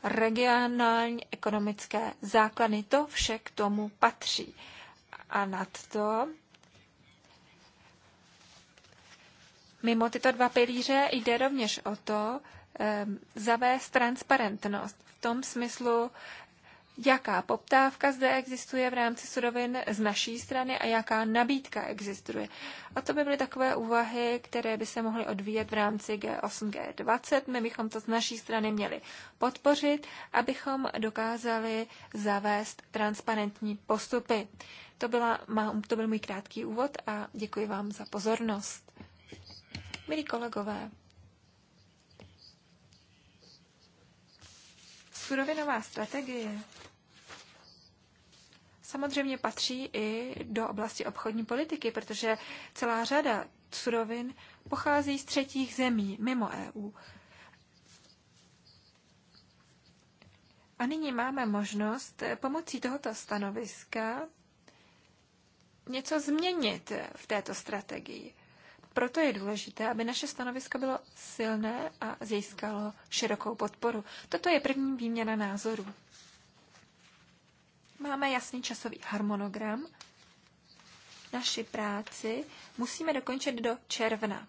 B: regionální ekonomické základny. To vše k tomu patří. A nad to mimo tyto dva pilíře jde rovněž o to, Ehm, zavést transparentnost v tom smyslu, jaká poptávka zde existuje v rámci surovin z naší strany a jaká nabídka existuje. A to by byly takové úvahy, které by se mohly odvíjet v rámci G8, G20. My bychom to z naší strany měli podpořit, abychom dokázali zavést transparentní postupy. To, byla, to byl můj krátký úvod a děkuji vám za pozornost. Milí kolegové, Surovinová strategie samozřejmě patří i do oblasti obchodní politiky, protože celá řada surovin pochází z třetích zemí mimo EU. A nyní máme možnost pomocí tohoto stanoviska něco změnit v této strategii. Proto je důležité, aby naše stanoviska bylo silné a získalo širokou podporu. Toto je první výměna názorů. Máme jasný časový harmonogram. Naši práci musíme dokončit do června.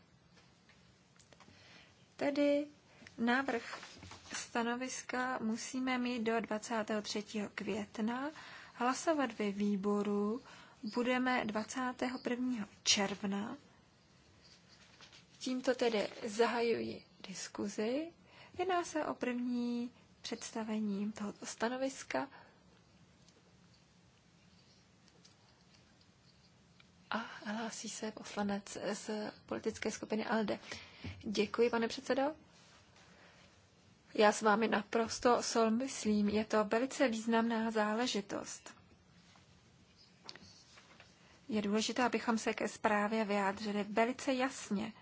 B: Tedy návrh stanoviska musíme mít do 23. května, hlasovat ve výboru budeme 21. června Tímto tedy zahajuji diskuzi. Jedná se o první představení tohoto stanoviska. A hlásí se poslanec z politické skupiny ALDE. Děkuji, pane předsedo. Já s vámi naprosto sol myslím, je to velice významná záležitost. Je důležité, abychom se ke zprávě vyjádřili velice jasně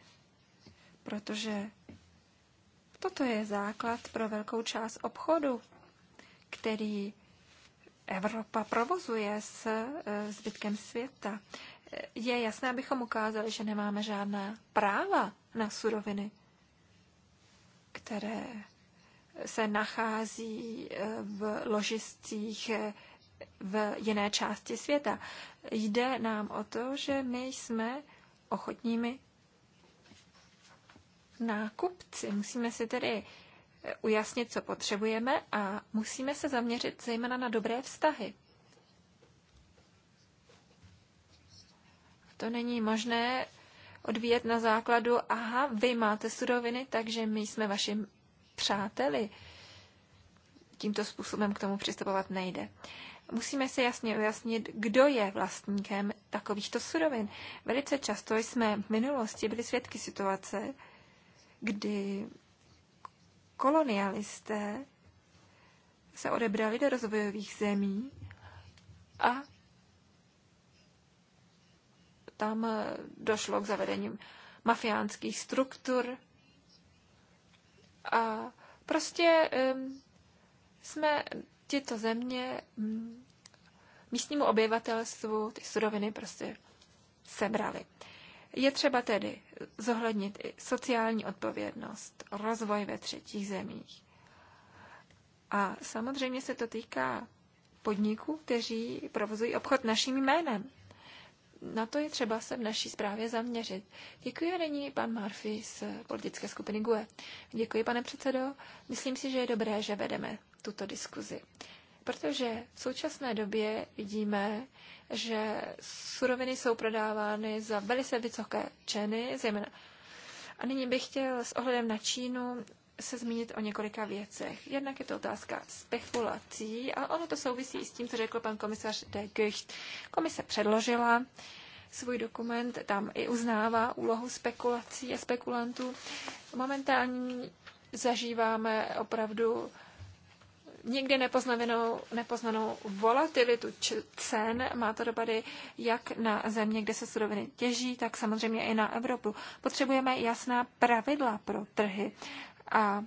B: protože toto je základ pro velkou část obchodu, který Evropa provozuje s e, zbytkem světa. Je jasné, abychom ukázali, že nemáme žádná práva na suroviny, které se nachází e, v ložiscích e, v jiné části světa. Jde nám o to, že my jsme ochotními nákupci. Musíme si tedy eh, ujasnit, co potřebujeme a musíme se zaměřit zejména na dobré vztahy. To není možné odvíjet na základu, aha, vy máte suroviny, takže my jsme vaši přáteli. Tímto způsobem k tomu přistupovat nejde. Musíme se jasně ujasnit, kdo je vlastníkem takovýchto surovin. Velice často jsme v minulosti byli svědky situace, kdy kolonialisté se odebrali do rozvojových zemí a tam došlo k zavedení mafiánských struktur a prostě um, jsme tyto země um, místnímu obyvatelstvu ty suroviny prostě sebrali. Je třeba tedy zohlednit i sociální odpovědnost, rozvoj ve třetích zemích. A samozřejmě se to týká podniků, kteří provozují obchod naším jménem. Na to je třeba se v naší zprávě zaměřit. Děkuji a není pan Murphy z politické skupiny GUE. Děkuji, pane předsedo. Myslím si, že je dobré, že vedeme tuto diskuzi. Protože v současné době vidíme, že suroviny jsou prodávány za velice vysoké ceny, zejména. A nyní bych chtěl s ohledem na Čínu se zmínit o několika věcech. Jednak je to otázka spekulací, ale ono to souvisí s tím, co řekl pan komisař de Gucht. Komise předložila svůj dokument, tam i uznává úlohu spekulací a spekulantů. Momentálně zažíváme opravdu někdy nepoznanou, nepoznanou volatilitu cen. Má to dopady jak na země, kde se suroviny těží, tak samozřejmě i na Evropu. Potřebujeme jasná pravidla pro trhy. A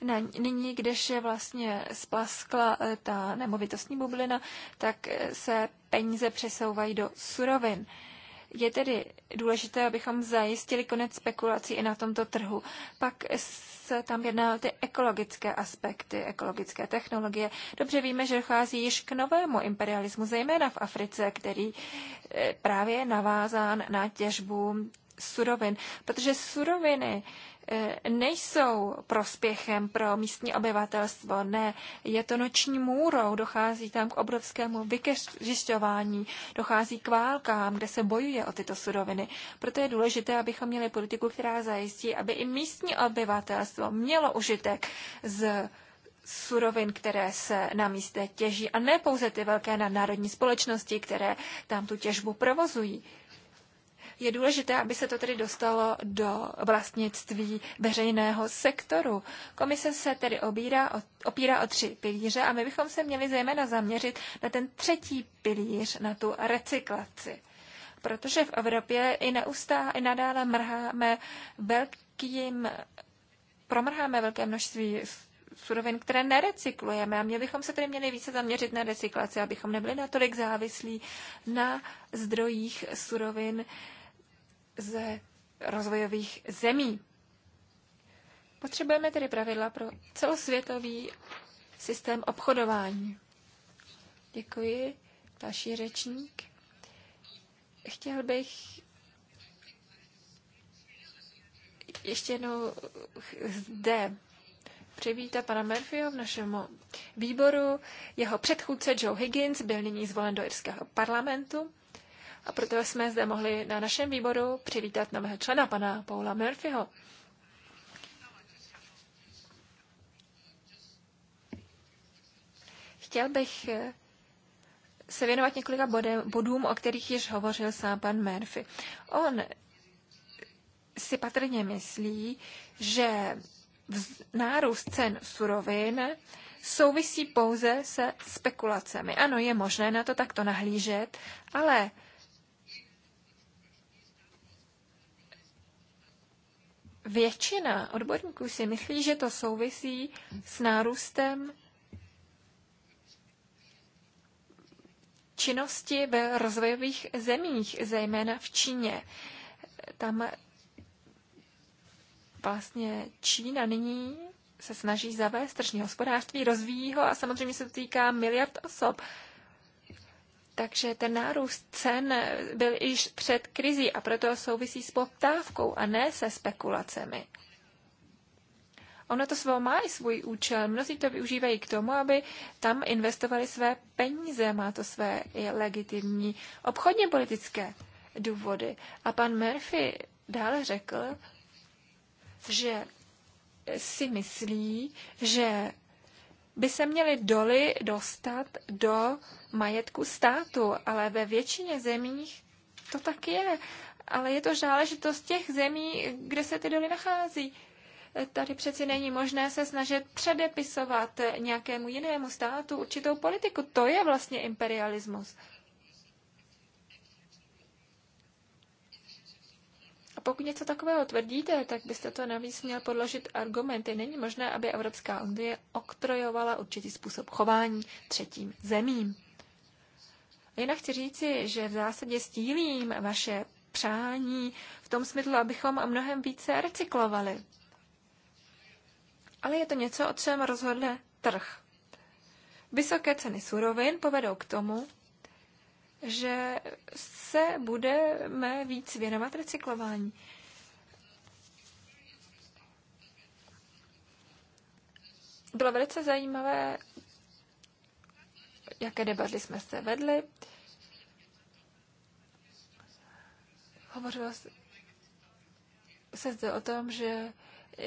B: na, nyní, když je vlastně splaskla eh, ta nemovitostní bublina, tak eh, se peníze přesouvají do surovin. Uh, je tedy důležité, abychom zajistili konec spekulací i na tomto trhu. Pak se tam jedná o ty ekologické aspekty, ekologické technologie. Dobře víme, že dochází již k novému imperialismu, zejména v Africe, který eh, právě je navázán na těžbu surovin, protože suroviny E, nejsou prospěchem pro místní obyvatelstvo. Ne, je to noční můrou, dochází tam k obrovskému vykeřišťování, dochází k válkám, kde se bojuje o tyto suroviny. Proto je důležité, abychom měli politiku, která zajistí, aby i místní obyvatelstvo mělo užitek z surovin, které se na místě těží a ne pouze ty velké nadnárodní společnosti, které tam tu těžbu provozují. Je důležité, aby se to tedy dostalo do vlastnictví veřejného sektoru. Komise se tedy obírá o, opírá o tři pilíře a my bychom se měli zejména zaměřit na ten třetí pilíř, na tu recyklaci. Protože v Evropě i neustá, i nadále mrháme velkým, promrháme velké množství surovin, které nerecyklujeme. A měli bychom se tedy měli více zaměřit na recyklaci, abychom nebyli natolik závislí na zdrojích surovin, z rozvojových zemí. Potřebujeme tedy pravidla pro celosvětový systém obchodování. Děkuji. Další řečník. Chtěl bych ještě jednou zde přivítat pana Murphyho v našem výboru. Jeho předchůdce Joe Higgins byl nyní zvolen do irského parlamentu. A proto jsme zde mohli na našem výboru přivítat nového člena, pana Paula Murphyho. Chtěl bych eh, se věnovat několika bodům, o kterých již hovořil sám pan Murphy. On si patrně myslí, že nárůst cen surovin souvisí pouze se spekulacemi. Ano, je možné na to takto nahlížet, ale většina odborníků si myslí, že to souvisí s nárůstem činnosti ve rozvojových zemích, zejména v Číně. Tam vlastně Čína nyní se snaží zavést tržní hospodářství, rozvíjí ho a samozřejmě se to týká miliard osob. Takže ten nárůst cen byl již před krizí a proto souvisí s poptávkou a ne se spekulacemi. Ono to svou má i svůj účel. Mnozí to využívají k tomu, aby tam investovali své peníze. Má to své i legitimní obchodně politické důvody. A pan Murphy dále řekl, že si myslí, že by se měly doly dostat do majetku státu, ale ve většině zemích to tak je. Ale je to záležitost těch zemí, kde se ty doly nachází. Tady přeci není možné se snažit předepisovat nějakému jinému státu určitou politiku. To je vlastně imperialismus. pokud něco takového tvrdíte, tak byste to navíc měl podložit argumenty. Není možné, aby Evropská unie oktrojovala určitý způsob chování třetím zemím. Jinak chci říci, že v zásadě stílím vaše přání v tom smyslu, abychom mnohem více recyklovali. Ale je to něco, o čem rozhodne trh. Vysoké ceny surovin povedou k tomu, že se budeme víc věnovat recyklování. Bylo velice zajímavé, jaké debaty jsme se vedli. Hovořilo se zde o tom, že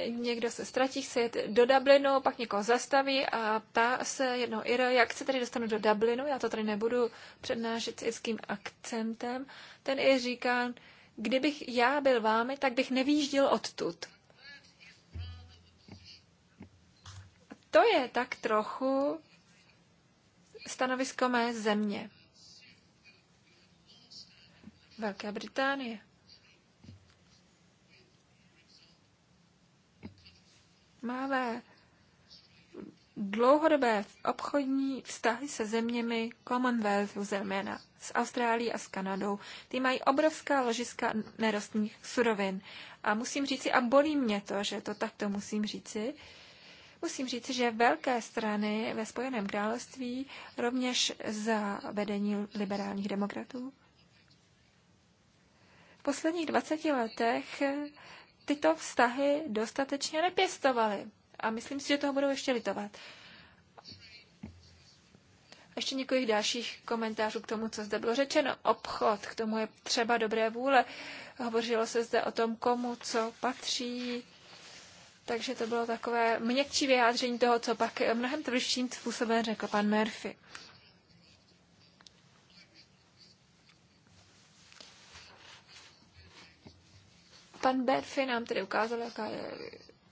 B: někdo se ztratí, chce jet do Dublinu, pak někoho zastaví a ptá se jedno Iro, jak se tady dostanu do Dublinu, já to tady nebudu přednášet s irským akcentem. Ten i říká, kdybych já byl vámi, tak bych nevýjížděl odtud. To je tak trochu stanovisko mé země. Velké Británie. máme dlouhodobé obchodní vztahy se zeměmi Commonwealthu, zejména s Austrálií a s Kanadou. Ty mají obrovská ložiska nerostných surovin. A musím říci, a bolí mě to, že to takto musím říci, musím říci, že velké strany ve Spojeném království rovněž za vedení liberálních demokratů v posledních 20 letech tyto vztahy dostatečně nepěstovali. A myslím si, že toho budou ještě litovat. Ještě několik dalších komentářů k tomu, co zde bylo řečeno. Obchod, k tomu je třeba dobré vůle. Hovořilo se zde o tom, komu co patří. Takže to bylo takové měkčí vyjádření toho, co pak mnohem tvrdším způsobem řekl pan Murphy. Pan Berfi nám tedy ukázal, jaká je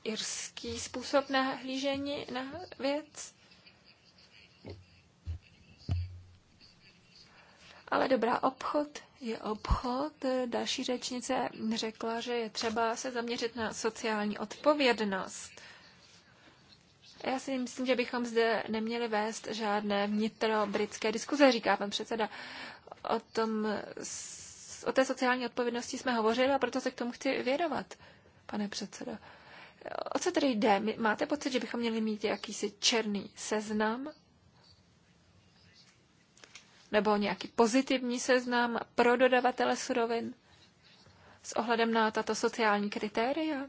B: irský způsob nahlížení na věc. Ale dobrá, obchod je obchod. Další řečnice řekla, že je třeba se zaměřit na sociální odpovědnost. Já si myslím, že bychom zde neměli vést žádné vnitrobritské diskuze, říká pan předseda. O tom O té sociální odpovědnosti jsme hovořili a proto se k tomu chci věnovat, pane předsedo. O co tedy jde? Máte pocit, že bychom měli mít jakýsi černý seznam? Nebo nějaký pozitivní seznam pro dodavatele surovin? s ohledem na tato sociální kritéria?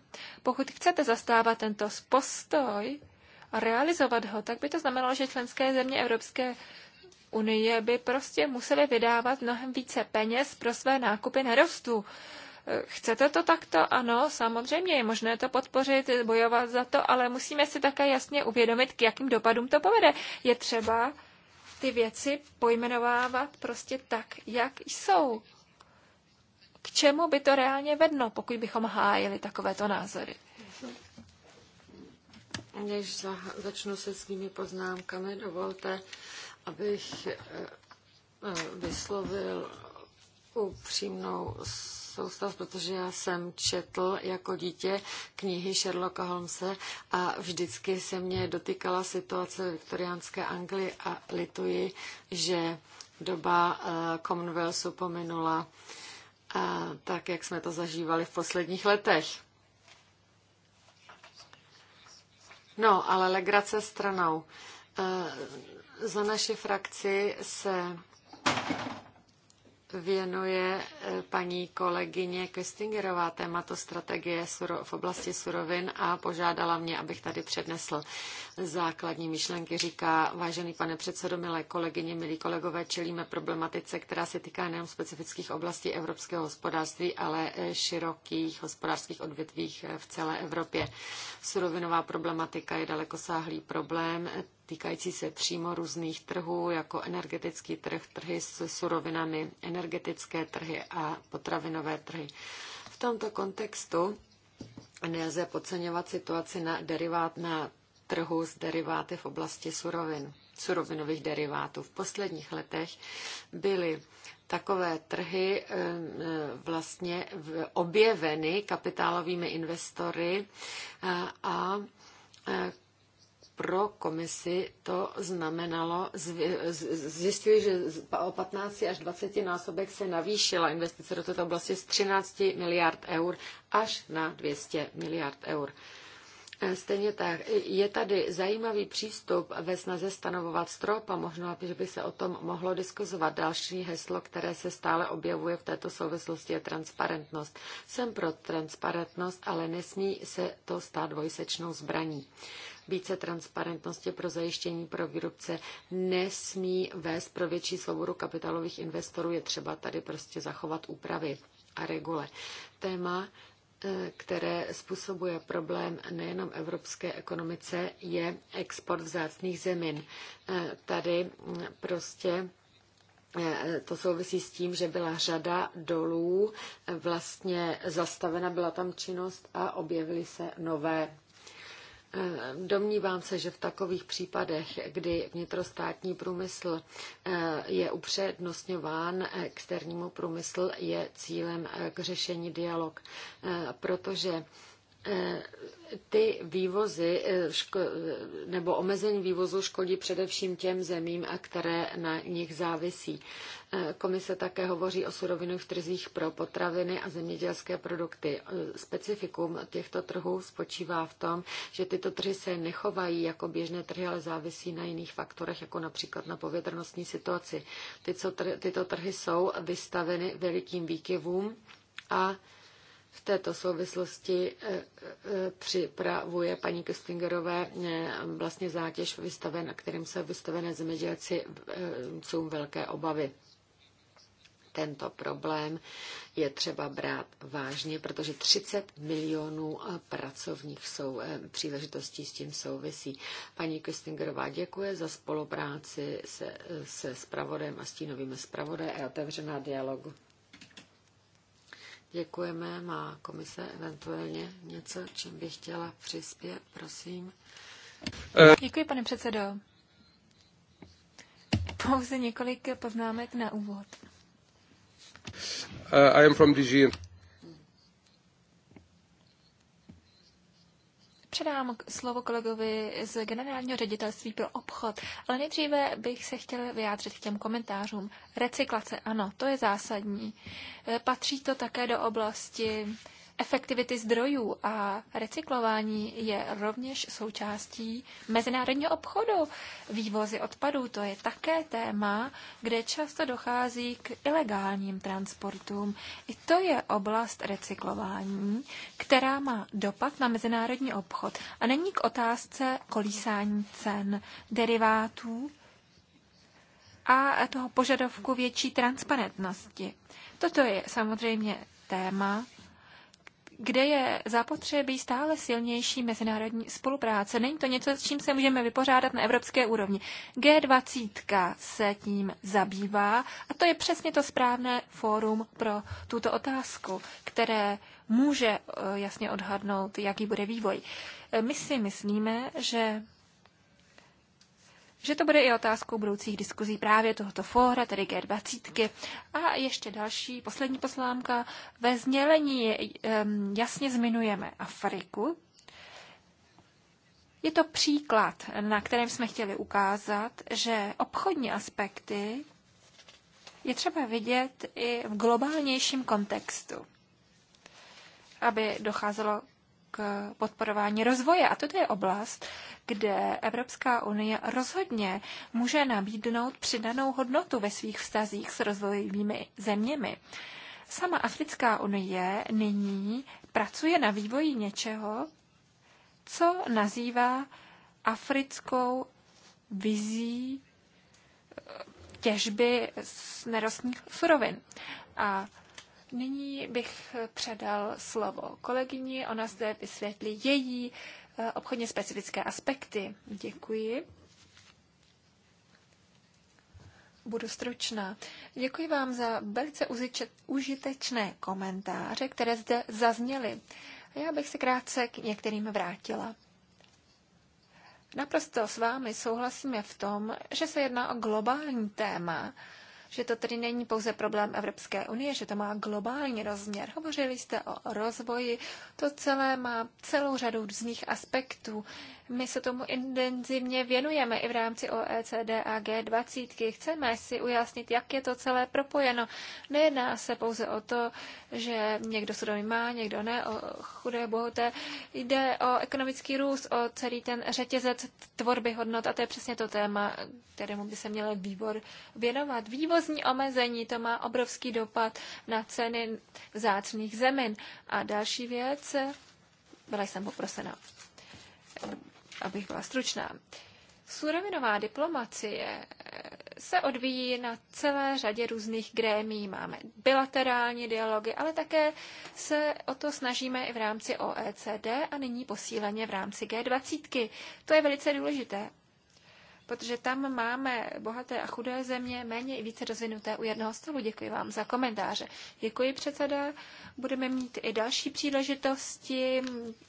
B: Pokud chcete zastávat tento postoj a realizovat ho, tak by to znamenalo, že členské země Evropské unie by prostě museli vydávat mnohem více peněz pro své nákupy nerostů. Chcete to takto? Ano, samozřejmě je možné to podpořit, bojovat za to, ale musíme si také jasně uvědomit, k jakým dopadům to povede. Je třeba ty věci pojmenovávat prostě tak, jak jsou. K čemu by to reálně vedlo, pokud bychom hájili takovéto názory?
D: Než za, začnu se svými poznámkami, dovolte, abych eh, eh, vyslovil upřímnou soustav, protože já jsem četl jako dítě knihy Sherlocka Holmesa a vždycky se mě dotýkala situace viktoriánské Anglie a lituji, že doba eh, Commonwealthu pominula tak, jak jsme to zažívali v posledních letech. No, ale legrace stranou za naši frakci se věnuje eh, paní kolegyně Köstingerová tématu strategie v oblasti surovin a požádala mě, abych tady přednesl základní myšlenky. Říká, vážený pane předsedo, milé kolegyně, milí kolegové, čelíme problematice, která se týká nejen specifických oblastí evropského hospodářství, ale eh, širokých hospodářských odvětvích eh, v celé Evropě. Surovinová problematika je dalekosáhlý problém týkající se přímo různých trhů, jako energetický trh, trhy s surovinami, energetické trhy a potravinové trhy. V tomto kontextu nelze podceňovat situaci na, derivát, na trhu s deriváty v oblasti surovin, surovinových derivátů. V posledních letech byly takové trhy eh, vlastně objeveny kapitálovými investory eh, a eh, pro komisi to znamenalo, zjistili, že o 15 až 20 násobek se navýšila investice do této oblasti z 13 miliard eur až na 200 miliard eur. E, stejně tak je tady zajímavý přístup ve snaze stanovovat strop a možná, že by se o tom mohlo diskuzovat. Další heslo, které se stále objevuje v této souvislosti, je transparentnost. Jsem pro transparentnost, ale nesmí se to stát dvojsečnou zbraní. Více transparentnosti pro zajištění pro výrobce nesmí vést pro větší svobodu kapitálových investorů. Je třeba tady prostě zachovat úpravy a regule. Téma eh, které způsobuje problém nejenom evropské ekonomice, je export vzácných zemin. Eh, tady mm, prostě eh, to souvisí s tím, že byla řada dolů, vlastně zastavena byla tam činnost a objevily se nové Eh, domnívám se, že v takových případech, kdy vnitrostátní průmysl eh, je upřednostňován externímu průmysl, je cílem eh, k řešení dialog, protože ty vývozy eh, nebo omezení vývozu škodí především těm zemím, které na nich závisí. Eh, komise také hovoří o surovinových trzích pro potraviny a zemědělské produkty. Eh, specifikum těchto trhů spočívá v tom, že tyto trhy se nechovají jako běžné trhy, ale závisí na jiných faktorech, jako například na povětrnostní situaci. Tyto trhy jsou vystaveny velikým výkyvům a v této souvislosti eh, eh, připravuje paní Köstingerové eh, vlastně zátěž, vystaven, kterým se vystavené zemědělci jsou velké obavy tento problém je třeba brát vážně, protože 30 milionů pracovních jsou příležitostí s tím souvisí. Paní Köstingerová děkuje za spolupráci se, se spravodem a stínovými spravodaje a otevřená dialogu. Děkujeme. Má komise eventuálně něco, čím by chtěla přispět, prosím? Eh. Děkuji, pane předsedo. Pouze několik
B: poznámek na úvod.
C: Uh, I am from DG.
B: Předám slovo kolegovi z Generálního ředitelství pro obchod, ale nejdříve bych se chtěl vyjádřit k těm komentářům. Recyklace, ano, to je zásadní. E, patří to také do oblasti efektivity zdrojů a recyklování je rovněž součástí mezinárodního obchodu. Vývozy odpadů to je také téma, kde často dochází k ilegálním transportům. I to je oblast recyklování, která má dopad na mezinárodní obchod. A není k otázce kolísání cen, derivátů a toho požadavku větší transparentnosti. Toto je samozřejmě téma, kde je zapotřebí stále silnější mezinárodní spolupráce. Není to něco, s čím se můžeme vypořádat na evropské úrovni. G20 se tím zabývá a to je přesně to správné fórum pro tuto otázku, které může eh, jasně odhadnout, jaký bude vývoj. Eh, my si myslíme, že že to bude i otázkou budoucích diskuzí právě tohoto fóra, tedy G20. A ještě další, poslední poslámka. Ve znělení ehm, jasně zminujeme Afriku. Je to příklad, na kterém jsme chtěli ukázat, že obchodní aspekty je třeba vidět i v globálnějším kontextu, aby docházelo k podporování rozvoje. A toto je oblast, kde Evropská unie rozhodně může nabídnout přidanou hodnotu ve svých vztazích s rozvojovými zeměmi. Sama Africká unie nyní pracuje na vývoji něčeho, co nazývá africkou vizí eh, těžby z nerostných surovin. A Nyní bych předal slovo kolegyni, ona zde vysvětlí její eh, obchodně specifické aspekty. Děkuji. Budu stručná. Děkuji vám za velice užitečné komentáře, které zde zazněly. Já bych se krátce k některým vrátila. Naprosto s vámi souhlasíme v tom, že se jedná o globální téma, že to tedy není pouze problém Evropské unie, že to má globální rozměr. Hovořili jste o rozvoji, to celé má celou řadu různých aspektů. My se tomu intenzivně věnujeme i v rámci OECD a G20. Chceme si ujasnit, jak je to celé propojeno. Nejedná se pouze o to, že někdo sudoví má, někdo ne, o chudé, bohaté. Jde o ekonomický růst, o celý ten řetězec tvorby hodnot a to je přesně to téma, kterému by se měl výbor věnovat. Vývoz vývozní omezení, to má obrovský dopad na ceny vzácných zemin. A další věc, byla jsem poprosena, abych byla stručná. Surovinová diplomacie se odvíjí na celé řadě různých grémí. Máme bilaterální dialogy, ale také se o to snažíme i v rámci OECD a nyní posíleně v rámci G20. To je velice důležité protože tam máme bohaté a chudé země, méně i více rozvinuté u jednoho stolu. Děkuji vám za komentáře. Děkuji předseda. Budeme mít i další příležitosti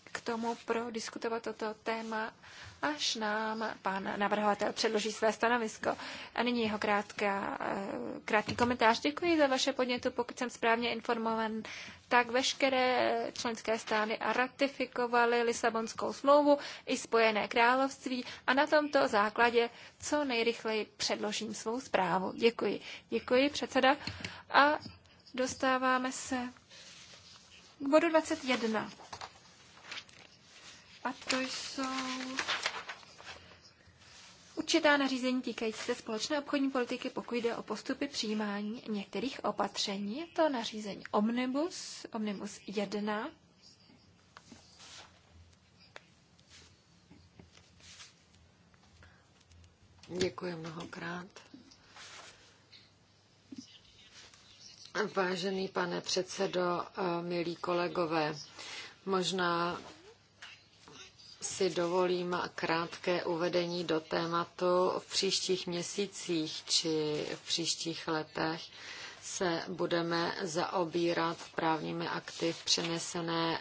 B: k tomu pro diskutovat toto téma, až nám pan navrhovatel předloží své stanovisko. A nyní jeho krátká, eh, krátký komentář. Děkuji za vaše podnětu, pokud jsem správně informovan tak veškeré členské státy a ratifikovaly Lisabonskou smlouvu i Spojené království a na tomto základě co nejrychleji předložím svou zprávu. Děkuji. Děkuji, předseda. A dostáváme se k bodu 21. A to jsou určitá nařízení týkající se společné obchodní politiky, pokud jde o postupy přijímání některých opatření. Je to nařízení Omnibus, Omnibus 1,
D: Děkuji mnohokrát. Vážený pane předsedo, milí kolegové, možná si dovolím krátké uvedení do tématu. V příštích měsících či v příštích letech se budeme zaobírat právními akty v přenesené,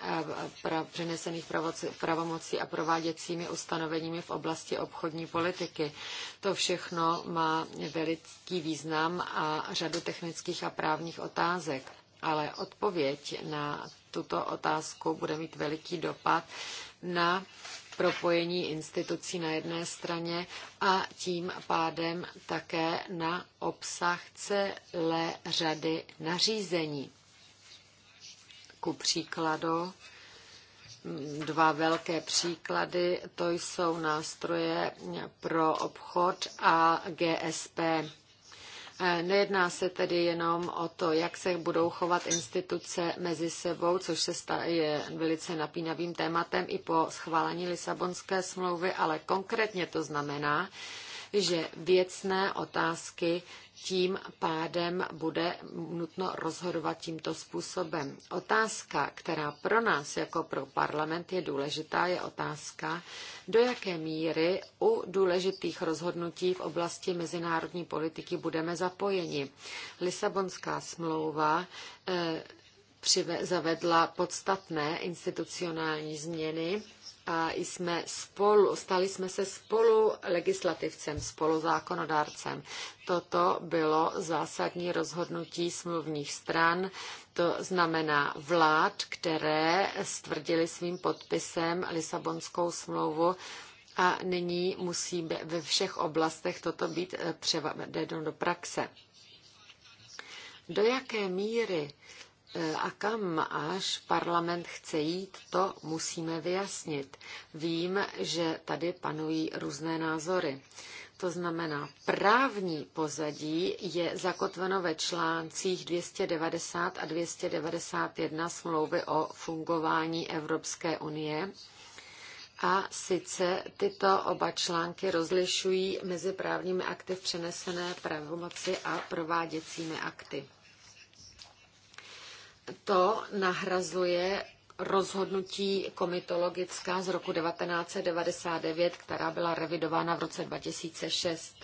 D: pra, přenesených pravoci, pravomocí a prováděcími ustanoveními v oblasti obchodní politiky. To všechno má veliký význam a řadu technických a právních otázek, ale odpověď na tuto otázku bude mít veliký dopad na propojení institucí na jedné straně a tím pádem také na obsah celé řady nařízení. Ku příkladu, dva velké příklady, to jsou nástroje pro obchod a GSP E, nejedná se tedy jenom o to, jak se budou chovat instituce mezi sebou, což se je velice napínavým tématem i po schválení Lisabonské smlouvy, ale konkrétně to znamená, že věcné otázky tím pádem bude nutno rozhodovat tímto způsobem. Otázka, která pro nás jako pro parlament je důležitá, je otázka, do jaké míry u důležitých rozhodnutí v oblasti mezinárodní politiky budeme zapojeni. Lisabonská smlouva eh, zavedla podstatné institucionální změny a jsme spolu, stali jsme se spolu legislativcem, spolu zákonodárcem. Toto bylo zásadní rozhodnutí smluvních stran, to znamená vlád, které stvrdili svým podpisem Lisabonskou smlouvu a nyní musí ve všech oblastech toto být eh, převedeno do praxe. Do jaké míry a kam až parlament chce jít, to musíme vyjasnit. Vím, že tady panují různé názory. To znamená, právní pozadí je zakotveno ve článcích 290 a 291 smlouvy o fungování Evropské unie. A sice tyto oba články rozlišují mezi právními akty v přenesené pravomoci a prováděcími akty to nahrazuje rozhodnutí komitologická z roku 1999, která byla revidována v roce 2006.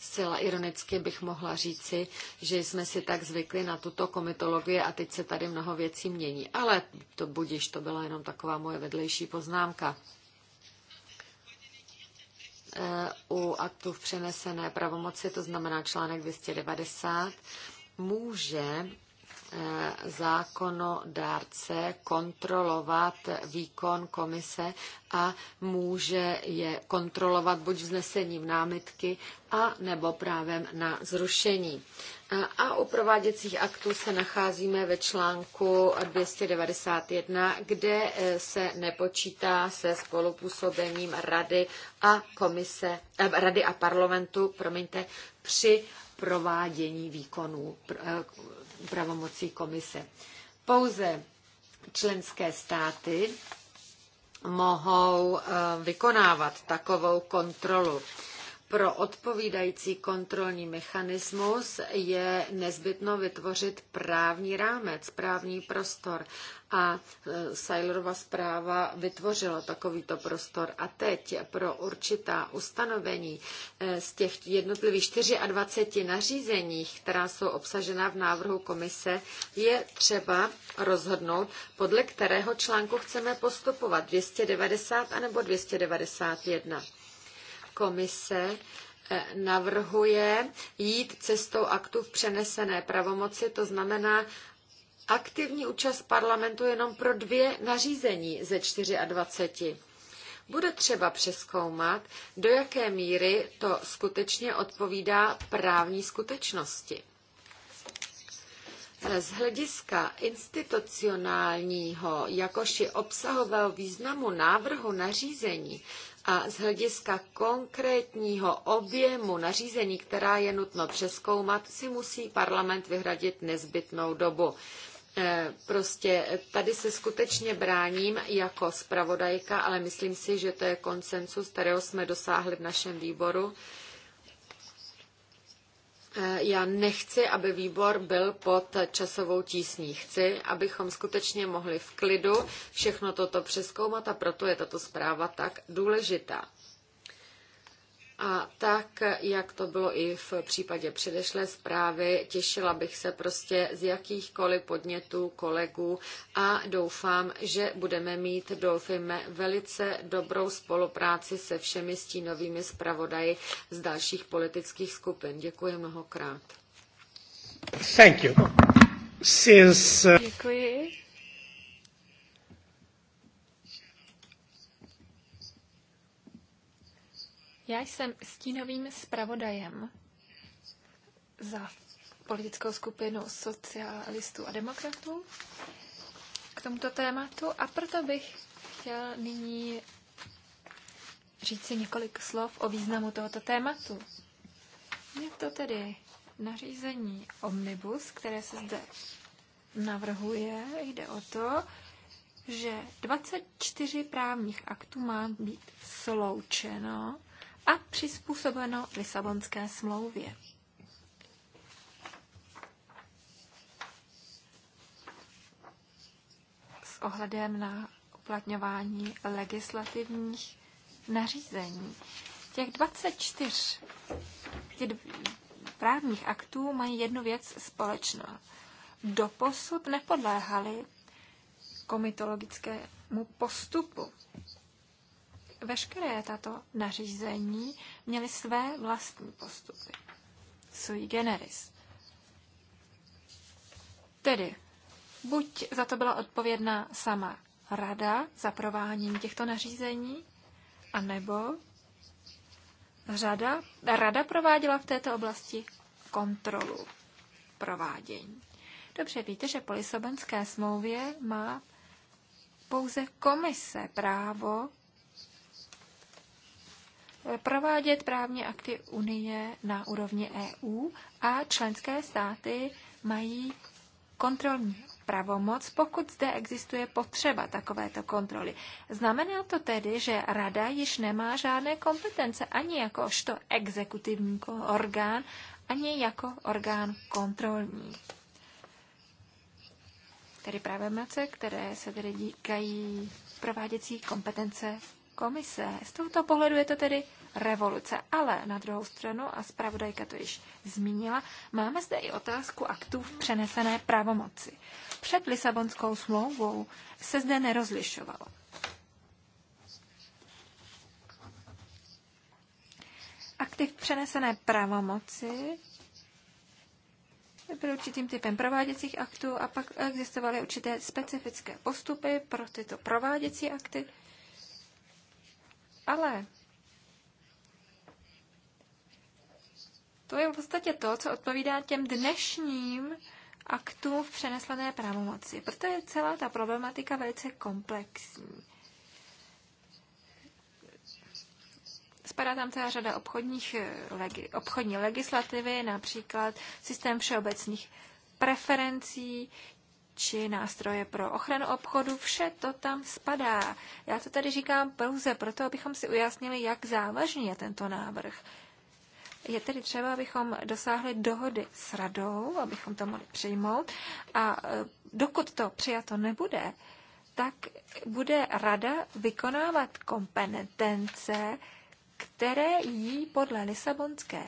D: Zcela ironicky bych mohla říci, že jsme si tak zvykli na tuto komitologii a teď se tady mnoho věcí mění. Ale to budiš, to byla jenom taková moje vedlejší poznámka. Eh, u aktu v přenesené pravomoci, to znamená článek 290, může zákonodárce kontrolovat výkon komise a může je kontrolovat buď vznesením námitky a nebo právem na zrušení. A u prováděcích aktů se nacházíme ve článku 291, kde eh, se nepočítá se spolupůsobením rady a komise, eh, rady a parlamentu, promiňte, při provádění výkonů eh, pravomocí komise. Pouze členské státy mohou eh, vykonávat takovou kontrolu. Pro odpovídající kontrolní mechanismus je nezbytno vytvořit právní rámec, právní prostor. A e, Seilerova zpráva vytvořila takovýto prostor. A teď pro určitá ustanovení e, z těch jednotlivých 24 nařízení, která jsou obsažena v návrhu komise, je třeba rozhodnout, podle kterého článku chceme postupovat, 290 anebo 291 komise eh, navrhuje jít cestou aktu v přenesené pravomoci, to znamená aktivní účast parlamentu jenom pro dvě nařízení ze 24. Bude třeba přeskoumat, do jaké míry to skutečně odpovídá právní skutečnosti. Z hlediska institucionálního, jakož i obsahového významu návrhu nařízení a z hlediska konkrétního objemu nařízení, která je nutno přeskoumat, si musí parlament vyhradit nezbytnou dobu. Eh, prostě tady se skutečně bráním jako zpravodajka, ale myslím si, že to je konsensus, kterého jsme dosáhli v našem výboru Eh, já nechci, aby výbor byl pod časovou tísní. Chci, abychom skutečně mohli v klidu všechno toto přeskoumat a proto je tato zpráva tak důležitá. A tak, jak to bylo i v případě předešlé zprávy, těšila bych se prostě z jakýchkoliv podnětů kolegů a doufám, že budeme mít, doufejme, velice dobrou spolupráci se všemi stínovými zpravodaji z dalších politických skupin. Děkuji mnohokrát.
C: Thank you. Since, uh... Děkuji.
B: Já jsem stínovým zpravodajem za politickou skupinu socialistů a demokratů k tomuto tématu a proto bych chtěl nyní říct si několik slov o významu tohoto tématu. Je to tedy nařízení Omnibus, které se zde navrhuje. Jde o to, že 24 právních aktů má být sloučeno a přizpůsobeno Lisabonské smlouvě. S ohledem na uplatňování legislativních nařízení. Těch 24 těch právních aktů mají jednu věc společnou. Doposud nepodléhali komitologickému postupu veškeré tato nařízení měly své vlastní postupy. Sui generis. Tedy, buď za to byla odpovědná sama rada za provádění těchto nařízení, anebo řada, rada prováděla v této oblasti kontrolu provádění. Dobře víte, že po Lisobenské smlouvě má pouze komise právo provádět právní akty Unie na úrovni EU a členské státy mají kontrolní pravomoc, pokud zde existuje potřeba takovéto kontroly. Znamená to tedy, že Rada již nemá žádné kompetence ani jakožto exekutivní orgán, ani jako orgán kontrolní. Tedy pravomoce, které se tedy díkají prováděcí kompetence komise. Z tohoto pohledu je to tedy revoluce. Ale na druhou stranu, a zpravodajka to již zmínila, máme zde i otázku aktů v přenesené pravomoci. Před Lisabonskou smlouvou se zde nerozlišovalo. Akty v přenesené pravomoci byly určitým typem prováděcích aktů a pak existovaly určité specifické postupy pro tyto prováděcí akty ale to je v podstatě to, co odpovídá těm dnešním aktům v přenesené pravomoci. Proto je celá ta problematika velice komplexní. Spadá tam celá řada obchodních, eh, obchodní legislativy, například systém všeobecných preferencí, či nástroje pro ochranu obchodu, vše to tam spadá. Já to tady říkám pouze proto, abychom si ujasnili, jak závažný je tento návrh. Je tedy třeba, abychom dosáhli dohody s radou, abychom to mohli přijmout a e, dokud to přijato nebude, tak bude rada vykonávat kompetence, které jí podle Lisabonské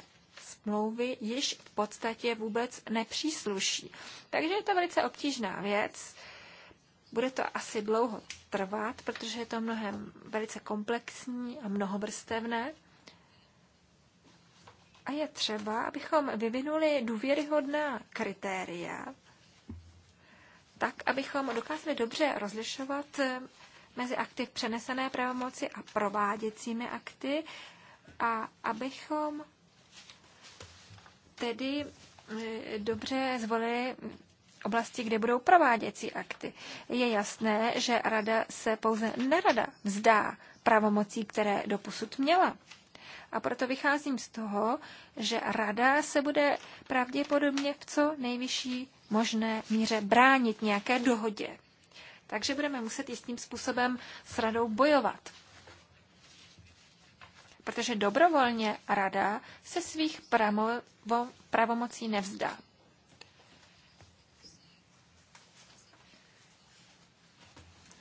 B: smlouvy již v podstatě vůbec nepřísluší. Takže je to velice obtížná věc. Bude to asi dlouho trvat, protože je to mnohem velice komplexní a mnohobrstevné. A je třeba, abychom vyvinuli důvěryhodná kritéria, tak, abychom dokázali dobře rozlišovat eh, mezi akty v přenesené pravomoci a prováděcími akty a abychom tedy eh, dobře zvolili oblasti, kde budou prováděcí akty. Je jasné, že rada se pouze nerada vzdá pravomocí, které doposud měla. A proto vycházím z toho, že rada se bude pravděpodobně v co nejvyšší možné míře bránit nějaké dohodě. Takže budeme muset jistým způsobem s radou bojovat protože dobrovolně rada se svých pravomocí nevzdá.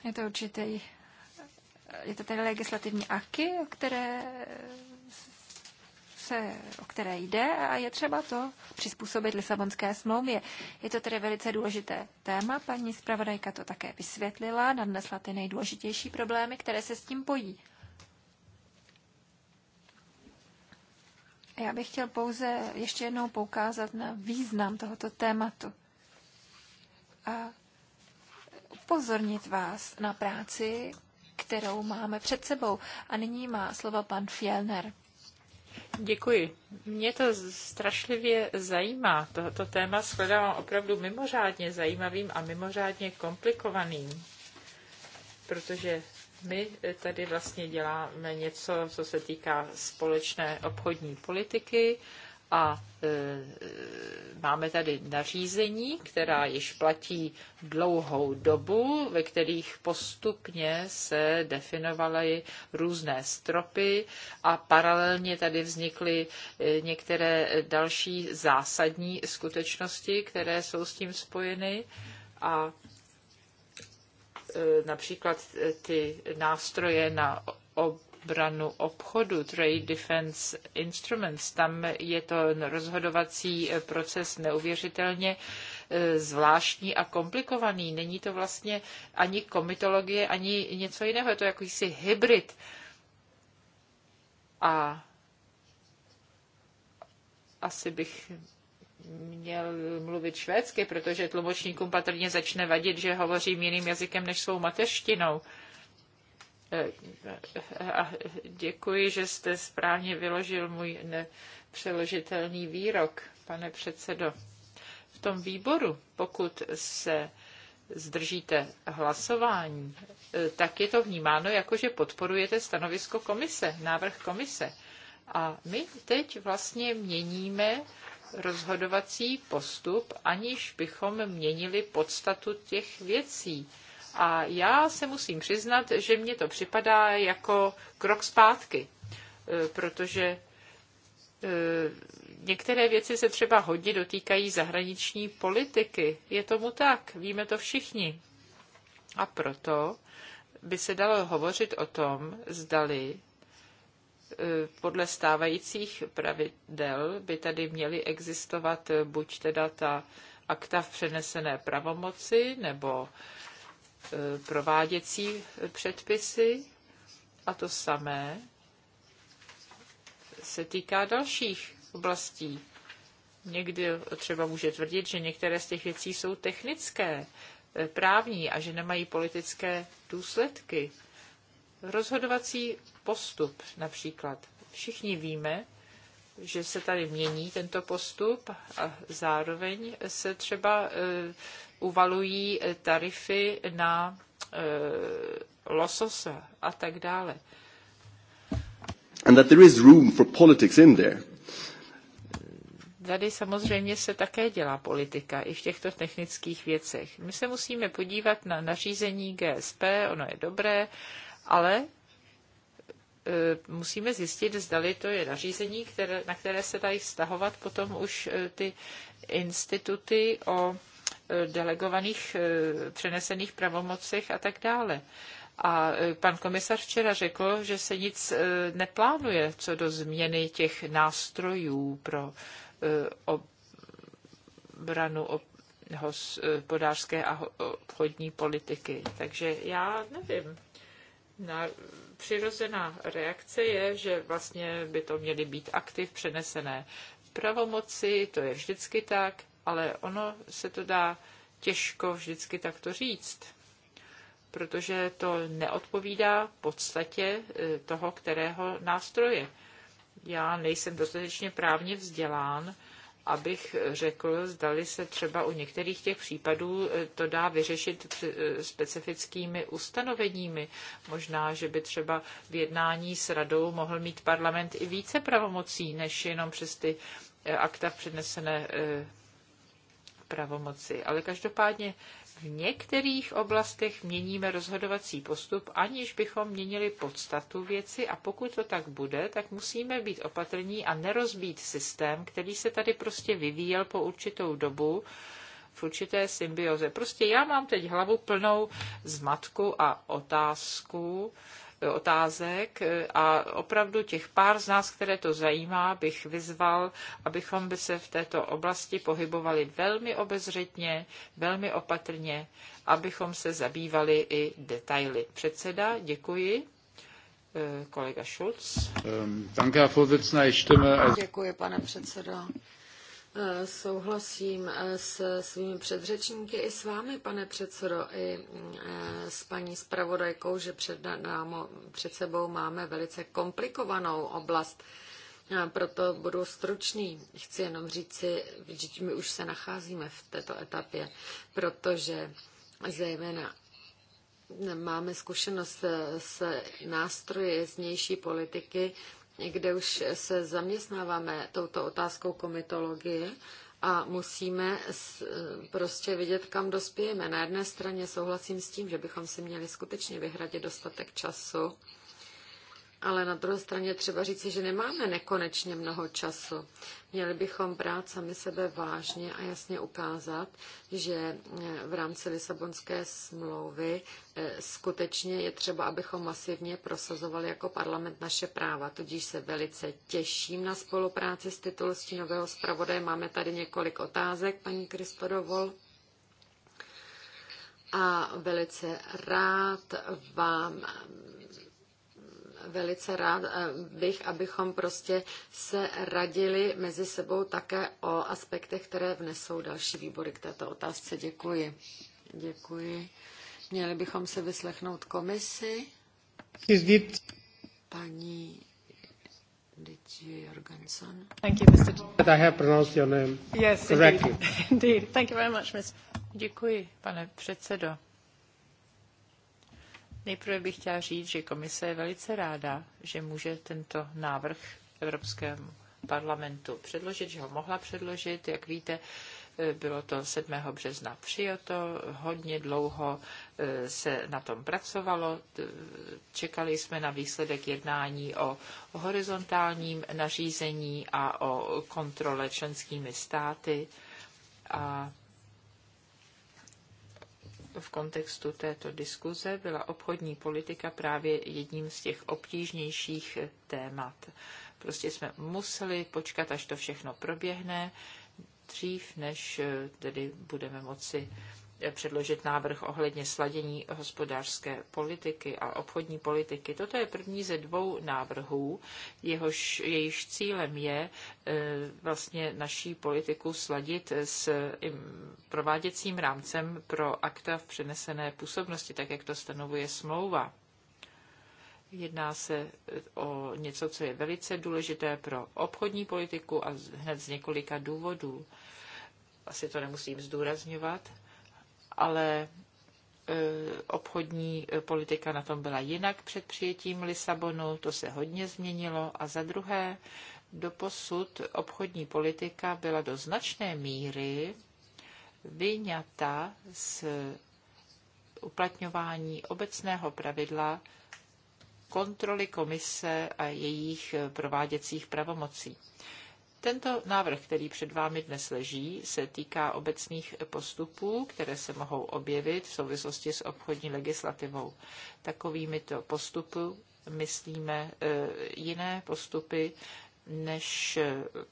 B: Je to určitý, je to tedy legislativní aky, o které se, o které jde a je třeba to přizpůsobit Lisabonské smlouvě. Je to tedy velice důležité téma, paní zpravodajka to také vysvětlila, nadnesla ty nejdůležitější problémy, které se s tím pojí. Já bych chtěl pouze ještě jednou poukázat na význam tohoto tématu a upozornit vás na práci, kterou máme před sebou. A nyní má slovo pan Fjellner.
A: Děkuji. Mě to strašlivě zajímá. Toto téma shledávám opravdu mimořádně zajímavým a mimořádně komplikovaným, protože my tady vlastně děláme něco, co se týká společné obchodní politiky a e, máme tady nařízení, která již platí dlouhou dobu, ve kterých postupně se definovaly různé stropy a paralelně tady vznikly e, některé další zásadní skutečnosti, které jsou s tím spojeny a Eh, například eh, ty nástroje na obranu obchodu, Trade Defense Instruments, tam je to rozhodovací eh, proces neuvěřitelně zvláštní a komplikovaný. Není to vlastně ani komitologie, ani něco jiného. Je to jakýsi hybrid. A asi bych měl mluvit švédsky, protože tlumočníkům patrně začne vadit, že hovořím jiným jazykem než svou mateřštinou. E, a děkuji, že jste správně vyložil můj nepřeložitelný výrok, pane předsedo. V tom výboru, pokud se zdržíte hlasování, e, tak je to vnímáno jako, že podporujete stanovisko komise, návrh komise. A my teď vlastně měníme rozhodovací postup, aniž bychom měnili podstatu těch věcí. A já se musím přiznat, že mně to připadá jako krok zpátky, e, protože e, některé věci se třeba hodně dotýkají zahraniční politiky. Je tomu tak, víme to všichni. A proto by se dalo hovořit o tom, zdali Eh, podle stávajících pravidel by tady měly existovat eh, buď teda ta akta v přenesené pravomoci nebo eh, prováděcí předpisy a to samé se týká dalších oblastí. Někdy třeba může tvrdit, že některé z těch věcí jsou technické, právní a že nemají politické důsledky. Rozhodovací postup například. Všichni víme, že se tady mění tento postup a zároveň se třeba e, uvalují tarify na e, lososa a tak dále.
D: And that there is room for politics in there.
A: Tady samozřejmě se také dělá politika i v těchto technických věcech. My se musíme podívat na nařízení GSP, ono je dobré, ale Eh, musíme zjistit, zdali to je nařízení, které, na které se dají vztahovat potom už eh, ty instituty o eh, delegovaných přenesených pravomocech a tak dále. A pan komisař včera řekl, že se nic neplánuje co do změny těch nástrojů pro obranu hospodářské a obchodní politiky. Takže já nevím na, přirozená reakce je, že vlastně by to měly být aktiv přenesené pravomoci, to je vždycky tak, ale ono se to dá těžko vždycky takto říct, protože to neodpovídá podstatě e, toho, kterého nástroje. Já nejsem dostatečně právně vzdělán, abych řekl, zdali se třeba u některých těch případů eh, to dá vyřešit eh, specifickými ustanoveními. Možná, že by třeba v jednání s radou mohl mít parlament i více pravomocí, než jenom přes ty eh, akta v přednesené pravomoci. Ale každopádně v některých oblastech měníme rozhodovací postup, aniž bychom měnili podstatu věci a pokud to tak bude, tak musíme být opatrní a nerozbít systém, který se tady prostě vyvíjel po určitou dobu v určité symbioze. Prostě já mám teď hlavu plnou zmatku a otázků, otázek e, a opravdu těch pár z nás, které to zajímá, bych vyzval, abychom by se v této oblasti pohybovali velmi obezřetně, velmi opatrně, abychom se zabývali i
D: detaily. Předseda, děkuji. E, kolega Schulz. Ehm, děkuji, pane předsedo. Eh, souhlasím eh, s svými předřečníky i s vámi, pane předsedo, i eh, s paní zpravodajkou, že před, nám, před sebou máme velice komplikovanou oblast. proto budu stručný. Chci jenom říci, že my už se nacházíme v této etapě, protože zejména máme zkušenost s nástroji z politiky, kde už se zaměstnáváme touto otázkou komitologie a musíme prostě vidět, kam dospějeme. Na jedné straně souhlasím s tím, že bychom si měli skutečně vyhradit dostatek času ale na druhé straně třeba říci, že nemáme nekonečně mnoho času. Měli bychom brát sami sebe vážně a jasně ukázat, že eh, v rámci Lisabonské smlouvy eh, skutečně je třeba, abychom masivně prosazovali jako parlament naše práva. Tudíž se velice těším na spolupráci s titulostí nového zpravodaje. Máme tady několik otázek, paní Kristodovol a velice rád vám velice rád eh, bych, abychom prostě se radili mezi sebou také o aspektech, které vnesou další výbory k této otázce. Děkuji. Děkuji. Měli bychom se vyslechnout komisi. Paní
C: Jorgensen. Thank you, Mr. I have pronounced your name yes, correctly. Indeed.
A: indeed. Thank you very much, Děkuji, pane předsedo. Nejprve bych chtěla říct, že komise je velice ráda, že může tento návrh Evropskému parlamentu předložit, že ho mohla předložit. Jak víte, eh, bylo to 7. března přijato, hodně dlouho eh, se na tom pracovalo, čekali jsme na výsledek jednání o horizontálním nařízení a o kontrole členskými státy a v kontextu této diskuze byla obchodní politika právě jedním z těch obtížnějších témat. Prostě jsme museli počkat, až to všechno proběhne, dřív, než eh, tedy budeme moci předložit návrh ohledně sladění hospodářské politiky a obchodní politiky. Toto je první ze dvou návrhů, jehož, jejíž cílem je e, vlastně naší politiku sladit s prováděcím rámcem pro akta v přenesené působnosti, tak jak to stanovuje smlouva. Jedná se o něco, co je velice důležité pro obchodní politiku a hned z několika důvodů. Asi to nemusím zdůrazňovat ale e, obchodní e, politika na tom byla jinak před přijetím Lisabonu, to se hodně změnilo. A za druhé, doposud obchodní politika byla do značné míry vyňata z uplatňování obecného pravidla kontroly komise a jejich e, prováděcích pravomocí. Tento návrh, který před vámi dnes leží, se týká obecných postupů, které se mohou objevit v souvislosti s obchodní legislativou. Takovými to postupy myslíme e, jiné postupy, než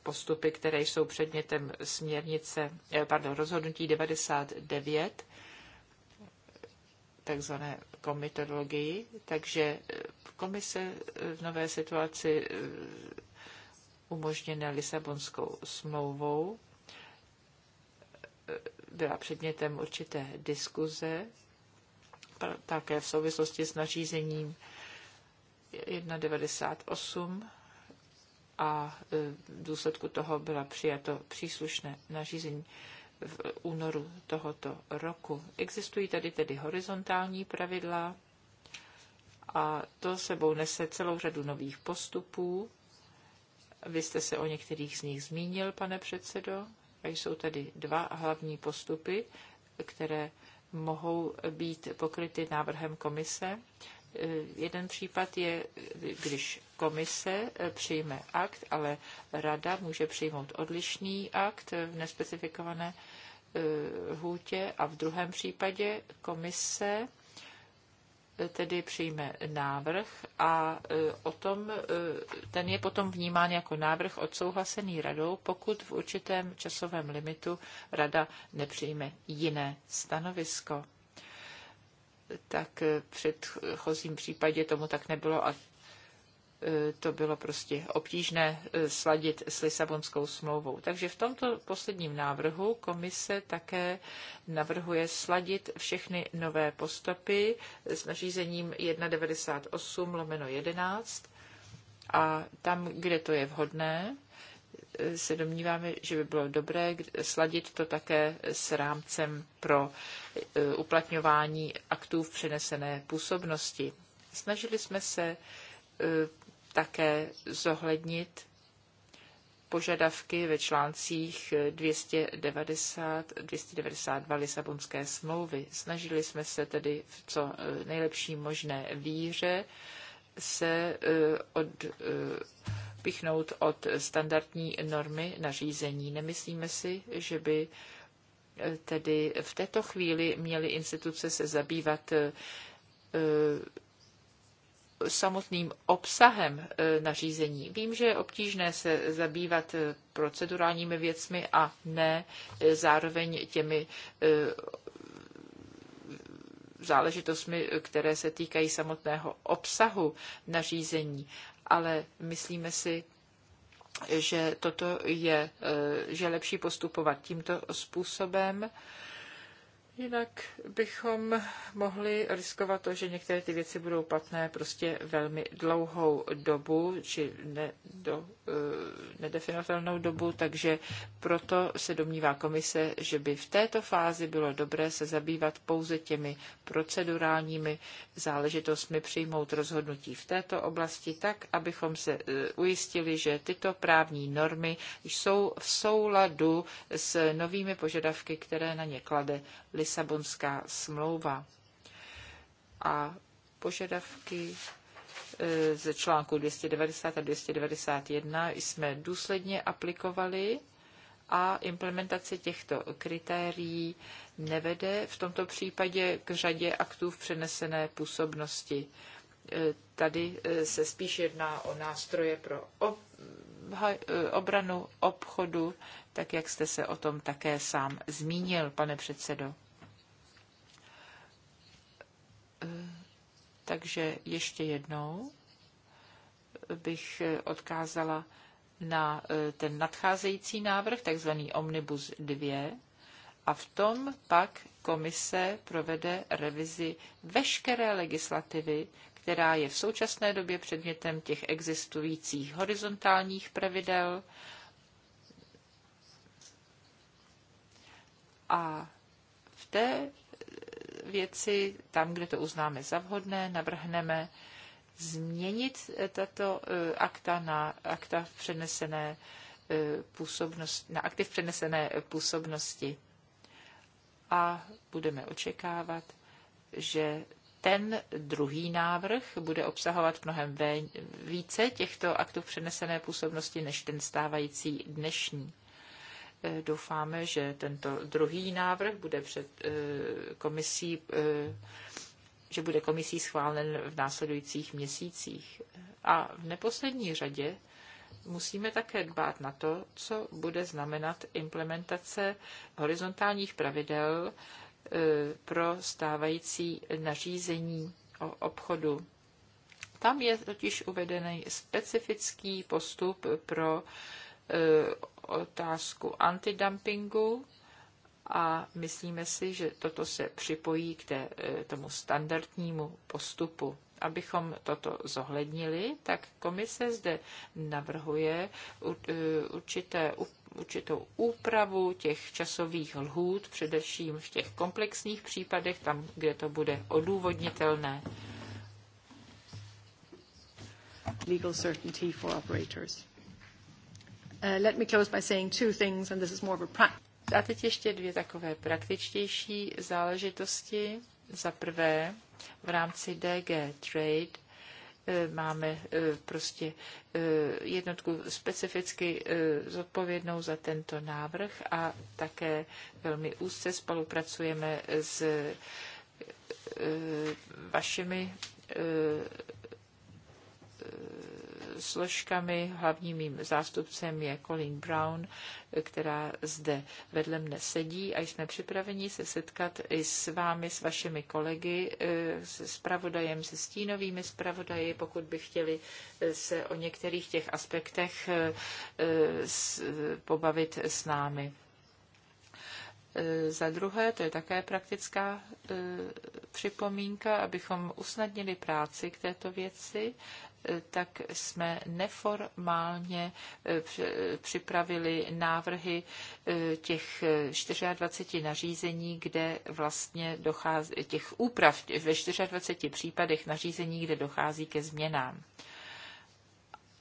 A: postupy, které jsou předmětem směrnice, e, pardon, rozhodnutí 99, takzvané komitologii. Takže e, komise v nové situaci umožněné Lisabonskou smlouvou. Byla předmětem určité diskuze, také v souvislosti s nařízením 198 a e, v důsledku toho byla přijato příslušné nařízení v únoru tohoto roku. Existují tady tedy horizontální pravidla a to sebou nese celou řadu nových postupů, vy jste se o některých z nich zmínil, pane předsedo, a jsou tady dva hlavní postupy, které mohou být pokryty návrhem komise. Jeden případ je, když komise přijme akt, ale rada může přijmout odlišný akt v nespecifikované eh, hůtě a v druhém případě komise tedy přijme návrh a e, o tom, e, ten je potom vnímán jako návrh odsouhlasený radou, pokud v určitém časovém limitu rada nepřijme jiné stanovisko tak v předchozím případě tomu tak nebylo a Eh, to bylo prostě obtížné eh, sladit s Lisabonskou smlouvou. Takže v tomto posledním návrhu komise také navrhuje sladit všechny nové postupy s nařízením 198 lomeno 11 a tam, kde to je vhodné, eh, se domníváme, že by bylo dobré sladit to také s rámcem pro uplatňování aktů v přenesené působnosti. Snažili jsme se také zohlednit požadavky ve článcích 290, 292 Lisabonské smlouvy. Snažili jsme se tedy v co e, nejlepší možné víře se e, odpichnout e, od standardní normy nařízení. Nemyslíme si, že by tedy v této chvíli měly instituce se zabývat samotným obsahem e, nařízení. Vím, že je obtížné se zabývat e, procedurálními věcmi a ne e, zároveň těmi záležitostmi, které se týkají samotného obsahu nařízení, ale myslíme si, že toto je, že je lepší postupovat tímto způsobem Jinak bychom mohli riskovat to, že některé ty věci budou platné prostě velmi dlouhou dobu, či ne do Eh, nedefinovatelnou dobu, takže proto se domnívá komise, že by v této fázi bylo dobré se zabývat pouze těmi procedurálními záležitostmi, přijmout rozhodnutí v této oblasti tak, abychom se eh, ujistili, že tyto právní normy jsou v souladu s novými požadavky, které na ně klade Lisabonská smlouva. A požadavky E, z článku 290 a 291 jsme důsledně aplikovali a implementace těchto kritérií nevede v tomto případě k řadě aktů v přenesené působnosti. E, tady e, se spíš jedná o nástroje pro obranu obchodu, tak jak jste se o tom také sám zmínil, pane předsedo. Takže ještě jednou bych odkázala na e, ten nadcházející návrh, takzvaný Omnibus 2, a v tom pak komise provede revizi veškeré legislativy, která je v současné době předmětem těch existujících horizontálních pravidel a v té věci, tam, kde to uznáme za vhodné, navrhneme změnit eh, tato eh, akta na akta v přenesené eh, působnosti, na aktiv přenesené působnosti. A budeme očekávat, že ten druhý návrh bude obsahovat mnohem více těchto aktů přenesené působnosti než ten stávající dnešní. Eh, doufáme, že tento druhý návrh bude před eh, komisí, eh, že bude komisí schválen v následujících měsících. A v neposlední řadě musíme také dbát na to, co bude znamenat implementace horizontálních pravidel pro stávající nařízení o obchodu. Tam je totiž uvedený specifický postup pro otázku antidumpingu a myslíme si, že toto se připojí k té, e, tomu standardnímu postupu. Abychom toto zohlednili, tak komise zde navrhuje e, určité určitou úpravu těch časových lhůt, především v těch komplexních případech, tam, kde to bude odůvodnitelné. Legal certainty for operators.
D: Uh, let me close by saying two things, and this is more of a practice. A teď ještě dvě
A: takové praktičtější záležitosti. Za prvé, v rámci DG Trade eh, máme eh, prostě eh, jednotku specificky zodpovědnou za tento návrh a také velmi úzce spolupracujeme s vašimi složkami. Hlavním mým zástupcem je Colin Brown, která zde vedle mne sedí a jsme připraveni se setkat i s vámi, s vašimi kolegy, eh, s spravodajem, se stínovými spravodaji, pokud by chtěli eh, se o některých těch aspektech eh, pobavit s námi. Za druhé, to je také praktická připomínka, abychom usnadnili práci k této věci Eh, tak jsme neformálně eh, připravili návrhy eh, těch 24 nařízení, kde vlastně dochází, těch úprav ve 24 případech nařízení, kde dochází ke změnám.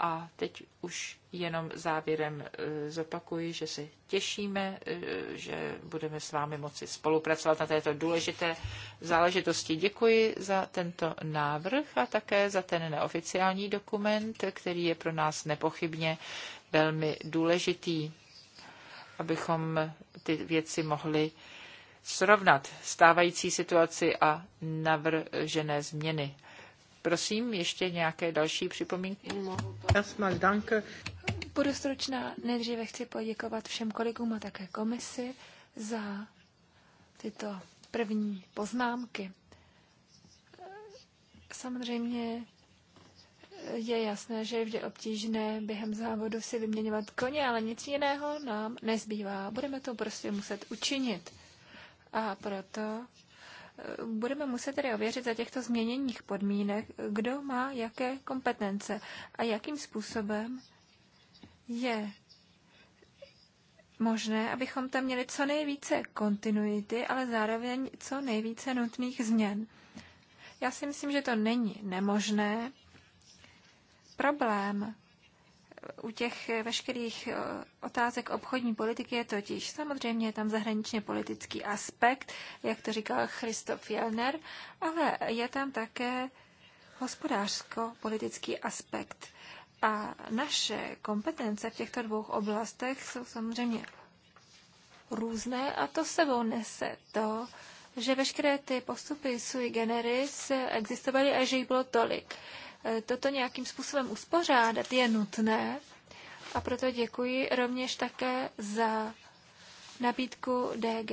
A: A teď už jenom závěrem eh, zopakuji, že se těšíme, eh, že budeme s vámi moci spolupracovat na této důležité záležitosti. Děkuji za tento návrh a také za ten neoficiální dokument, který je pro nás nepochybně velmi důležitý, abychom ty věci mohli srovnat stávající situaci a navržené změny.
B: Prosím, ještě nějaké další připomínky? Budu stručná. Nejdříve chci poděkovat všem kolegům a také komisi za tyto první poznámky. Samozřejmě je jasné, že je vždy obtížné během závodu si vyměňovat koně, ale nic jiného nám nezbývá. Budeme to prostě muset učinit. A proto budeme muset tedy ověřit za těchto změněných podmínek, kdo má jaké kompetence a jakým způsobem je možné, abychom tam měli co nejvíce kontinuity, ale zároveň co nejvíce nutných změn. Já si myslím, že to není nemožné. Problém u těch veškerých eh, otázek obchodní politiky je totiž samozřejmě je tam zahraničně politický aspekt, jak to říkal Christoph Jelner, ale je tam také hospodářsko-politický aspekt. A naše kompetence v těchto dvou oblastech jsou samozřejmě různé a to sebou nese to, že veškeré ty postupy sui generis existovaly a že jich bylo tolik. Eh, toto nějakým způsobem uspořádat, je nutné. A proto děkuji rovněž také za nabídku DG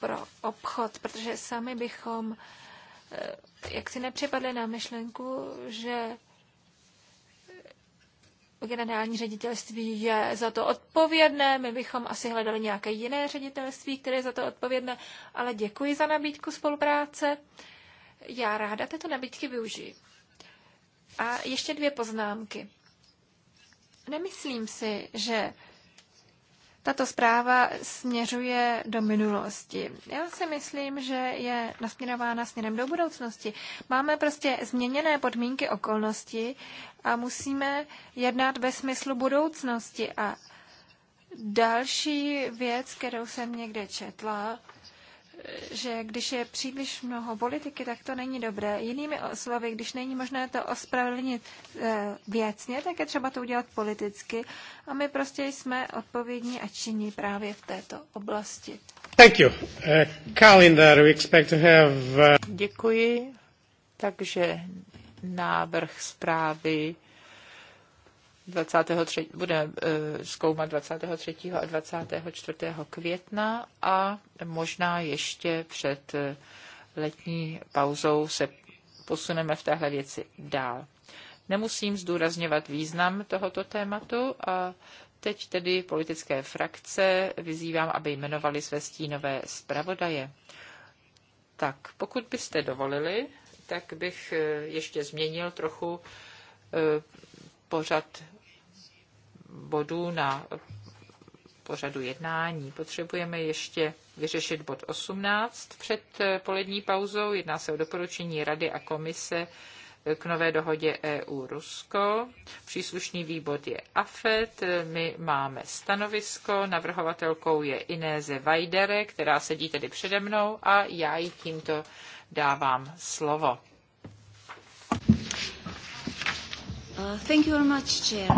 B: pro obchod, protože sami bychom eh, jak si nepřipadli na myšlenku, že generální ředitelství je za to odpovědné, my bychom asi hledali nějaké jiné ředitelství, které je za to odpovědné, ale děkuji za nabídku spolupráce. Já ráda této nabídky využiji. A ještě dvě poznámky. Nemyslím si, že tato zpráva směřuje do minulosti. Já si myslím, že je nasměrována směrem do budoucnosti. Máme prostě změněné podmínky okolnosti a musíme jednat ve smyslu budoucnosti. A další věc, kterou jsem někde četla, že když je příliš mnoho politiky, tak to není dobré. Jinými slovy, když není možné to ospravedlnit eh, věcně, tak je třeba to udělat politicky. A my prostě jsme odpovědní a činní právě v této oblasti.
C: Thank you. Uh, eh, calendar we expect to have... Uh...
B: Děkuji.
C: Takže
A: návrh zprávy 23, bude eh, zkoumat 23. a 24. května a možná ještě před eh, letní pauzou se posuneme v téhle věci dál. Nemusím zdůrazňovat význam tohoto tématu a teď tedy politické frakce vyzývám, aby jmenovali své stínové zpravodaje. Tak, pokud byste dovolili, tak bych eh, ještě změnil trochu pořad bodů na pořadu jednání. Potřebujeme ještě vyřešit bod 18 před eh, polední pauzou. Jedná se o doporučení Rady a komise eh, k nové dohodě EU-Rusko. Příslušný výbor je AFET, eh, my máme stanovisko, navrhovatelkou je Inéze Vajdere, která sedí tedy přede mnou a já jí tímto dávám slovo.
B: Uh, thank you very much, Chair.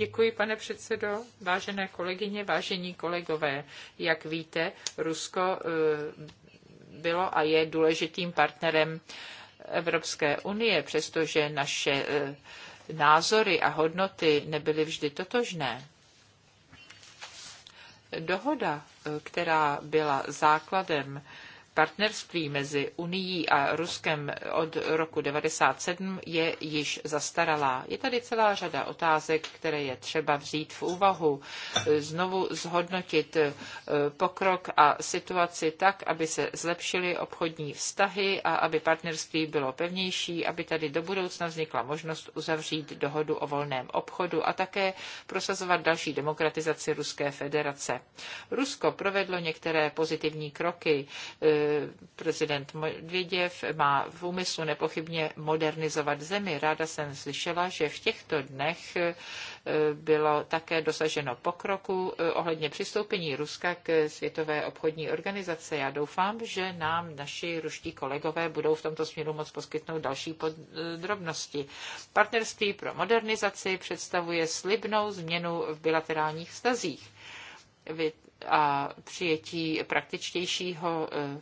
B: Děkuji, pane
A: předsedo, vážené kolegyně, vážení kolegové. Jak víte, Rusko eh, bylo a je důležitým partnerem Evropské unie, přestože naše eh, názory a hodnoty nebyly vždy totožné. Dohoda, eh, která byla základem partnerství mezi Unií a Ruskem od roku 1997 je již zastaralá. Je tady celá řada otázek, které je třeba vzít v úvahu, znovu zhodnotit eh, pokrok a situaci tak, aby se zlepšily obchodní vztahy a aby partnerství bylo pevnější, aby tady do budoucna vznikla možnost uzavřít dohodu o volném obchodu a také prosazovat další demokratizaci Ruské federace. Rusko provedlo některé pozitivní kroky, eh, prezident Medvěděv má v úmyslu nepochybně modernizovat zemi. Ráda jsem slyšela, že v těchto dnech eh, bylo také dosaženo pokroku eh, ohledně přistoupení Ruska k Světové obchodní organizace. Já doufám, že nám naši ruští kolegové budou v tomto směru moc poskytnout další podrobnosti. Partnerství pro modernizaci představuje slibnou změnu v bilaterálních vztazích a přijetí praktičtějšího eh,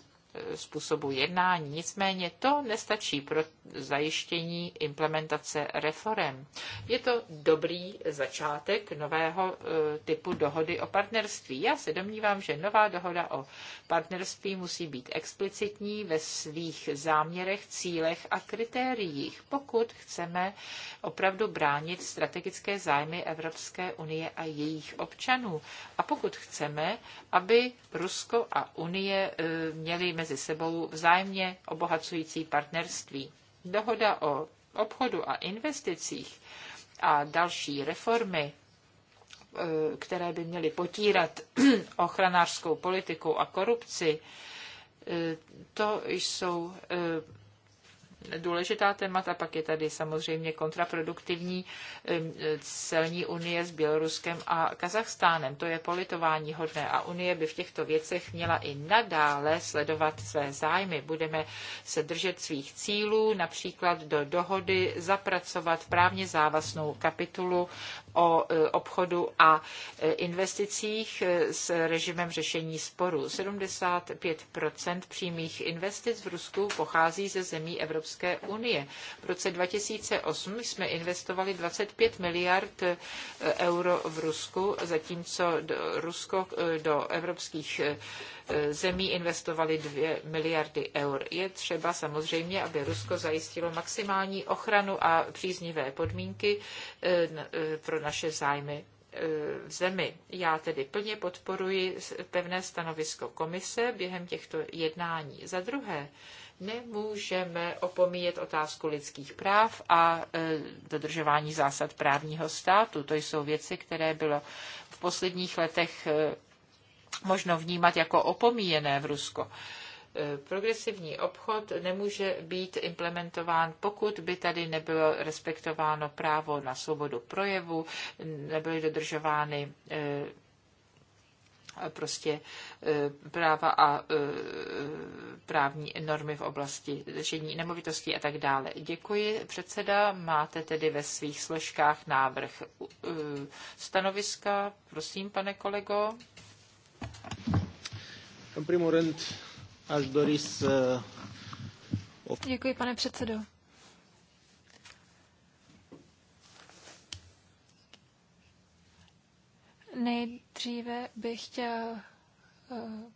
A: způsobu jednání. Nicméně to nestačí pro zajištění implementace reform. Je to dobrý začátek nového e, typu dohody o partnerství. Já se domnívám, že nová dohoda o partnerství musí být explicitní ve svých záměrech, cílech a kritériích, pokud chceme opravdu bránit strategické zájmy Evropské unie a jejich občanů. A pokud chceme, aby Rusko a Unie e, měly mezi mezi sebou vzájemně obohacující partnerství. Dohoda o obchodu a investicích a další reformy, e, které by měly potírat ochranářskou politiku a korupci, e, to jsou e, důležitá témata. Pak je tady samozřejmě kontraproduktivní celní unie s Běloruskem a Kazachstánem. To je politování hodné a unie by v těchto věcech měla i nadále sledovat své zájmy. Budeme se držet svých cílů, například do dohody zapracovat právně závaznou kapitulu o e, obchodu a e, investicích e, s režimem řešení sporů. 75 přímých investic v Rusku pochází ze zemí Evropské Evropské unie. V roce 2008 jsme investovali 25 miliard eh, euro v Rusku, zatímco do Rusko eh, do evropských eh, zemí investovali 2 miliardy eur. Je třeba samozřejmě, aby Rusko zajistilo maximální ochranu a příznivé podmínky pro naše zájmy v zemi. Já tedy plně podporuji pevné stanovisko komise během těchto jednání. Za druhé, nemůžeme opomíjet otázku lidských práv a e, dodržování zásad právního státu. To jsou věci, které bylo v posledních letech e, možno vnímat jako opomíjené v Rusko e, progresivní obchod nemůže být implementován, pokud by tady nebylo respektováno právo na svobodu projevu, nebyly dodržovány prostě e, práva a e, právní normy v oblasti držení nemovitostí a tak dále. Děkuji, předseda. Máte tedy ve svých složkách návrh e, stanoviska. Prosím, pane kolego.
B: Děkuji, pane předsedo. Nejdříve bych chtěl eh,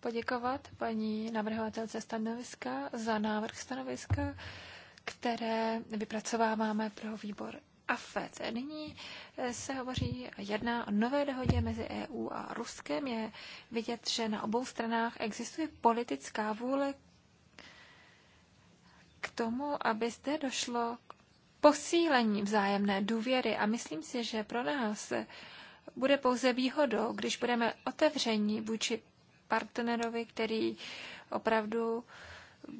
B: poděkovat paní navrhovatelce stanoviska za návrh stanoviska, které vypracováváme pro výbor AFET. Nyní eh, se hovoří a jedná o nové dohodě mezi EU a Ruskem. Je vidět, že na obou stranách existuje politická vůle k tomu, aby zde došlo k posílení vzájemné důvěry. A myslím si, že pro nás eh, bude pouze výhodou, když budeme otevření vůči partnerovi, který opravdu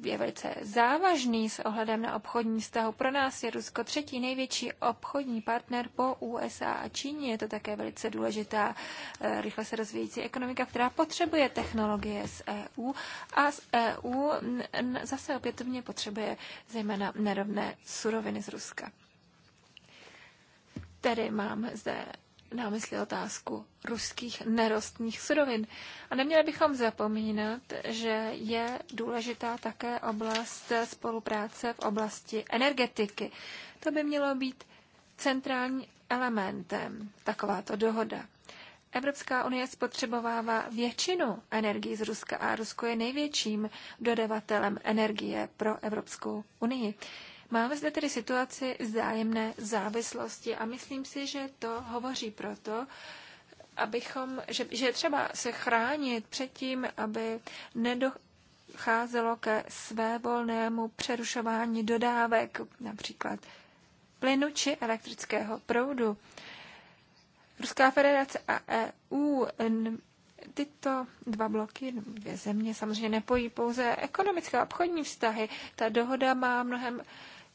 B: je velice závažný s ohledem na obchodní vztahu. Pro nás je Rusko třetí největší obchodní partner po USA a Číně. Je to také velice důležitá eh, rychle se rozvíjící ekonomika, která potřebuje technologie z EU a z EU zase opětovně potřebuje zejména nerovné suroviny z Ruska. Tedy mám zde na mysli otázku ruských nerostních surovin. A neměli bychom zapomínat, že je důležitá také oblast spolupráce v oblasti energetiky. To by mělo být centrální elementem takováto dohoda. Evropská unie spotřebovává většinu energii z Ruska a Rusko je největším dodavatelem energie pro Evropskou unii. Máme zde tedy situaci vzájemné závislosti a myslím si, že to hovoří proto, abychom, že, že třeba se chránit před tím, aby nedocházelo ke svévolnému přerušování dodávek, například plynu či elektrického proudu. Ruská federace a EU tyto dva bloky, dvě země samozřejmě nepojí pouze ekonomické a obchodní vztahy. Ta dohoda má mnohem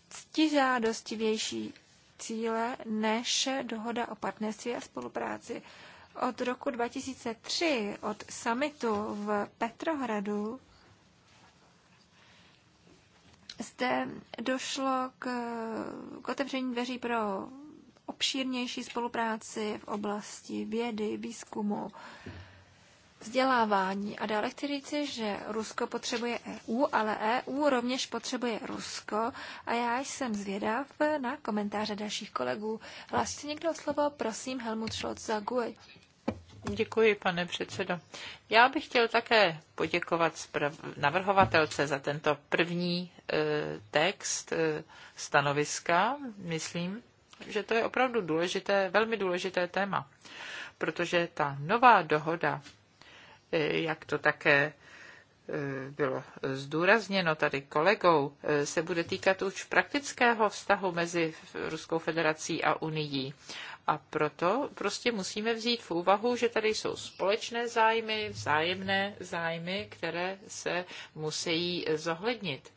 B: ctižádostivější cíle než dohoda o partnerství a spolupráci. Od roku 2003, od samitu v Petrohradu, zde došlo k, k otevření dveří pro obšírnější spolupráci v oblasti vědy, výzkumu, vzdělávání. A dále chci říci, že Rusko potřebuje EU, ale EU rovněž potřebuje Rusko a já jsem zvědav na komentáře dalších kolegů. Hlásí někdo slovo? Prosím, Helmut Scholz za GUE.
A: Děkuji, pane předsedo. Já bych chtěl také poděkovat navrhovatelce za tento první e, text e, stanoviska. Myslím, že to je opravdu důležité, velmi důležité téma, protože ta nová dohoda E, jak to také e, bylo zdůrazněno tady kolegou, e, se bude týkat už praktického vztahu mezi Ruskou federací a Unií. A proto prostě musíme vzít v úvahu, že tady jsou společné zájmy, vzájemné zájmy, které se musí zohlednit.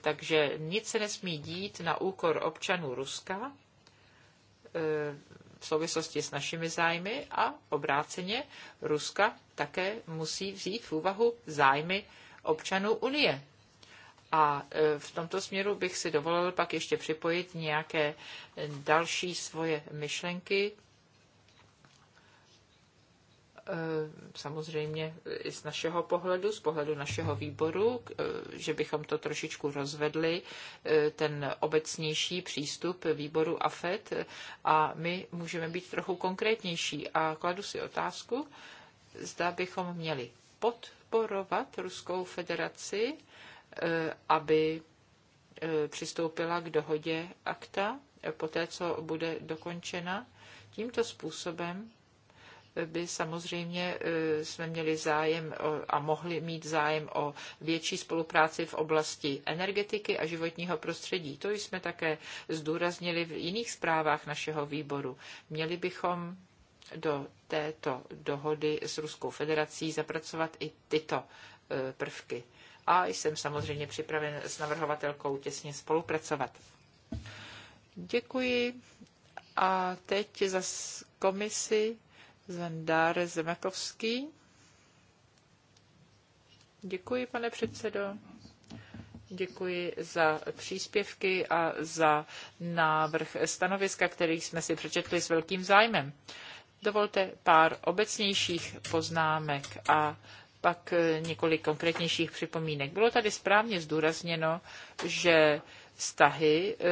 A: Takže nic se nesmí dít na úkor občanů Ruska v souvislosti s našimi zájmy a obráceně Ruska také musí vzít v úvahu zájmy občanů Unie. A e, v tomto směru bych si dovolil pak ještě připojit nějaké další svoje myšlenky Eh, samozřejmě i z našeho pohledu, z pohledu našeho výboru, eh, že bychom to trošičku rozvedli, eh, ten obecnější přístup výboru AFET a my můžeme být trochu konkrétnější. A kladu si otázku, zda bychom měli podporovat Ruskou federaci, aby přistoupila k dohodě akta, poté co bude dokončena. Tímto způsobem by samozřejmě e, jsme měli zájem a mohli mít zájem o větší spolupráci v oblasti energetiky a životního prostředí. To jsme také zdůraznili v jiných zprávách našeho výboru. Měli bychom do této dohody s Ruskou federací zapracovat i tyto e, prvky. A jsem samozřejmě připraven s navrhovatelkou těsně spolupracovat. Děkuji. A teď za komisi Zvendáre Zemakovský. Děkuji, pane předsedo. Děkuji za příspěvky a za návrh stanoviska, který jsme si přečetli s velkým zájmem. Dovolte pár obecnějších poznámek a pak několik konkrétnějších připomínek. Bylo tady správně zdůrazněno, že vztahy, eh,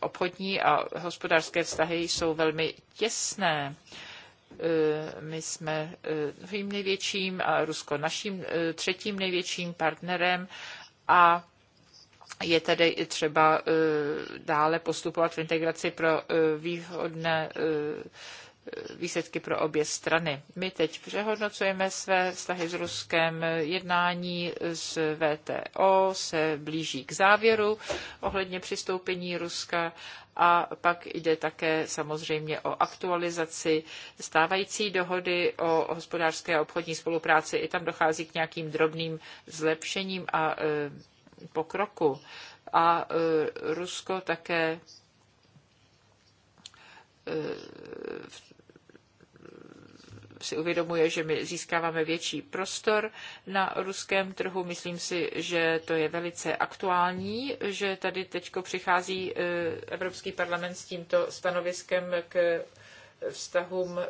A: obchodní a hospodářské vztahy jsou velmi těsné Eh, my jsme druhým eh, největším a Rusko naším eh, třetím největším partnerem a je tedy i třeba dále postupovat v integraci pro výhodné výsledky pro obě strany. My teď přehodnocujeme své vztahy s Ruskem. Jednání s VTO se blíží k závěru ohledně přistoupení Ruska a pak jde také samozřejmě o aktualizaci stávající dohody o hospodářské a obchodní spolupráci. I tam dochází k nějakým drobným zlepšením a e, pokroku. A e, Rusko také e, si uvědomuje, že my získáváme větší prostor na ruském trhu. Myslím si, že to je velice aktuální, že tady teď přichází e, Evropský parlament s tímto stanoviskem k vztahům e,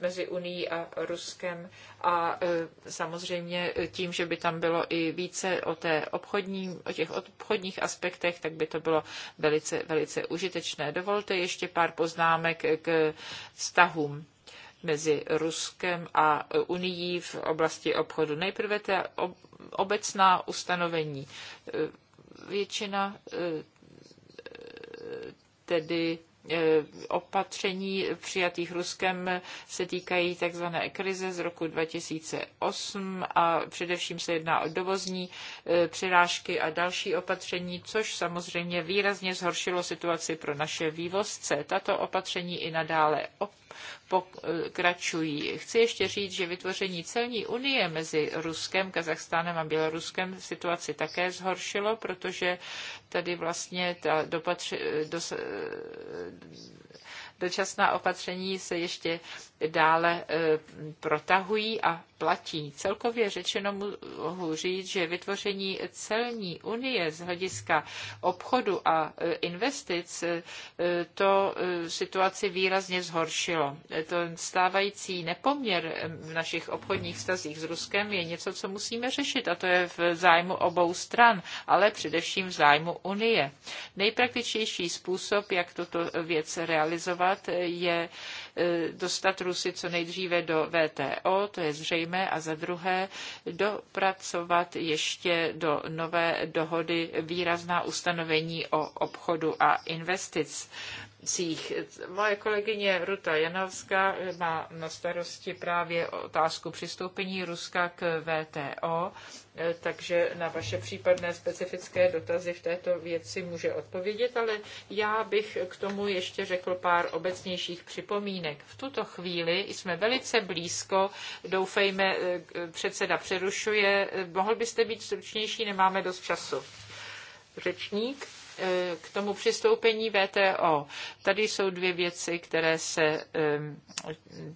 A: mezi Unii a Ruskem a e, samozřejmě tím, že by tam bylo i více o, té obchodní, o těch obchodních aspektech, tak by to bylo velice, velice užitečné. Dovolte ještě pár poznámek k vztahům mezi Ruskem a Unií v oblasti obchodu. Nejprve ta obecná ustanovení. E, většina e, tedy e, opatření přijatých Ruskem se týkají tzv. krize z roku 2008 a především se jedná o dovozní přirážky a další opatření, což samozřejmě výrazně zhoršilo situaci pro naše vývozce. Tato opatření i nadále op pokračují. Chci ještě říct, že vytvoření celní unie mezi Ruskem, Kazachstánem a Běloruskem situaci také zhoršilo, protože tady vlastně ta dopatři, dos, dočasná opatření se ještě dále eh, protahují a platí. Celkově řečeno mohu říct, že vytvoření celní unie z hlediska obchodu a e, investic e, to e, situaci výrazně zhoršilo. To stávající nepoměr v našich obchodních vztazích s Ruskem je něco, co musíme řešit a to je v zájmu obou stran, ale především v zájmu Unie. Nejpraktičtější způsob, jak tuto věc realizovat, je E, dostat Rusy co nejdříve do VTO, to je zřejmé, a za druhé dopracovat ještě do nové dohody výrazná ustanovení o obchodu a investic financích. Moje kolegyně Ruta Janovská má na starosti právě otázku přistoupení Ruska k VTO, takže na vaše případné specifické dotazy v této věci může odpovědět, ale já bych k tomu ještě řekl pár obecnějších připomínek. V tuto chvíli jsme velice blízko, doufejme, předseda přerušuje. Mohl byste být stručnější, nemáme dost času. Řečník. Eh, k tomu přistoupení VTO. Tady jsou dvě věci, které se eh,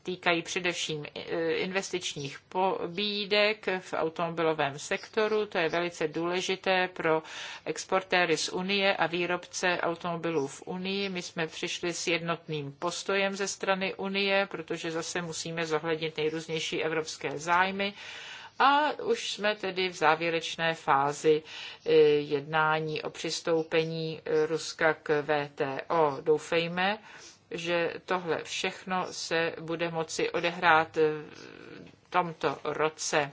A: týkají především eh, investičních pobídek v automobilovém sektoru. To je velice důležité pro exportéry z Unie a výrobce automobilů v Unii. My jsme přišli s jednotným postojem ze strany Unie, protože zase musíme zohlednit nejrůznější evropské zájmy. A už jsme tedy v závěrečné fázi eh, jednání o přistoupení eh, Ruska k VTO. Doufejme, že tohle všechno se bude moci odehrát eh, v tomto roce.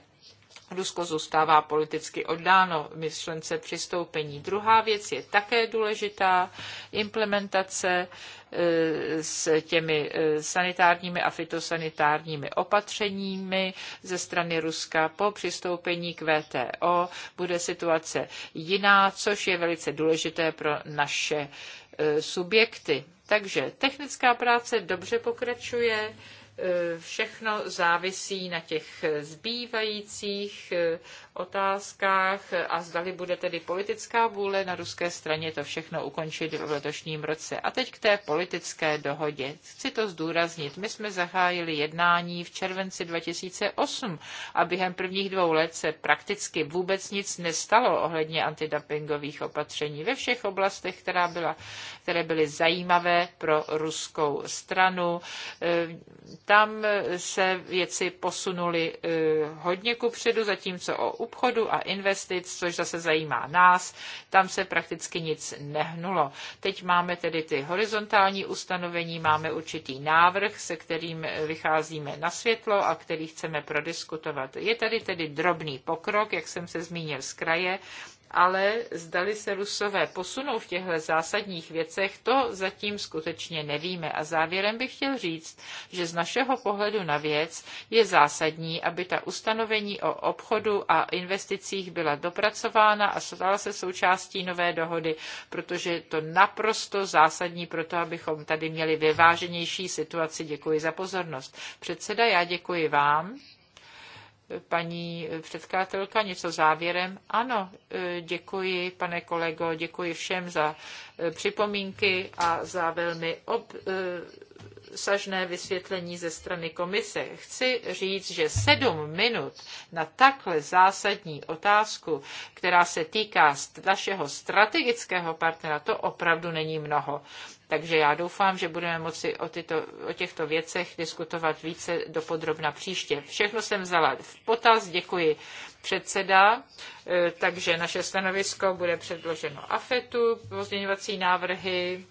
A: Rusko zůstává politicky oddáno myšlence přistoupení. Druhá věc je také důležitá, implementace e, s těmi e, sanitárními a fitosanitárními opatřeními ze strany Ruska po přistoupení k VTO bude situace jiná, což je velice důležité pro naše e, subjekty. Takže technická práce dobře pokračuje Eh, všechno závisí na těch zbývajících eh, otázkách a zdali bude tedy politická vůle na ruské straně to všechno ukončit v letošním roce. A teď k té politické dohodě. Chci to zdůraznit. My jsme zahájili jednání v červenci 2008 a během prvních dvou let se prakticky vůbec nic nestalo ohledně antidumpingových opatření ve všech oblastech, která byla, které byly zajímavé pro ruskou stranu eh, tam se věci posunuly eh, hodně kupředu, zatímco o obchodu a investic, což zase zajímá nás, tam se prakticky nic nehnulo. Teď máme tedy ty horizontální ustanovení, máme určitý návrh, se kterým vycházíme na světlo a který chceme prodiskutovat. Je tady tedy drobný pokrok, jak jsem se zmínil z kraje, ale zdali se Rusové posunou v těchto zásadních věcech, to zatím skutečně nevíme. A závěrem bych chtěl říct, že z našeho pohledu na věc je zásadní, aby ta ustanovení o obchodu a investicích byla dopracována a stala se součástí nové dohody, protože je to naprosto zásadní pro to, abychom tady měli vyváženější situaci. Děkuji za pozornost. Předseda, já děkuji vám paní předkladatelka něco závěrem? Ano, e, děkuji, pane kolego, děkuji všem za e, připomínky a za velmi obsažné e, vysvětlení ze strany komise. Chci říct, že sedm minut na takhle zásadní otázku, která se týká našeho strategického partnera, to opravdu není mnoho. Takže já doufám, že budeme moci o, tyto, o těchto věcech diskutovat více dopodrobna příště. Všechno jsem vzala v potaz, děkuji předseda, e, takže naše stanovisko bude předloženo AFETu, pozměňovací návrhy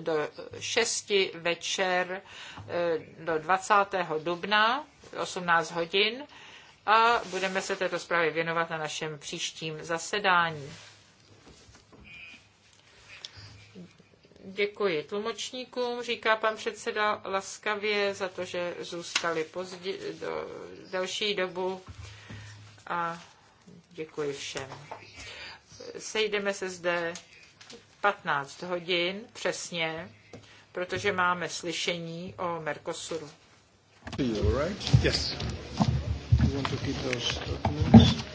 A: do 6 večer e, do 20. dubna 18 hodin a budeme se této zprávě věnovat na našem příštím zasedání. Děkuji tlumočníkům, říká pan předseda laskavě za to, že zůstali pozdě, do další dobu a děkuji všem. Sejdeme se zde 15 hodin přesně, protože máme slyšení o Mercosuru.
B: You, right? Yes. You want to keep those documents?